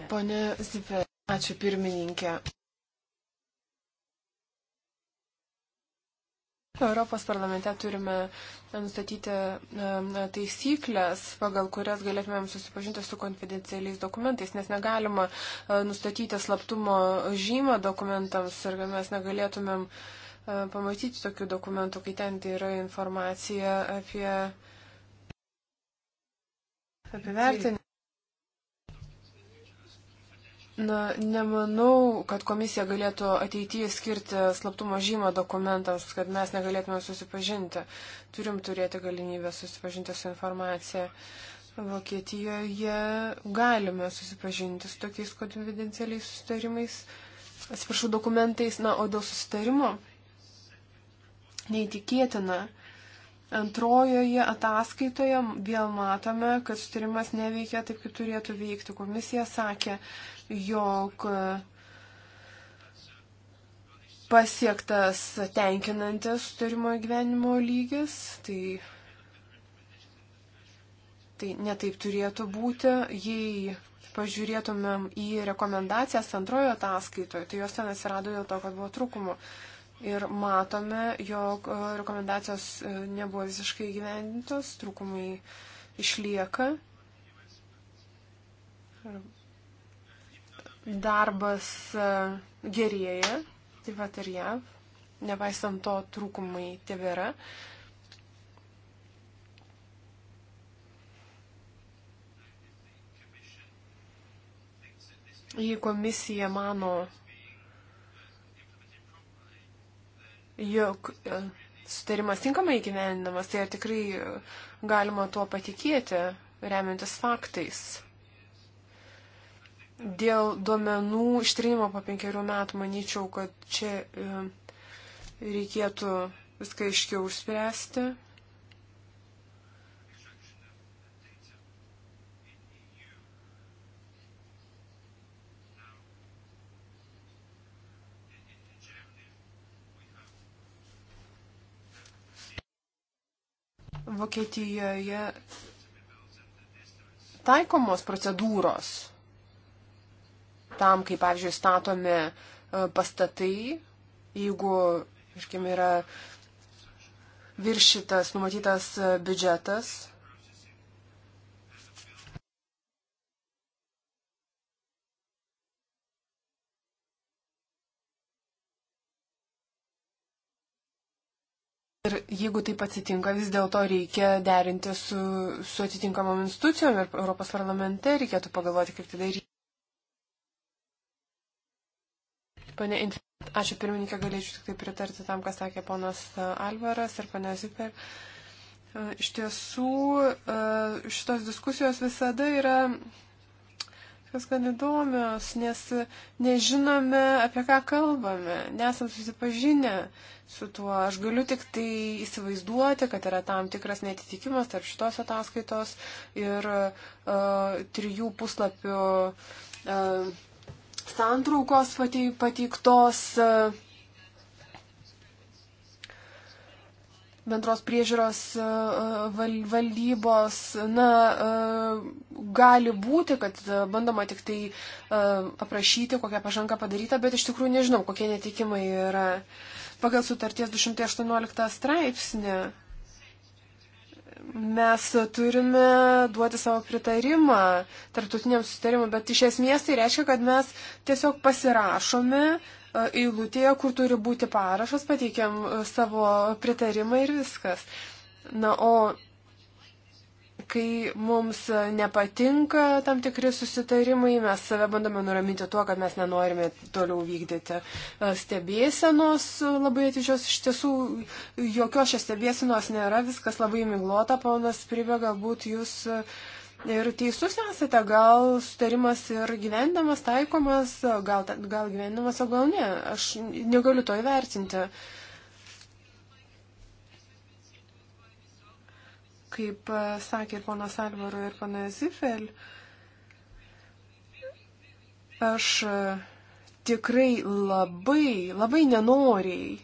Pone Zipė, ačiū pirmininkė. Europos parlamente turime nustatyti taisyklės, pagal kurias galėtumėm susipažinti su konfidencialiais dokumentais, nes negalima nustatyti slaptumo žymą dokumentams ir mes negalėtumėm uh, E, pamatyti tokių dokumentų, kai ten tai yra informacija apie, apie vertinimą. Na, nemanau, kad komisija galėtų ateityje skirti slaptumo žymą dokumentams, kad mes negalėtume susipažinti. Turim turėti galimybę susipažinti su informacija. Vokietijoje galime susipažinti su tokiais konfidencialiais sustarimais, atsiprašau, dokumentais, na, o dėl sustarimo neįtikėtina. Antrojoje ataskaitoje vėl matome, kad sutarimas neveikia taip, kaip turėtų veikti. Komisija sakė, jog pasiektas tenkinantis sutarimo gyvenimo lygis, tai, tai netaip turėtų būti, jei pažiūrėtumėm į rekomendacijas antrojo ataskaitoje, tai jos ten atsirado dėl to, kad buvo trūkumo ir matome, jog e, rekomendacijos e, nebuvo visiškai gyvendintos, trūkumai išlieka. Darbas e, gerėja, taip pat ir jav, nepaisant to trūkumai tebėra. Jei komisija mano, jog e, sutarimas tinkamai įgyvendinamas, tai ar tikrai e, galima tuo patikėti, remiantis faktais. Dėl duomenų ištrinimo po penkerių metų manyčiau, kad čia e, reikėtų viską iškiau užspręsti. Vokietijoje taikomos procedūros tam, kaip, pavyzdžiui, statomi e, pastatai, jeigu, iškim, yra viršytas numatytas e, biudžetas, Ir jeigu taip atsitinka, vis dėlto reikia derinti su, su atitinkamom institucijom ir Europos parlamente reikėtų pagalvoti, kaip tai daryti. Pane Inf... Ačiū pirmininkė, galėčiau tik tai pritarti tam, kas sakė ponas e, Alvaras ir pane Ziper. E, iš tiesų, e, šitos diskusijos visada yra Jos gan įdomios, nes nežinome, apie ką kalbame, nesam susipažinę su tuo. Aš galiu tik tai įsivaizduoti, kad yra tam tikras netitikimas tarp šitos ataskaitos ir uh, trijų puslapių uh, santraukos pateiktos. Uh, bendros priežiūros e, valdybos, na, e, gali būti, kad bandoma tik tai e, aprašyti, kokią pažangą padaryta, bet iš tikrųjų nežinau, kokie netikimai yra. Pagal sutarties 218 straipsnį mes turime duoti savo pritarimą tarptautiniam susitarimui, bet iš esmės tai reiškia, kad mes tiesiog pasirašome uh, E, eilutėje, kur turi būti parašas, pateikiam e, savo pritarimą ir viskas. Na, o kai mums nepatinka tam tikri susitarimai, mes save bandome nuraminti tuo, kad mes nenorime toliau vykdyti e, stebėsenos labai atidžios. Iš tiesų, jokios šios stebėsenos nėra, viskas labai miglota, ponas Pribė, galbūt jūs. Uh, Ir teisus esate, gal sutarimas ir gyvendamas, taikomas, gal, gal gyvendamas, o gal ne. Aš negaliu to įvertinti. Kaip e, sakė ir ponas Alvaro, ir ponas Zifel, aš e, tikrai labai, labai nenoriai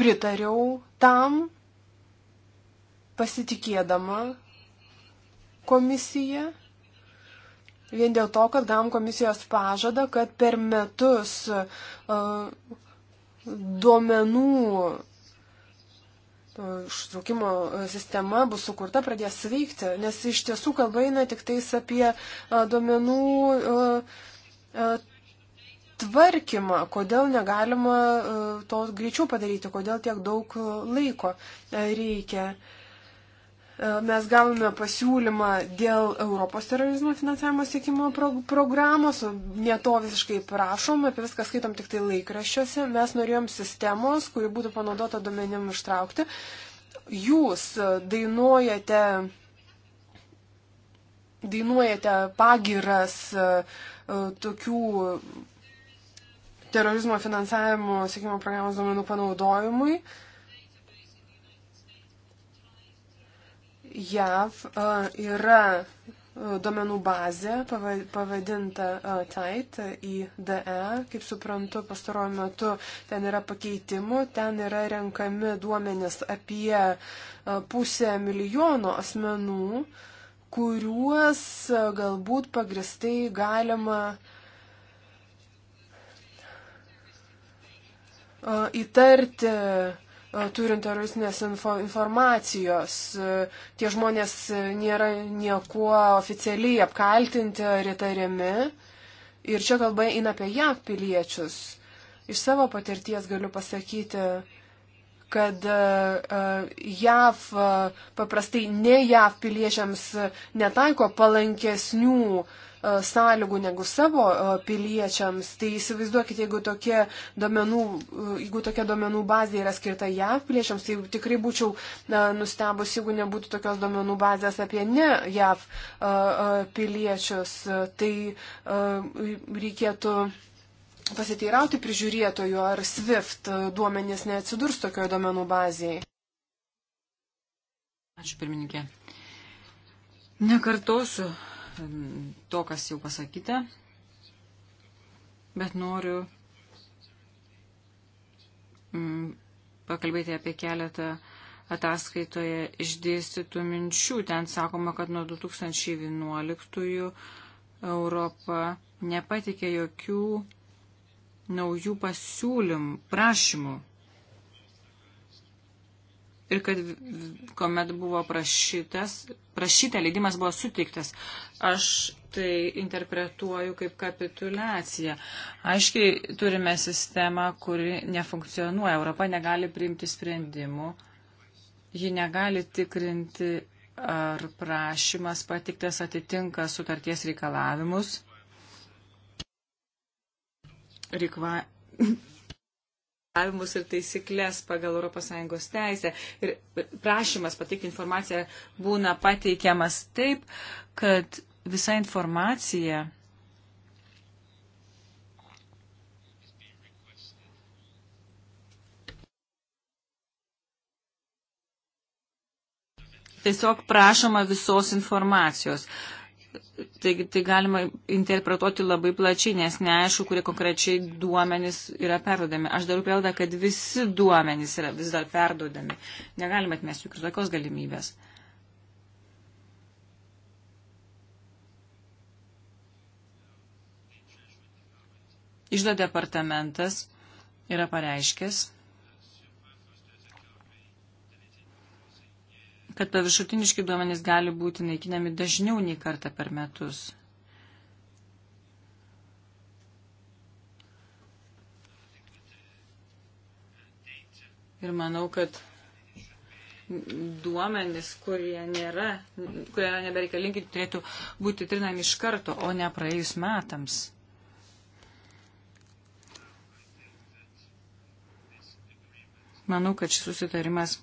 pritariau tam, pasitikėdama komisiją. Vien dėl to, kad gavom komisijos pažadą, kad per metus uh, duomenų e, ištraukimo sistema bus sukurta, pradės veikti, nes iš tiesų kalba eina tik tais apie e, duomenų tvarkymą, kodėl negalima to greičiau padaryti, kodėl tiek daug laiko reikia. Uh, E, mes gavome pasiūlymą dėl Europos terorizmo finansavimo siekimo pro programos, ne to visiškai prašom, apie viską skaitom tik tai laikraščiuose, mes norėjom sistemos, kuri būtų panaudota domenim ištraukti. Jūs e, dainuojate, dainuojate pagiras e, tokių terorizmo finansavimo siekimo programos domenų panaudojimui. Uh, JAV yra duomenų bazė pavadinta TAIT IDE. Kaip suprantu, pastaruoju metu ten yra pakeitimų, ten yra renkami duomenys apie pusę milijono asmenų, kuriuos galbūt pagristai galima įtarti E, turint teroristinės info, informacijos. E, tie žmonės nėra niekuo oficialiai apkaltinti ar įtariami. Ir čia kalba eina apie JAV piliečius. Iš savo patirties galiu pasakyti, kad e, JAV paprastai ne JAV piliečiams netaiko palankesnių uh, E, sąlygų negu savo e, piliečiams. Tai įsivaizduokit, jeigu tokia domenų, e, jeigu tokia domenų bazė yra skirta JAV piliečiams, tai tikrai būčiau nustebus, jeigu nebūtų tokios domenų bazės apie ne JAV piliečius. Tai reikėtų pasiteirauti prižiūrėtojų, ar SWIFT duomenys neatsidurs tokioje domenų bazėje. Ačiū pirmininkė. Nekartosiu to, kas jau pasakyta, bet noriu mm, pakalbėti apie keletą ataskaitoje išdėstytų minčių. Ten sakoma, kad nuo 2011 Europa nepatikė jokių naujų pasiūlymų, prašymų ir kad kuomet buvo prašytas, prašyta leidimas buvo suteiktas. Aš tai interpretuoju kaip kapitulaciją. Aiškiai turime sistemą, kuri nefunkcionuoja. Europa negali priimti sprendimų. Ji negali tikrinti, ar prašymas patiktas atitinka sutarties reikalavimus. Reikva reikalavimus ir taisyklės pagal ES teisę. Ir prašymas pateikti informaciją būna pateikiamas taip, kad visa informacija tiesiog prašoma visos informacijos. Taigi tai galima interpretuoti labai plačiai, nes neaišku, kurie konkrečiai duomenys yra perdodami. Aš darau prielaidą, kad visi duomenys yra vis dar perdodami. Negalima atmesti jokios tokios galimybės. Išdo departamentas yra pareiškęs, kad paviršutiniški duomenys gali būti naikinami dažniau nei kartą per metus. Ir manau, kad duomenys, kurie nėra, kurie yra nebereikalingi, turėtų būti trinami iš karto, o ne praėjus metams. Manau, kad šis susitarimas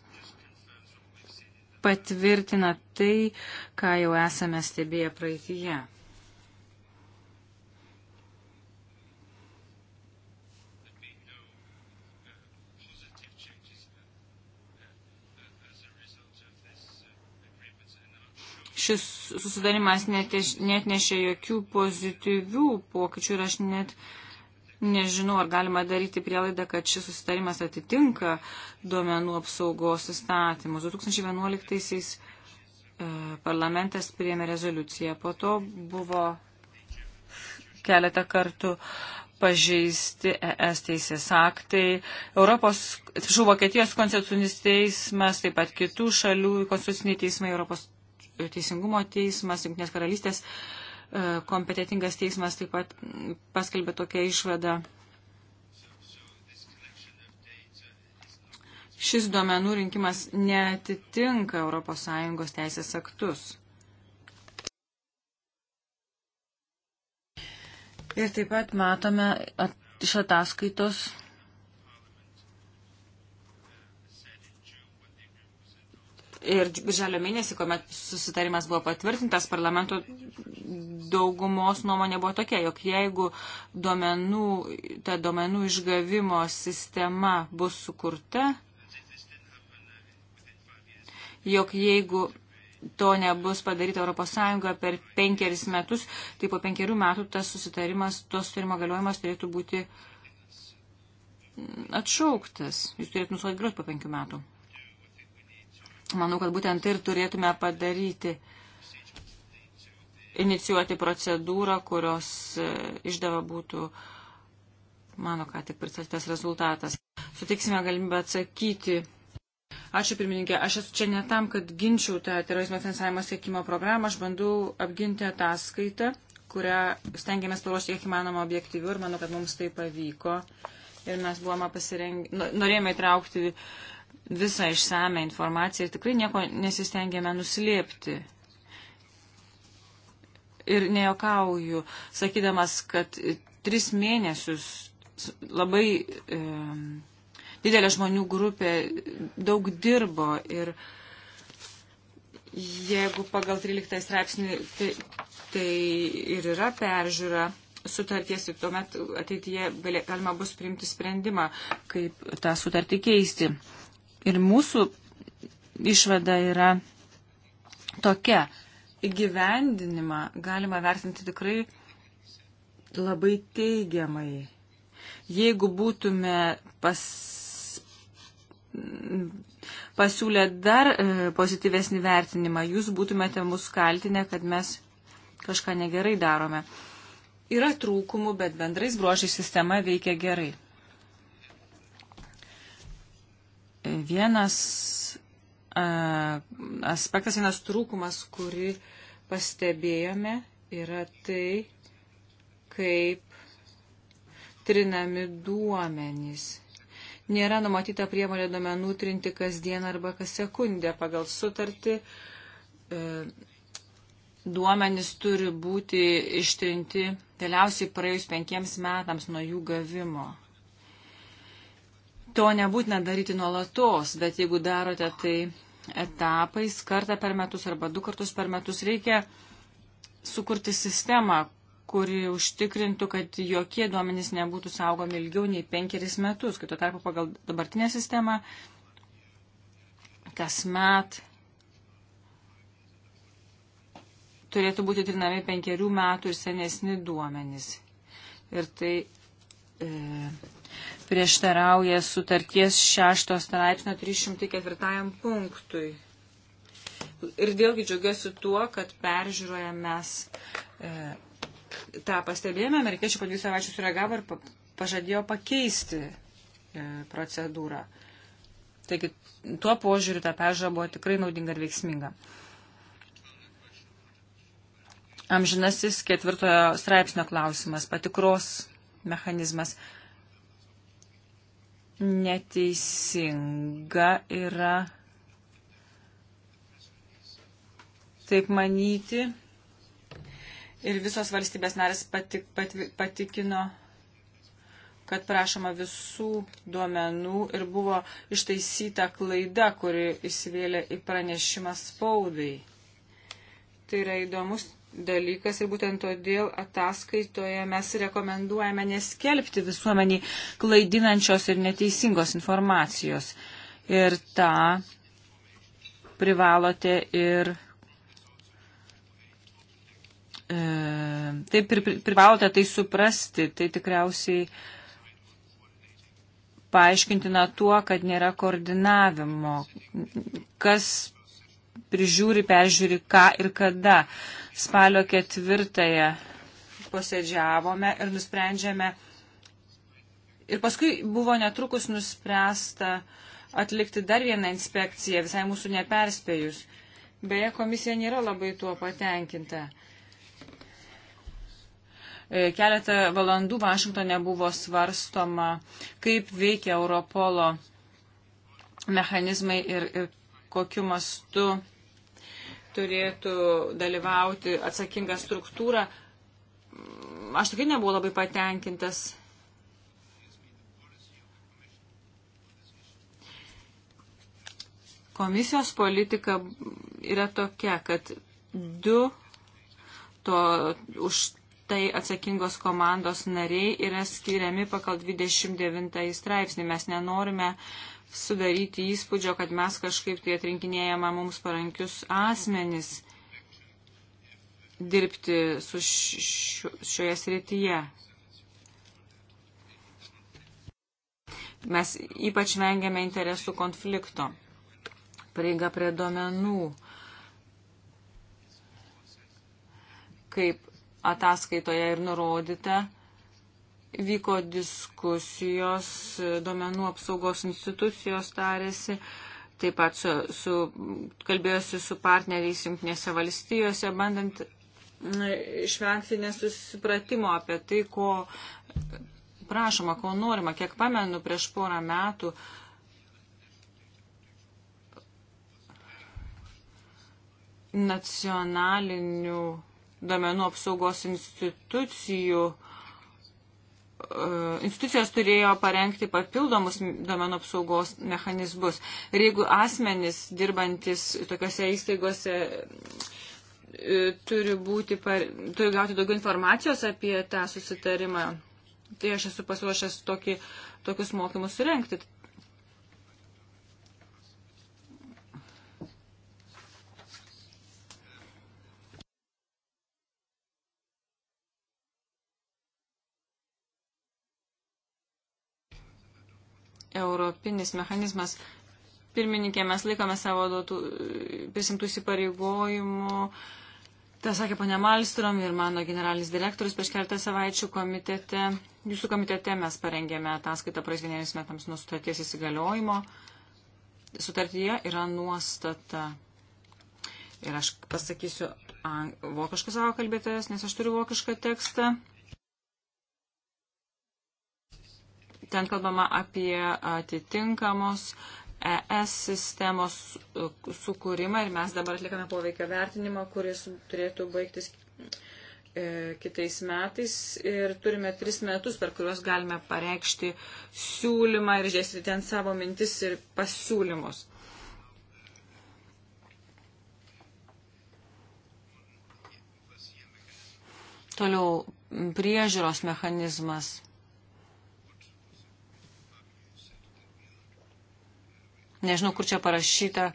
patvirtina tai, ką jau esame stebėję praeitįje. šis susidarimas net, net nešė jokių pozityvių pokyčių ir aš net Nežinau, ar galima daryti prielaidą, kad šis susitarimas atitinka duomenų apsaugos įstatymus. 2011-aisiais e, parlamentas priėmė rezoliuciją, po to buvo keletą kartų pažeisti ES teisės aktai. Europos, atsiprašau, Vokietijos konstitucinis teismas, taip pat kitų šalių konstituciniai teismai, Europos teisingumo teismas, Junktinės karalystės. Uh, E, kompetitingas teismas taip pat paskelbė tokią išvadą. Šis duomenų rinkimas netitinka ES teisės aktus. Ir taip pat matome at, iš ataskaitos Ir birželio mėnesį, kuomet susitarimas buvo patvirtintas, parlamento daugumos nuomonė buvo tokia, jog jeigu duomenų, ta duomenų išgavimo sistema bus sukurta, jog jeigu to nebus padaryta ES per penkeris metus, tai po penkerių metų tas susitarimas, tos sutarimo galiojimas turėtų būti atšauktas. Jis turėtų nusolidžiuoti po penkių metų. Manau, kad būtent tai ir turėtume padaryti. Inicijuoti procedūrą, kurios e, išdava būtų mano ką tik pristatytas rezultatas. Sutiksime galimybę atsakyti. Ačiū pirmininkė, aš esu čia ne tam, kad ginčiau tą terorizmo finansavimo siekimo programą, aš bandau apginti ataskaitą, kurią stengiamės paruošti kiek įmanoma objektyvių ir manau, kad mums tai pavyko. Ir mes buvome pasirengę, norėjome įtraukti visą išsame informaciją ir tikrai nieko nesistengėme nuslėpti. Ir nejuokauju, sakydamas, kad tris mėnesius labai e, didelė žmonių grupė daug dirbo ir jeigu pagal 13 straipsnį tai, tai ir yra peržiūra sutarties ir tai tuomet ateityje galima bus priimti sprendimą, kaip tą sutartį keisti ir mūsų išvada yra tokia. Įgyvendinimą galima vertinti tikrai labai teigiamai. Jeigu būtume pas, pasiūlę dar e, pozityvesnį vertinimą, jūs būtumėte mus kaltinę, kad mes kažką negerai darome. Yra trūkumų, bet bendrais bruožais sistema veikia gerai. Vienas a, aspektas, vienas trūkumas, kurį pastebėjome, yra tai, kaip trinami duomenys. Nėra numatyta priemonė duomenų trinti kasdien arba kas sekundę. Pagal sutartį e, duomenys turi būti ištrinti vėliausiai praėjus penkiems metams nuo jų gavimo to nebūtina daryti nuolatos, bet jeigu darote tai etapais, kartą per metus arba du kartus per metus, reikia sukurti sistemą, kuri užtikrintų, kad jokie duomenys nebūtų saugomi ilgiau nei penkeris metus, kai tuo tarpu pagal dabartinę sistemą kasmet turėtų būti trinami penkerių metų ir senesni duomenys. Ir tai e, prieštarauja sutarties 6 straipsnio 304 punktui. Ir dėlgi džiaugiuosi tuo, kad peržiūroje mes e, tą pastebėjome, amerikiečiai po dviejų savaičių sureagavo ir pa, pažadėjo pakeisti e, procedūrą. Taigi tuo požiūriu ta peržiūra buvo tikrai naudinga ir veiksminga. Amžinasis ketvirtojo straipsnio klausimas, patikros mechanizmas. E, neteisinga yra taip manyti. Ir visos valstybės narės patik, pat, patikino, kad prašoma visų duomenų ir buvo ištaisyta klaida, kuri įsivėlė į pranešimą spaudai. Tai yra įdomus dalykas ir būtent todėl ataskaitoje mes rekomenduojame neskelbti visuomenį klaidinančios ir neteisingos informacijos. Ir tą privalote ir. E, taip ir privalote tai suprasti, tai tikriausiai paaiškintina tuo, kad nėra koordinavimo, kas prižiūri, peržiūri ką ir kada. E, Spalio ketvirtąją posėdžiavome ir nusprendžiame. Ir paskui buvo netrukus nuspręsta atlikti dar vieną inspekciją, visai mūsų neperspėjus. Beje, komisija nėra labai tuo patenkinta. E, keletą valandų Vašingtonė buvo svarstoma, kaip veikia Europolo mechanizmai ir, ir kokiu mastu turėtų dalyvauti atsakinga struktūra. Aš tikrai nebuvau labai patenkintas. Komisijos politika yra tokia, kad du to už tai atsakingos komandos nariai yra skiriami pagal 29 straipsnį. Mes nenorime uh, sudaryti įspūdžio, kad mes kažkaip tai atrinkinėjame mums parankius asmenis dirbti su šioje srityje. Mes ypač vengiame interesų konflikto, prieiga prie domenų, kaip ataskaitoje ir nurodyta, Vyko diskusijos, domenų apsaugos institucijos tarėsi, taip pat su, su, kalbėjosi su partneriais Junktinėse valstijose, bandant išvengti nesusipratimo apie tai, ko prašoma, ko norima. Kiek pamenu, prieš porą metų nacionalinių domenų apsaugos institucijų uh, institucijos turėjo parengti papildomus domenų apsaugos mechanizmus. Ir jeigu asmenys dirbantis tokiuose įstaigose e, turi, būti, par, turi gauti daugiau informacijos apie tą susitarimą, tai aš esu pasiruošęs tokį, tokius mokymus surenkti. europinis mechanizmas. Pirmininkė, mes laikome savo duotų, prisimtų įsipareigojimų. Ta sakė ponia Malstrom ir mano generalinis direktorius prieš keletą savaičių komitete. Jūsų komitete mes parengėme ataskaitą praeis vienerius metams nuo sutarties įsigaliojimo. Sutartyje yra nuostata. Ir aš pasakysiu vokišką savo kalbėtojas, nes aš turiu vokišką tekstą. Ten kalbama apie atitinkamos ES sistemos sukūrimą ir mes dabar atlikame poveikio vertinimą, kuris turėtų baigtis e, kitais metais ir turime tris metus, per kuriuos galime pareikšti siūlymą ir žiūrėsite ten savo mintis ir pasiūlymus. Toliau priežiūros mechanizmas. Nežinau, kur čia parašyta,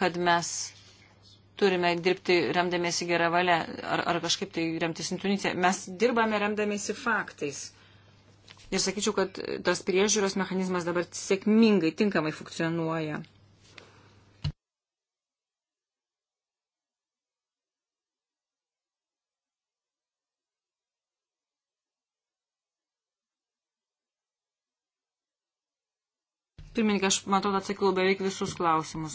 kad mes turime dirbti remdamėsi gerą valią ar, ar kažkaip tai remtis intuicija. Mes dirbame remdamėsi faktais. Ir sakyčiau, kad tas priežiūros mechanizmas dabar sėkmingai, tinkamai funkcionuoja. Pirmininkai, aš matau, atsakiau beveik visus klausimus.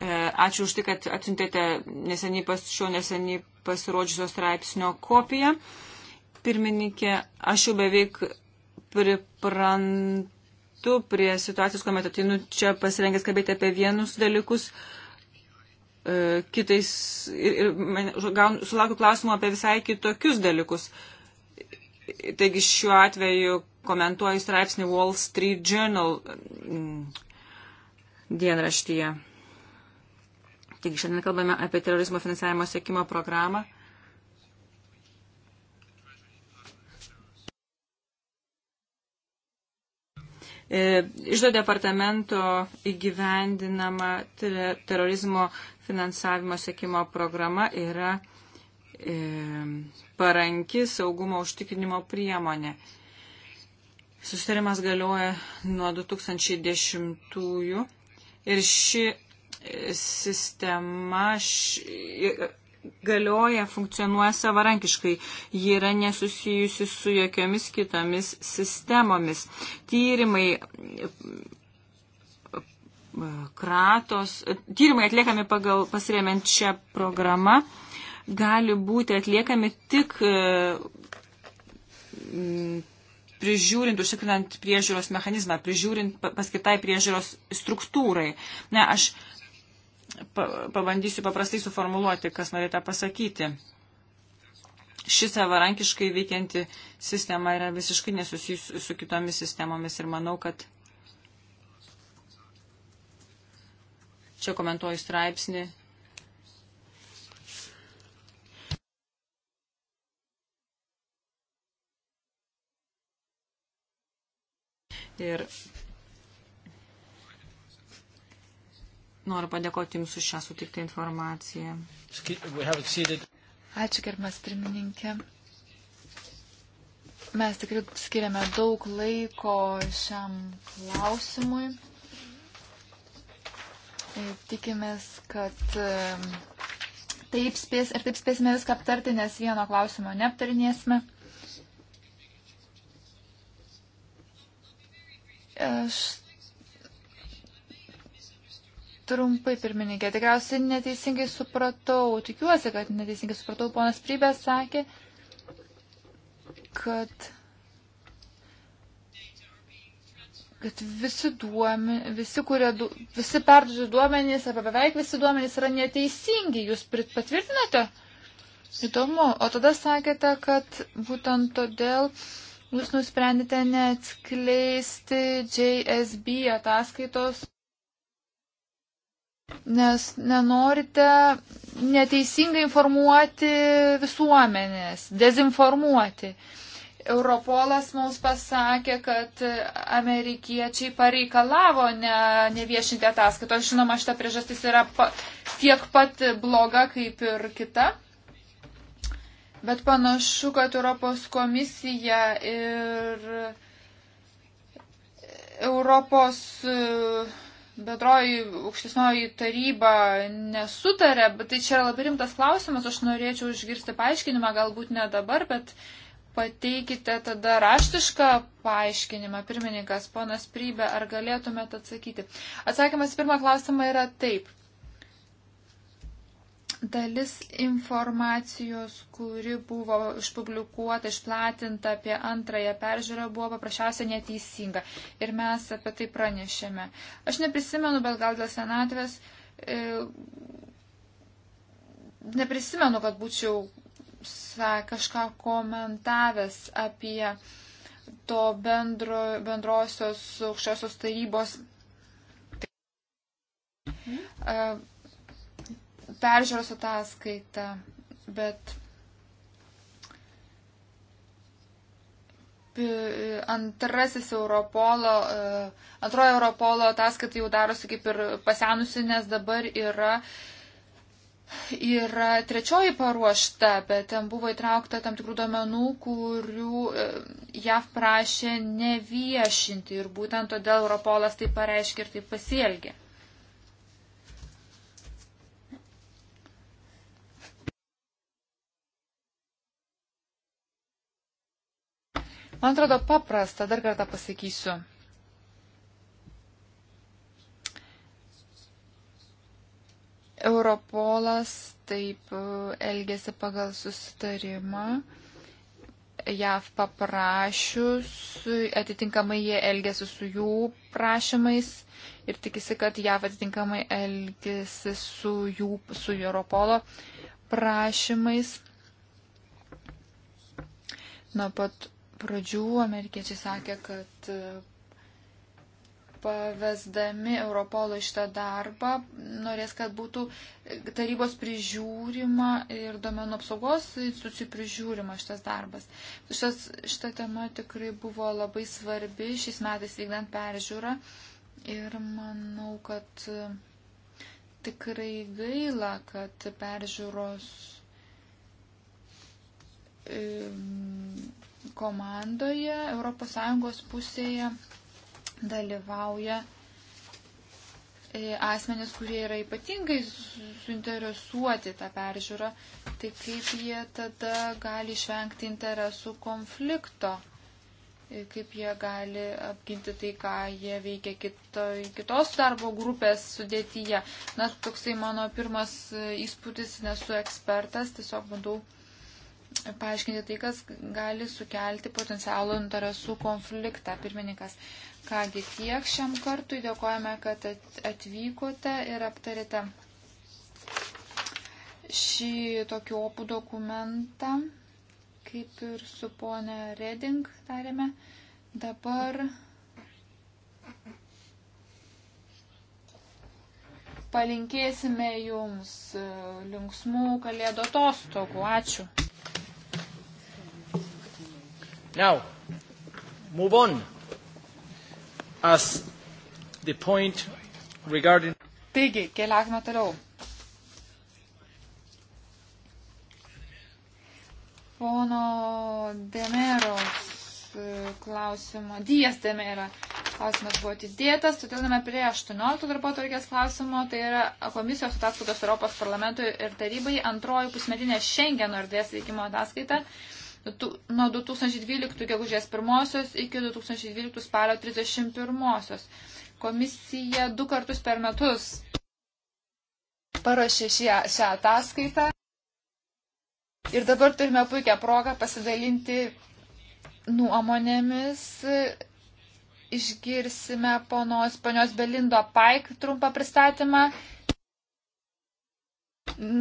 E, ačiū už tai, kad atsintėte neseniai pas, šio neseniai pasirodžiusio straipsnio kopiją. Pirmininkė, aš jau beveik priprantu prie situacijos, kuomet atinu čia pasirengęs kalbėti apie vienus dalykus, E, kitais ir, ir gaun, sulaukiu klausimų apie visai kitokius dalykus. Taigi šiuo atveju komentuoju straipsnį Wall Street Journal mm, dienraštyje. Taigi šiandien kalbame apie terorizmo finansavimo sėkimo programą. E, Išdo departamento įgyvendinama terorizmo finansavimo sėkimo programa yra e, paranki saugumo užtikrinimo priemonė. Sustarimas galioja nuo 2010 ir ši e, sistema ši, e, galioja, funkcionuoja savarankiškai. Ji yra nesusijusi su jokiomis kitomis sistemomis. Tyrimai kratos, tyrimai atliekami pagal pasiremiant šią programą, gali būti atliekami tik e, prižiūrint, užtikrinant priežiūros mechanizmą, prižiūrint paskitai priežiūros struktūrai. Ne, aš pa pabandysiu paprastai suformuluoti, kas norėta pasakyti. Ši savarankiškai veikianti sistema yra visiškai nesusijusi su kitomis sistemomis ir manau, kad Čia komentuoju straipsnį. Ir noriu padėkoti Jums už šią sutiktą informaciją. Ačiū, gerbimas pirmininkė. Mes tikrai skiriame daug laiko šiam klausimui. E, tikimės, kad e, taip spės, ir taip spėsime viską aptarti, nes vieno klausimo neaptarinėsime. Aš trumpai, pirmininkė, tikriausiai neteisingai supratau, tikiuosi, kad neteisingai supratau, ponas Prybė sakė, kad kad visi, duomen, visi, kurie, du, visi perduoti duomenys, arba beveik visi duomenys yra neteisingi. Jūs patvirtinate? Įdomu. O tada sakėte, kad būtent todėl jūs nusprendėte neatskleisti JSB ataskaitos, nes nenorite neteisingai informuoti visuomenės, dezinformuoti. Uh, Europolas mums pasakė, kad amerikiečiai pareikalavo ne, neviešinti ataskaitos. Žinoma, šita priežastis yra pa, tiek pat bloga kaip ir kita. Bet panašu, kad Europos komisija ir Europos e, bedroji aukštesnioji taryba nesutarė, bet tai čia yra labai rimtas klausimas, aš norėčiau išgirsti paaiškinimą, galbūt ne dabar, bet uh, pateikite tada raštišką paaiškinimą, pirmininkas, ponas Prybė, ar galėtumėte atsakyti? Atsakymas pirmą klausimą yra taip. Dalis informacijos, kuri buvo išpublikuota, išplatinta apie antrąją peržiūrą, buvo paprasčiausia neteisinga. Ir mes apie tai pranešėme. Aš neprisimenu, bet gal dėl senatvės. E, neprisimenu, kad būčiau kažką komentavęs apie to bendro, bendrosios aukščiosios tarybos mhm. peržiūros ataskaitą, bet antrasis Europolo, antroji Europolo ataskaita jau darosi kaip ir pasenusi, nes dabar yra yra trečioji paruošta, bet ten buvo įtraukta tam tikrų duomenų, kurių e, JAV prašė neviešinti ir būtent todėl Europolas tai pareiškė ir taip pasielgė. Man atrodo paprasta, dar kartą pasakysiu. Europolas taip e, elgėsi pagal susitarimą. JAV paprašius, atitinkamai jie elgėsi su jų prašymais ir tikisi, kad JAV atitinkamai elgėsi su jų, su Europolo prašymais. Nuo pat pradžių amerikiečiai sakė, kad pavesdami Europolui šitą darbą, norės, kad būtų tarybos prižiūrima ir domenų apsaugos institucijų prižiūrima šitas darbas. Šitas, šita tema tikrai buvo labai svarbi šiais metais vykdant peržiūrą ir manau, kad e, tikrai gaila, kad peržiūros e, komandoje Europos Sąjungos pusėje dalyvauja e, asmenys, kurie yra ypatingai suinteresuoti tą peržiūrą, tai kaip jie tada gali išvengti interesų konflikto, e, kaip jie gali apginti tai, ką jie veikia kito, kitos darbo grupės sudėtyje. Na, toksai mano pirmas e, įspūdis, nesu ekspertas, tiesiog bandau paaiškinti tai, kas gali sukelti potencialų interesų konfliktą. Pirmininkas, Kągi tiek šiam kartui, dėkojame, kad atvykote ir aptarėte šį tokį opų dokumentą, kaip ir su ponė Reding tarėme. Dabar palinkėsime jums e, linksmų kalėdų atostogų. Ačiū. Now, move on as the point regarding. Taigi, keliaukime toliau. Pono Demeros e, klausimo, Dijas Demera klausimas buvo atidėtas, todėl name prie 18 darbo tvarkės klausimo, tai yra komisijos ataskaitos Europos parlamentui ir tarybai antroji pusmetinė Schengeno erdvės veikimo ataskaita. ataskaita nuo 2012 gegužės 1 iki 2012 spalio 31. Komisija du kartus per metus paruošė šią, šią ataskaitą. Ir dabar turime puikią progą pasidalinti nuomonėmis. Išgirsime ponos, ponios Belindo Paik trumpą pristatymą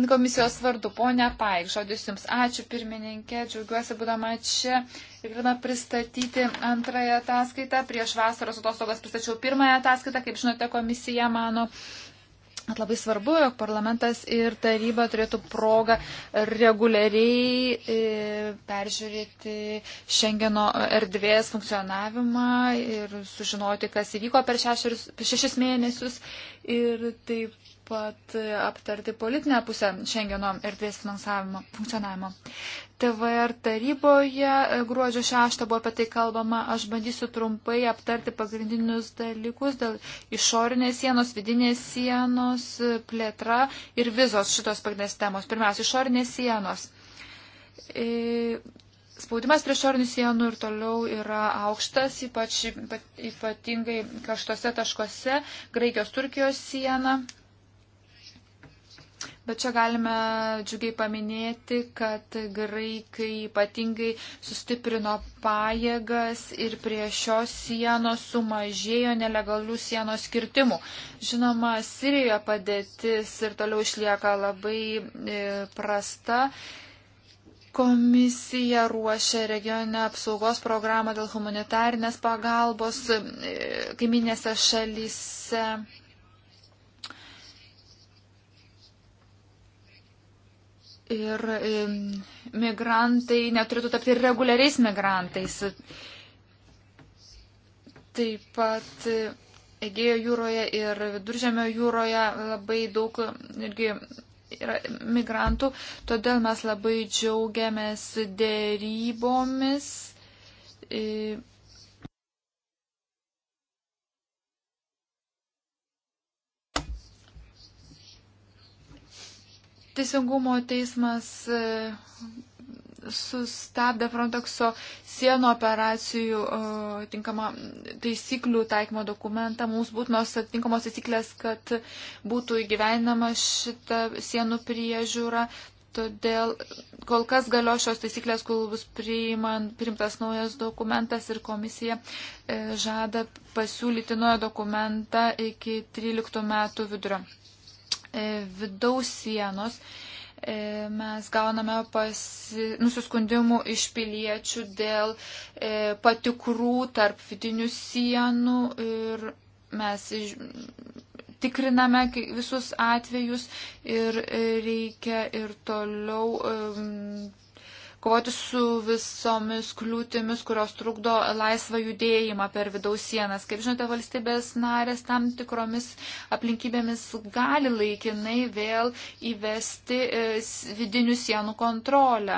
Komisijos vardu, ponia Paik, žodis Jums. Ačiū pirmininkė, džiaugiuosi būdama čia ir galima pristatyti antrąją ataskaitą. Prieš vasaros atostogas pristačiau pirmąją ataskaitą, kaip žinote, komisija mano. At labai svarbu, jog parlamentas ir taryba turėtų progą reguliariai e, peržiūrėti Šengeno erdvės funkcionavimą ir sužinoti, kas įvyko per šešis, šešis mėnesius. Ir taip pat aptarti politinę pusę Šengeno erdvės finansavimo funkcionavimo. TVR taryboje e, gruodžio 6 buvo apie tai kalbama, aš bandysiu trumpai aptarti pagrindinius dalykus dėl išorinės sienos, vidinės sienos, e, plėtra ir vizos šitos pagrindinės temos. Pirmiausia, išorinės sienos. E, spaudimas prie šornių sienų ir toliau yra aukštas, ypač ypatingai karštose taškuose, Graikijos Turkijos siena, Bet čia galime džiugiai paminėti, kad graikai ypatingai sustiprino pajėgas ir prie šios sienos sumažėjo nelegalių sienos kirtimų. Žinoma, Sirijoje padėtis ir toliau išlieka labai e, prasta. Komisija ruošia regioninę apsaugos programą dėl humanitarnės pagalbos e, kaiminėse šalyse Ir migrantai neturėtų tapti reguliariais migrantais. Taip pat Egėjo jūroje ir Viduržėmio jūroje labai daug irgi yra migrantų, todėl mes labai džiaugiamės dėrybomis. E, Teisingumo teismas e, sustabdė Frontexo sienų operacijų e, tinkamą taisyklių taikymo dokumentą. Mums būtinos atitinkamos taisyklės, kad būtų įgyvendinama šita sienų priežiūra. Todėl kol kas galio šios taisyklės, kol bus priiman, priimtas naujas dokumentas ir komisija e, žada pasiūlyti naują dokumentą iki 13 metų vidurio. E, vidaus sienos e, mes gauname pasi... nusiskundimų iš piliečių dėl e, patikrų tarp vidinių sienų ir mes tikriname visus atvejus ir reikia ir toliau kovoti su visomis kliūtimis, kurios trukdo laisvą judėjimą per vidaus sienas. Kaip žinote, valstybės narės tam tikromis aplinkybėmis gali laikinai vėl įvesti e, vidinių sienų kontrolę.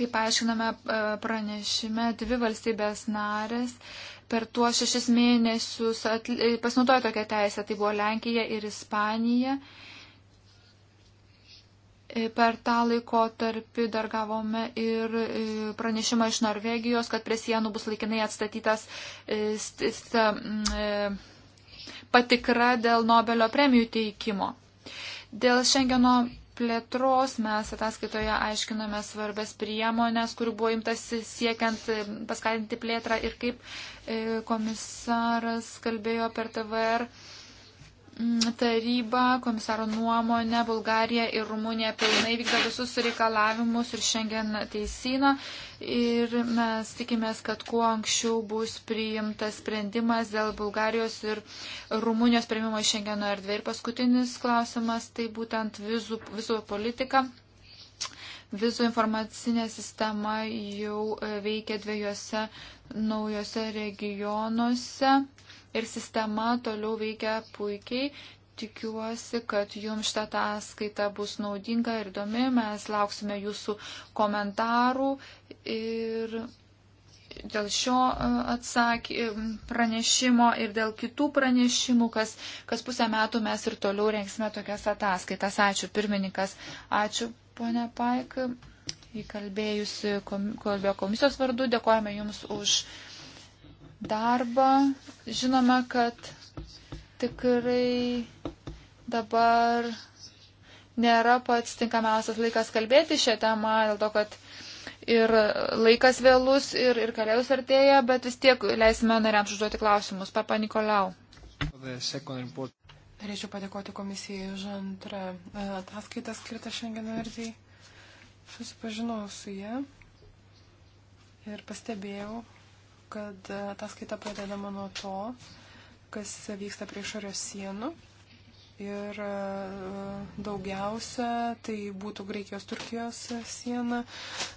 Kaip aiškiname e, pranešime, dvi valstybės narės per tuos šešis mėnesius atli... E, pasinaudojo tokią teisę. Tai buvo Lenkija ir Ispanija. Uh, E, per tą laikotarpį dar gavome ir e, pranešimą iš Norvegijos, kad prie sienų bus laikinai atstatytas e, patikra dėl Nobelio premijų teikimo. Dėl Šengeno plėtros mes ataskaitoje aiškiname svarbės priemonės, kurių buvo imtasi siekiant paskatinti plėtrą ir kaip komisaras kalbėjo per TVR taryba, komisaro nuomonė, Bulgarija ir Rumunija pilnai vykdo visus reikalavimus ir šiandien teisyną. Ir mes tikimės, kad kuo anksčiau bus priimtas sprendimas dėl Bulgarijos ir Rumunijos priimimo į šiandieno erdvę. Ir paskutinis klausimas, tai būtent vizų, vizų politika. Vizų informacinė sistema jau veikia dviejose naujose regionuose ir sistema toliau veikia puikiai. Tikiuosi, kad jums šitą ataskaitą bus naudinga ir įdomi. Mes lauksime jūsų komentarų ir dėl šio e, atsaky, e, pranešimo ir dėl kitų pranešimų, kas, kas pusę metų mes ir toliau rengsime tokias ataskaitas. Ačiū pirmininkas, ačiū ponia Paik, įkalbėjusi kom, kalbėjo komisijos vardu, dėkojame Jums už darbą. Žinome, kad tikrai dabar nėra pats tinkamiausias laikas kalbėti šią temą, dėl to, kad ir laikas vėlus, ir, ir kalėdus artėja, bet vis tiek leisime nariams užduoti klausimus. Papa Nikolau. Norėčiau padėkoti komisijai už antrą e, ataskaitą skirtą šiandien erdvėjai. Susipažinau su ją ir pastebėjau, kad ataskaita pradedama nuo to, kas vyksta prie išorės sienų. Ir e, daugiausia tai būtų Graikijos-Turkijos siena,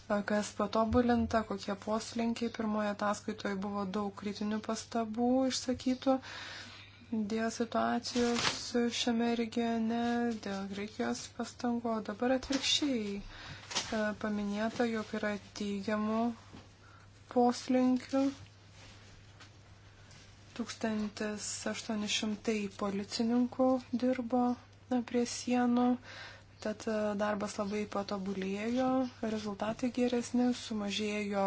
e, kas patobulinta, kokie poslinkiai. Pirmoje ataskaitoje buvo daug kritinių pastabų išsakytų dėl situacijos šiame regione, dėl Graikijos pastangų. O dabar atvirkščiai e, paminėta, jog yra teigiamų poslinkiu. 1800 policininkų dirbo prie sienų, tad e, darbas labai patobulėjo, rezultatai geresni, sumažėjo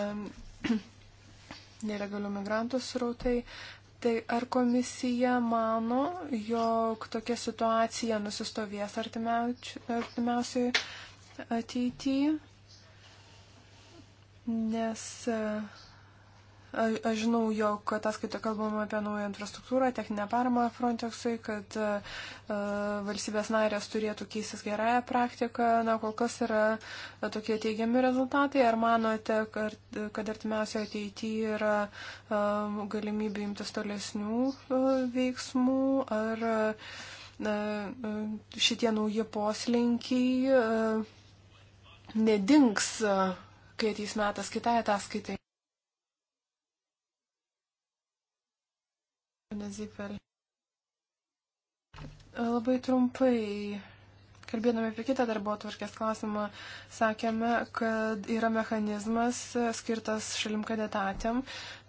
um, nelegalių migrantų srautai. Tai ar komisija mano, jog tokia situacija nusistovės artimiausiai ateityje? nes e, aš žinau, jog ataskaitą kalbama apie naują infrastruktūrą, techninę paramą Frontexui, kad a, e, e, valstybės narės turėtų keistis gerąją praktiką. Na, kol kas yra tokie teigiami rezultatai. Ar manote, kad, kad artimiausioje ateityje yra a, galimybė imtis tolesnių a, veiksmų? Ar šitie nauji poslinkiai nedings kai ateis metas kitai ataskaitai. Labai trumpai, kalbėdami apie kitą darbo tvarkės klausimą, sakėme, kad yra mechanizmas skirtas šalim kandidatėm,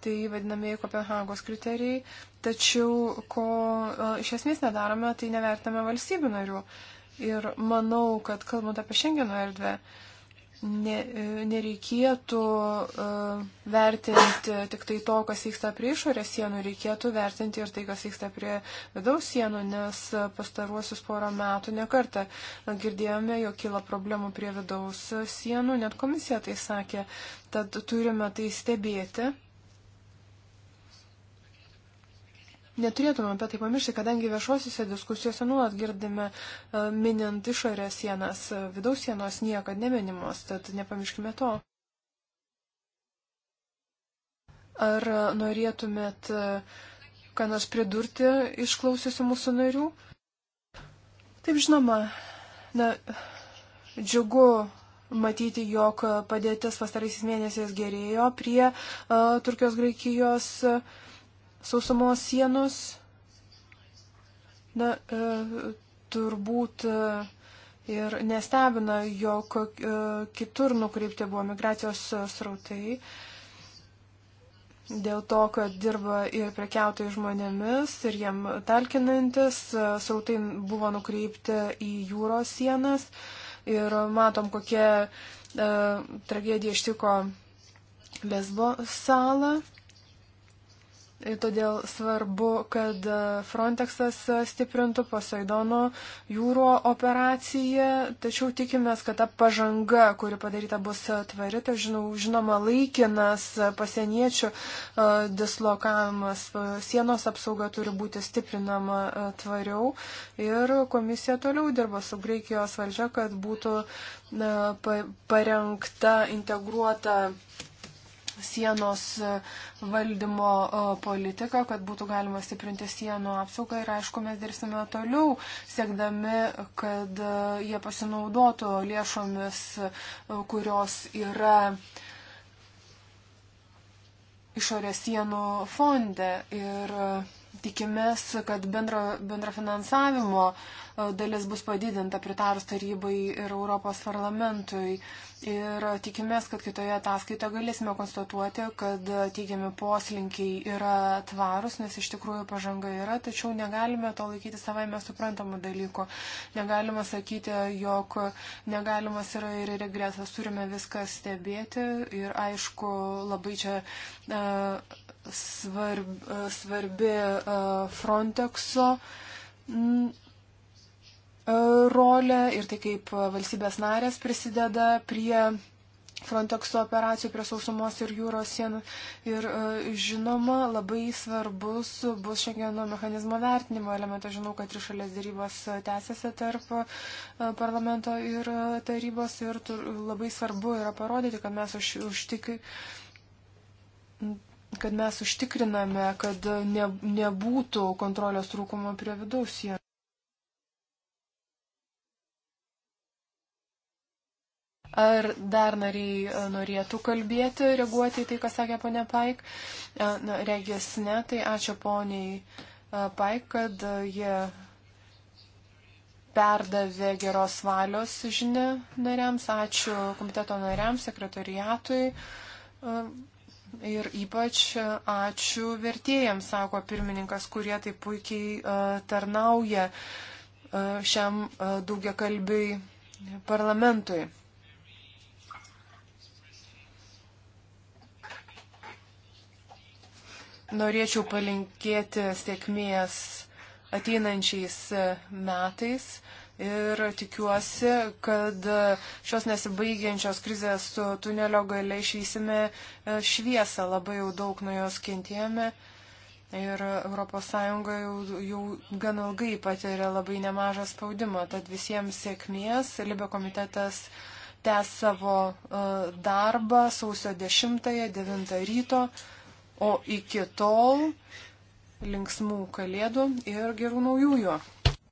tai vadinamieji Kopenhagos kriterijai, tačiau ko e, iš esmės nedarome, tai nevertiname valstybių narių. Ir manau, kad kalbant apie Šengeno erdvę, ne, e, nereikėtų e, vertinti tik tai to, kas vyksta prie išorės sienų, reikėtų vertinti ir tai, kas vyksta prie vidaus sienų, nes pastaruosius porą metų nekartą girdėjome, jog kila problemų prie vidaus sienų, net komisija tai sakė, tad turime tai stebėti. neturėtume apie tai pamiršti, kadangi viešuosiuose diskusijose nuolat girdime e, minint išorės sienas, e, vidaus sienos niekad neminimos, tad nepamirškime to. Ar norėtumėt e, ką nors pridurti išklausiusių mūsų narių? Taip žinoma, na, džiugu matyti, jog padėtis pastaraisiais mėnesiais gerėjo prie uh, Turkijos Graikijos uh, sausumos sienos. Na, e, turbūt e, ir nestebina, jog e, kitur nukreipti buvo migracijos srautai. Dėl to, kad dirba ir prekiautojai žmonėmis ir jiem talkinantis, e, srautai buvo nukreipti į jūros sienas ir matom, kokia e, tragedija ištiko Lesbo salą. Todėl svarbu, kad e, Frontexas e, stiprintų Poseidono jūro operaciją, tačiau tikimės, kad ta pažanga, kuri padaryta bus e, tvari, tai žinau, žinoma laikinas pasieniečių dislokavimas, sienos apsauga turi būti stiprinama tvariau ir komisija toliau dirba su Graikijos valdžia, kad būtų parengta integruota sienos e, valdymo e, politiką, kad būtų galima stiprinti sienų apsaugą ir aišku, mes dirbsime toliau, siekdami, kad e, jie pasinaudotų lėšomis, kurios yra išorės sienų fonde. Ir Tikimės, kad bendro, bendro finansavimo e, dalis bus padidinta pritarus tarybai ir Europos parlamentui. Ir tikimės, kad kitoje ataskaitoje galėsime konstatuoti, kad teigiami poslinkiai yra tvarus, nes iš tikrųjų pažanga yra, tačiau negalime to laikyti savaime suprantamų dalykų. Negalima sakyti, jog negalimas yra ir regresas. Turime viską stebėti ir aišku, labai čia. Uh, svarb, svarbi e, Frontexo mm, e, rolė ir tai kaip valstybės narės prisideda prie Frontexo operacijų prie sausumos ir jūros sienų. Ir e, žinoma, labai svarbus bus šiandieno mechanizmo vertinimo elementas. Žinau, kad trišalės dėrybos tęsiasi tarp parlamento ir tarybos ir labai svarbu yra parodyti, kad mes už, užtik, kad mes užtikriname, kad ne, nebūtų kontrolės trūkumo prie vidaus sienų. Ar dar nariai e, norėtų kalbėti, reaguoti į tai, ką sakė ponė Paik? E, na, regės ne, tai ačiū poniai e, Paik, kad jie perdavė geros valios žinia nariams. Ačiū komiteto nariams, sekretariatui Ir ypač e, ačiū vertėjams, sako pirmininkas, kurie taip puikiai e, tarnauja e, šiam daugiakalbiui parlamentui. Norėčiau palinkėti sėkmės ateinančiais metais ir tikiuosi, kad šios nesibaigiančios krizės tunelio gale išeisime e, šviesą, labai jau daug nuo jos kentėjome ir ES jau, jau gan ilgai patiria labai nemažą spaudimą, tad visiems sėkmės, Libio komitetas tęs savo e, darbą sausio 10-9 ryto, o iki tol linksmų kalėdų ir gerų naujųjų.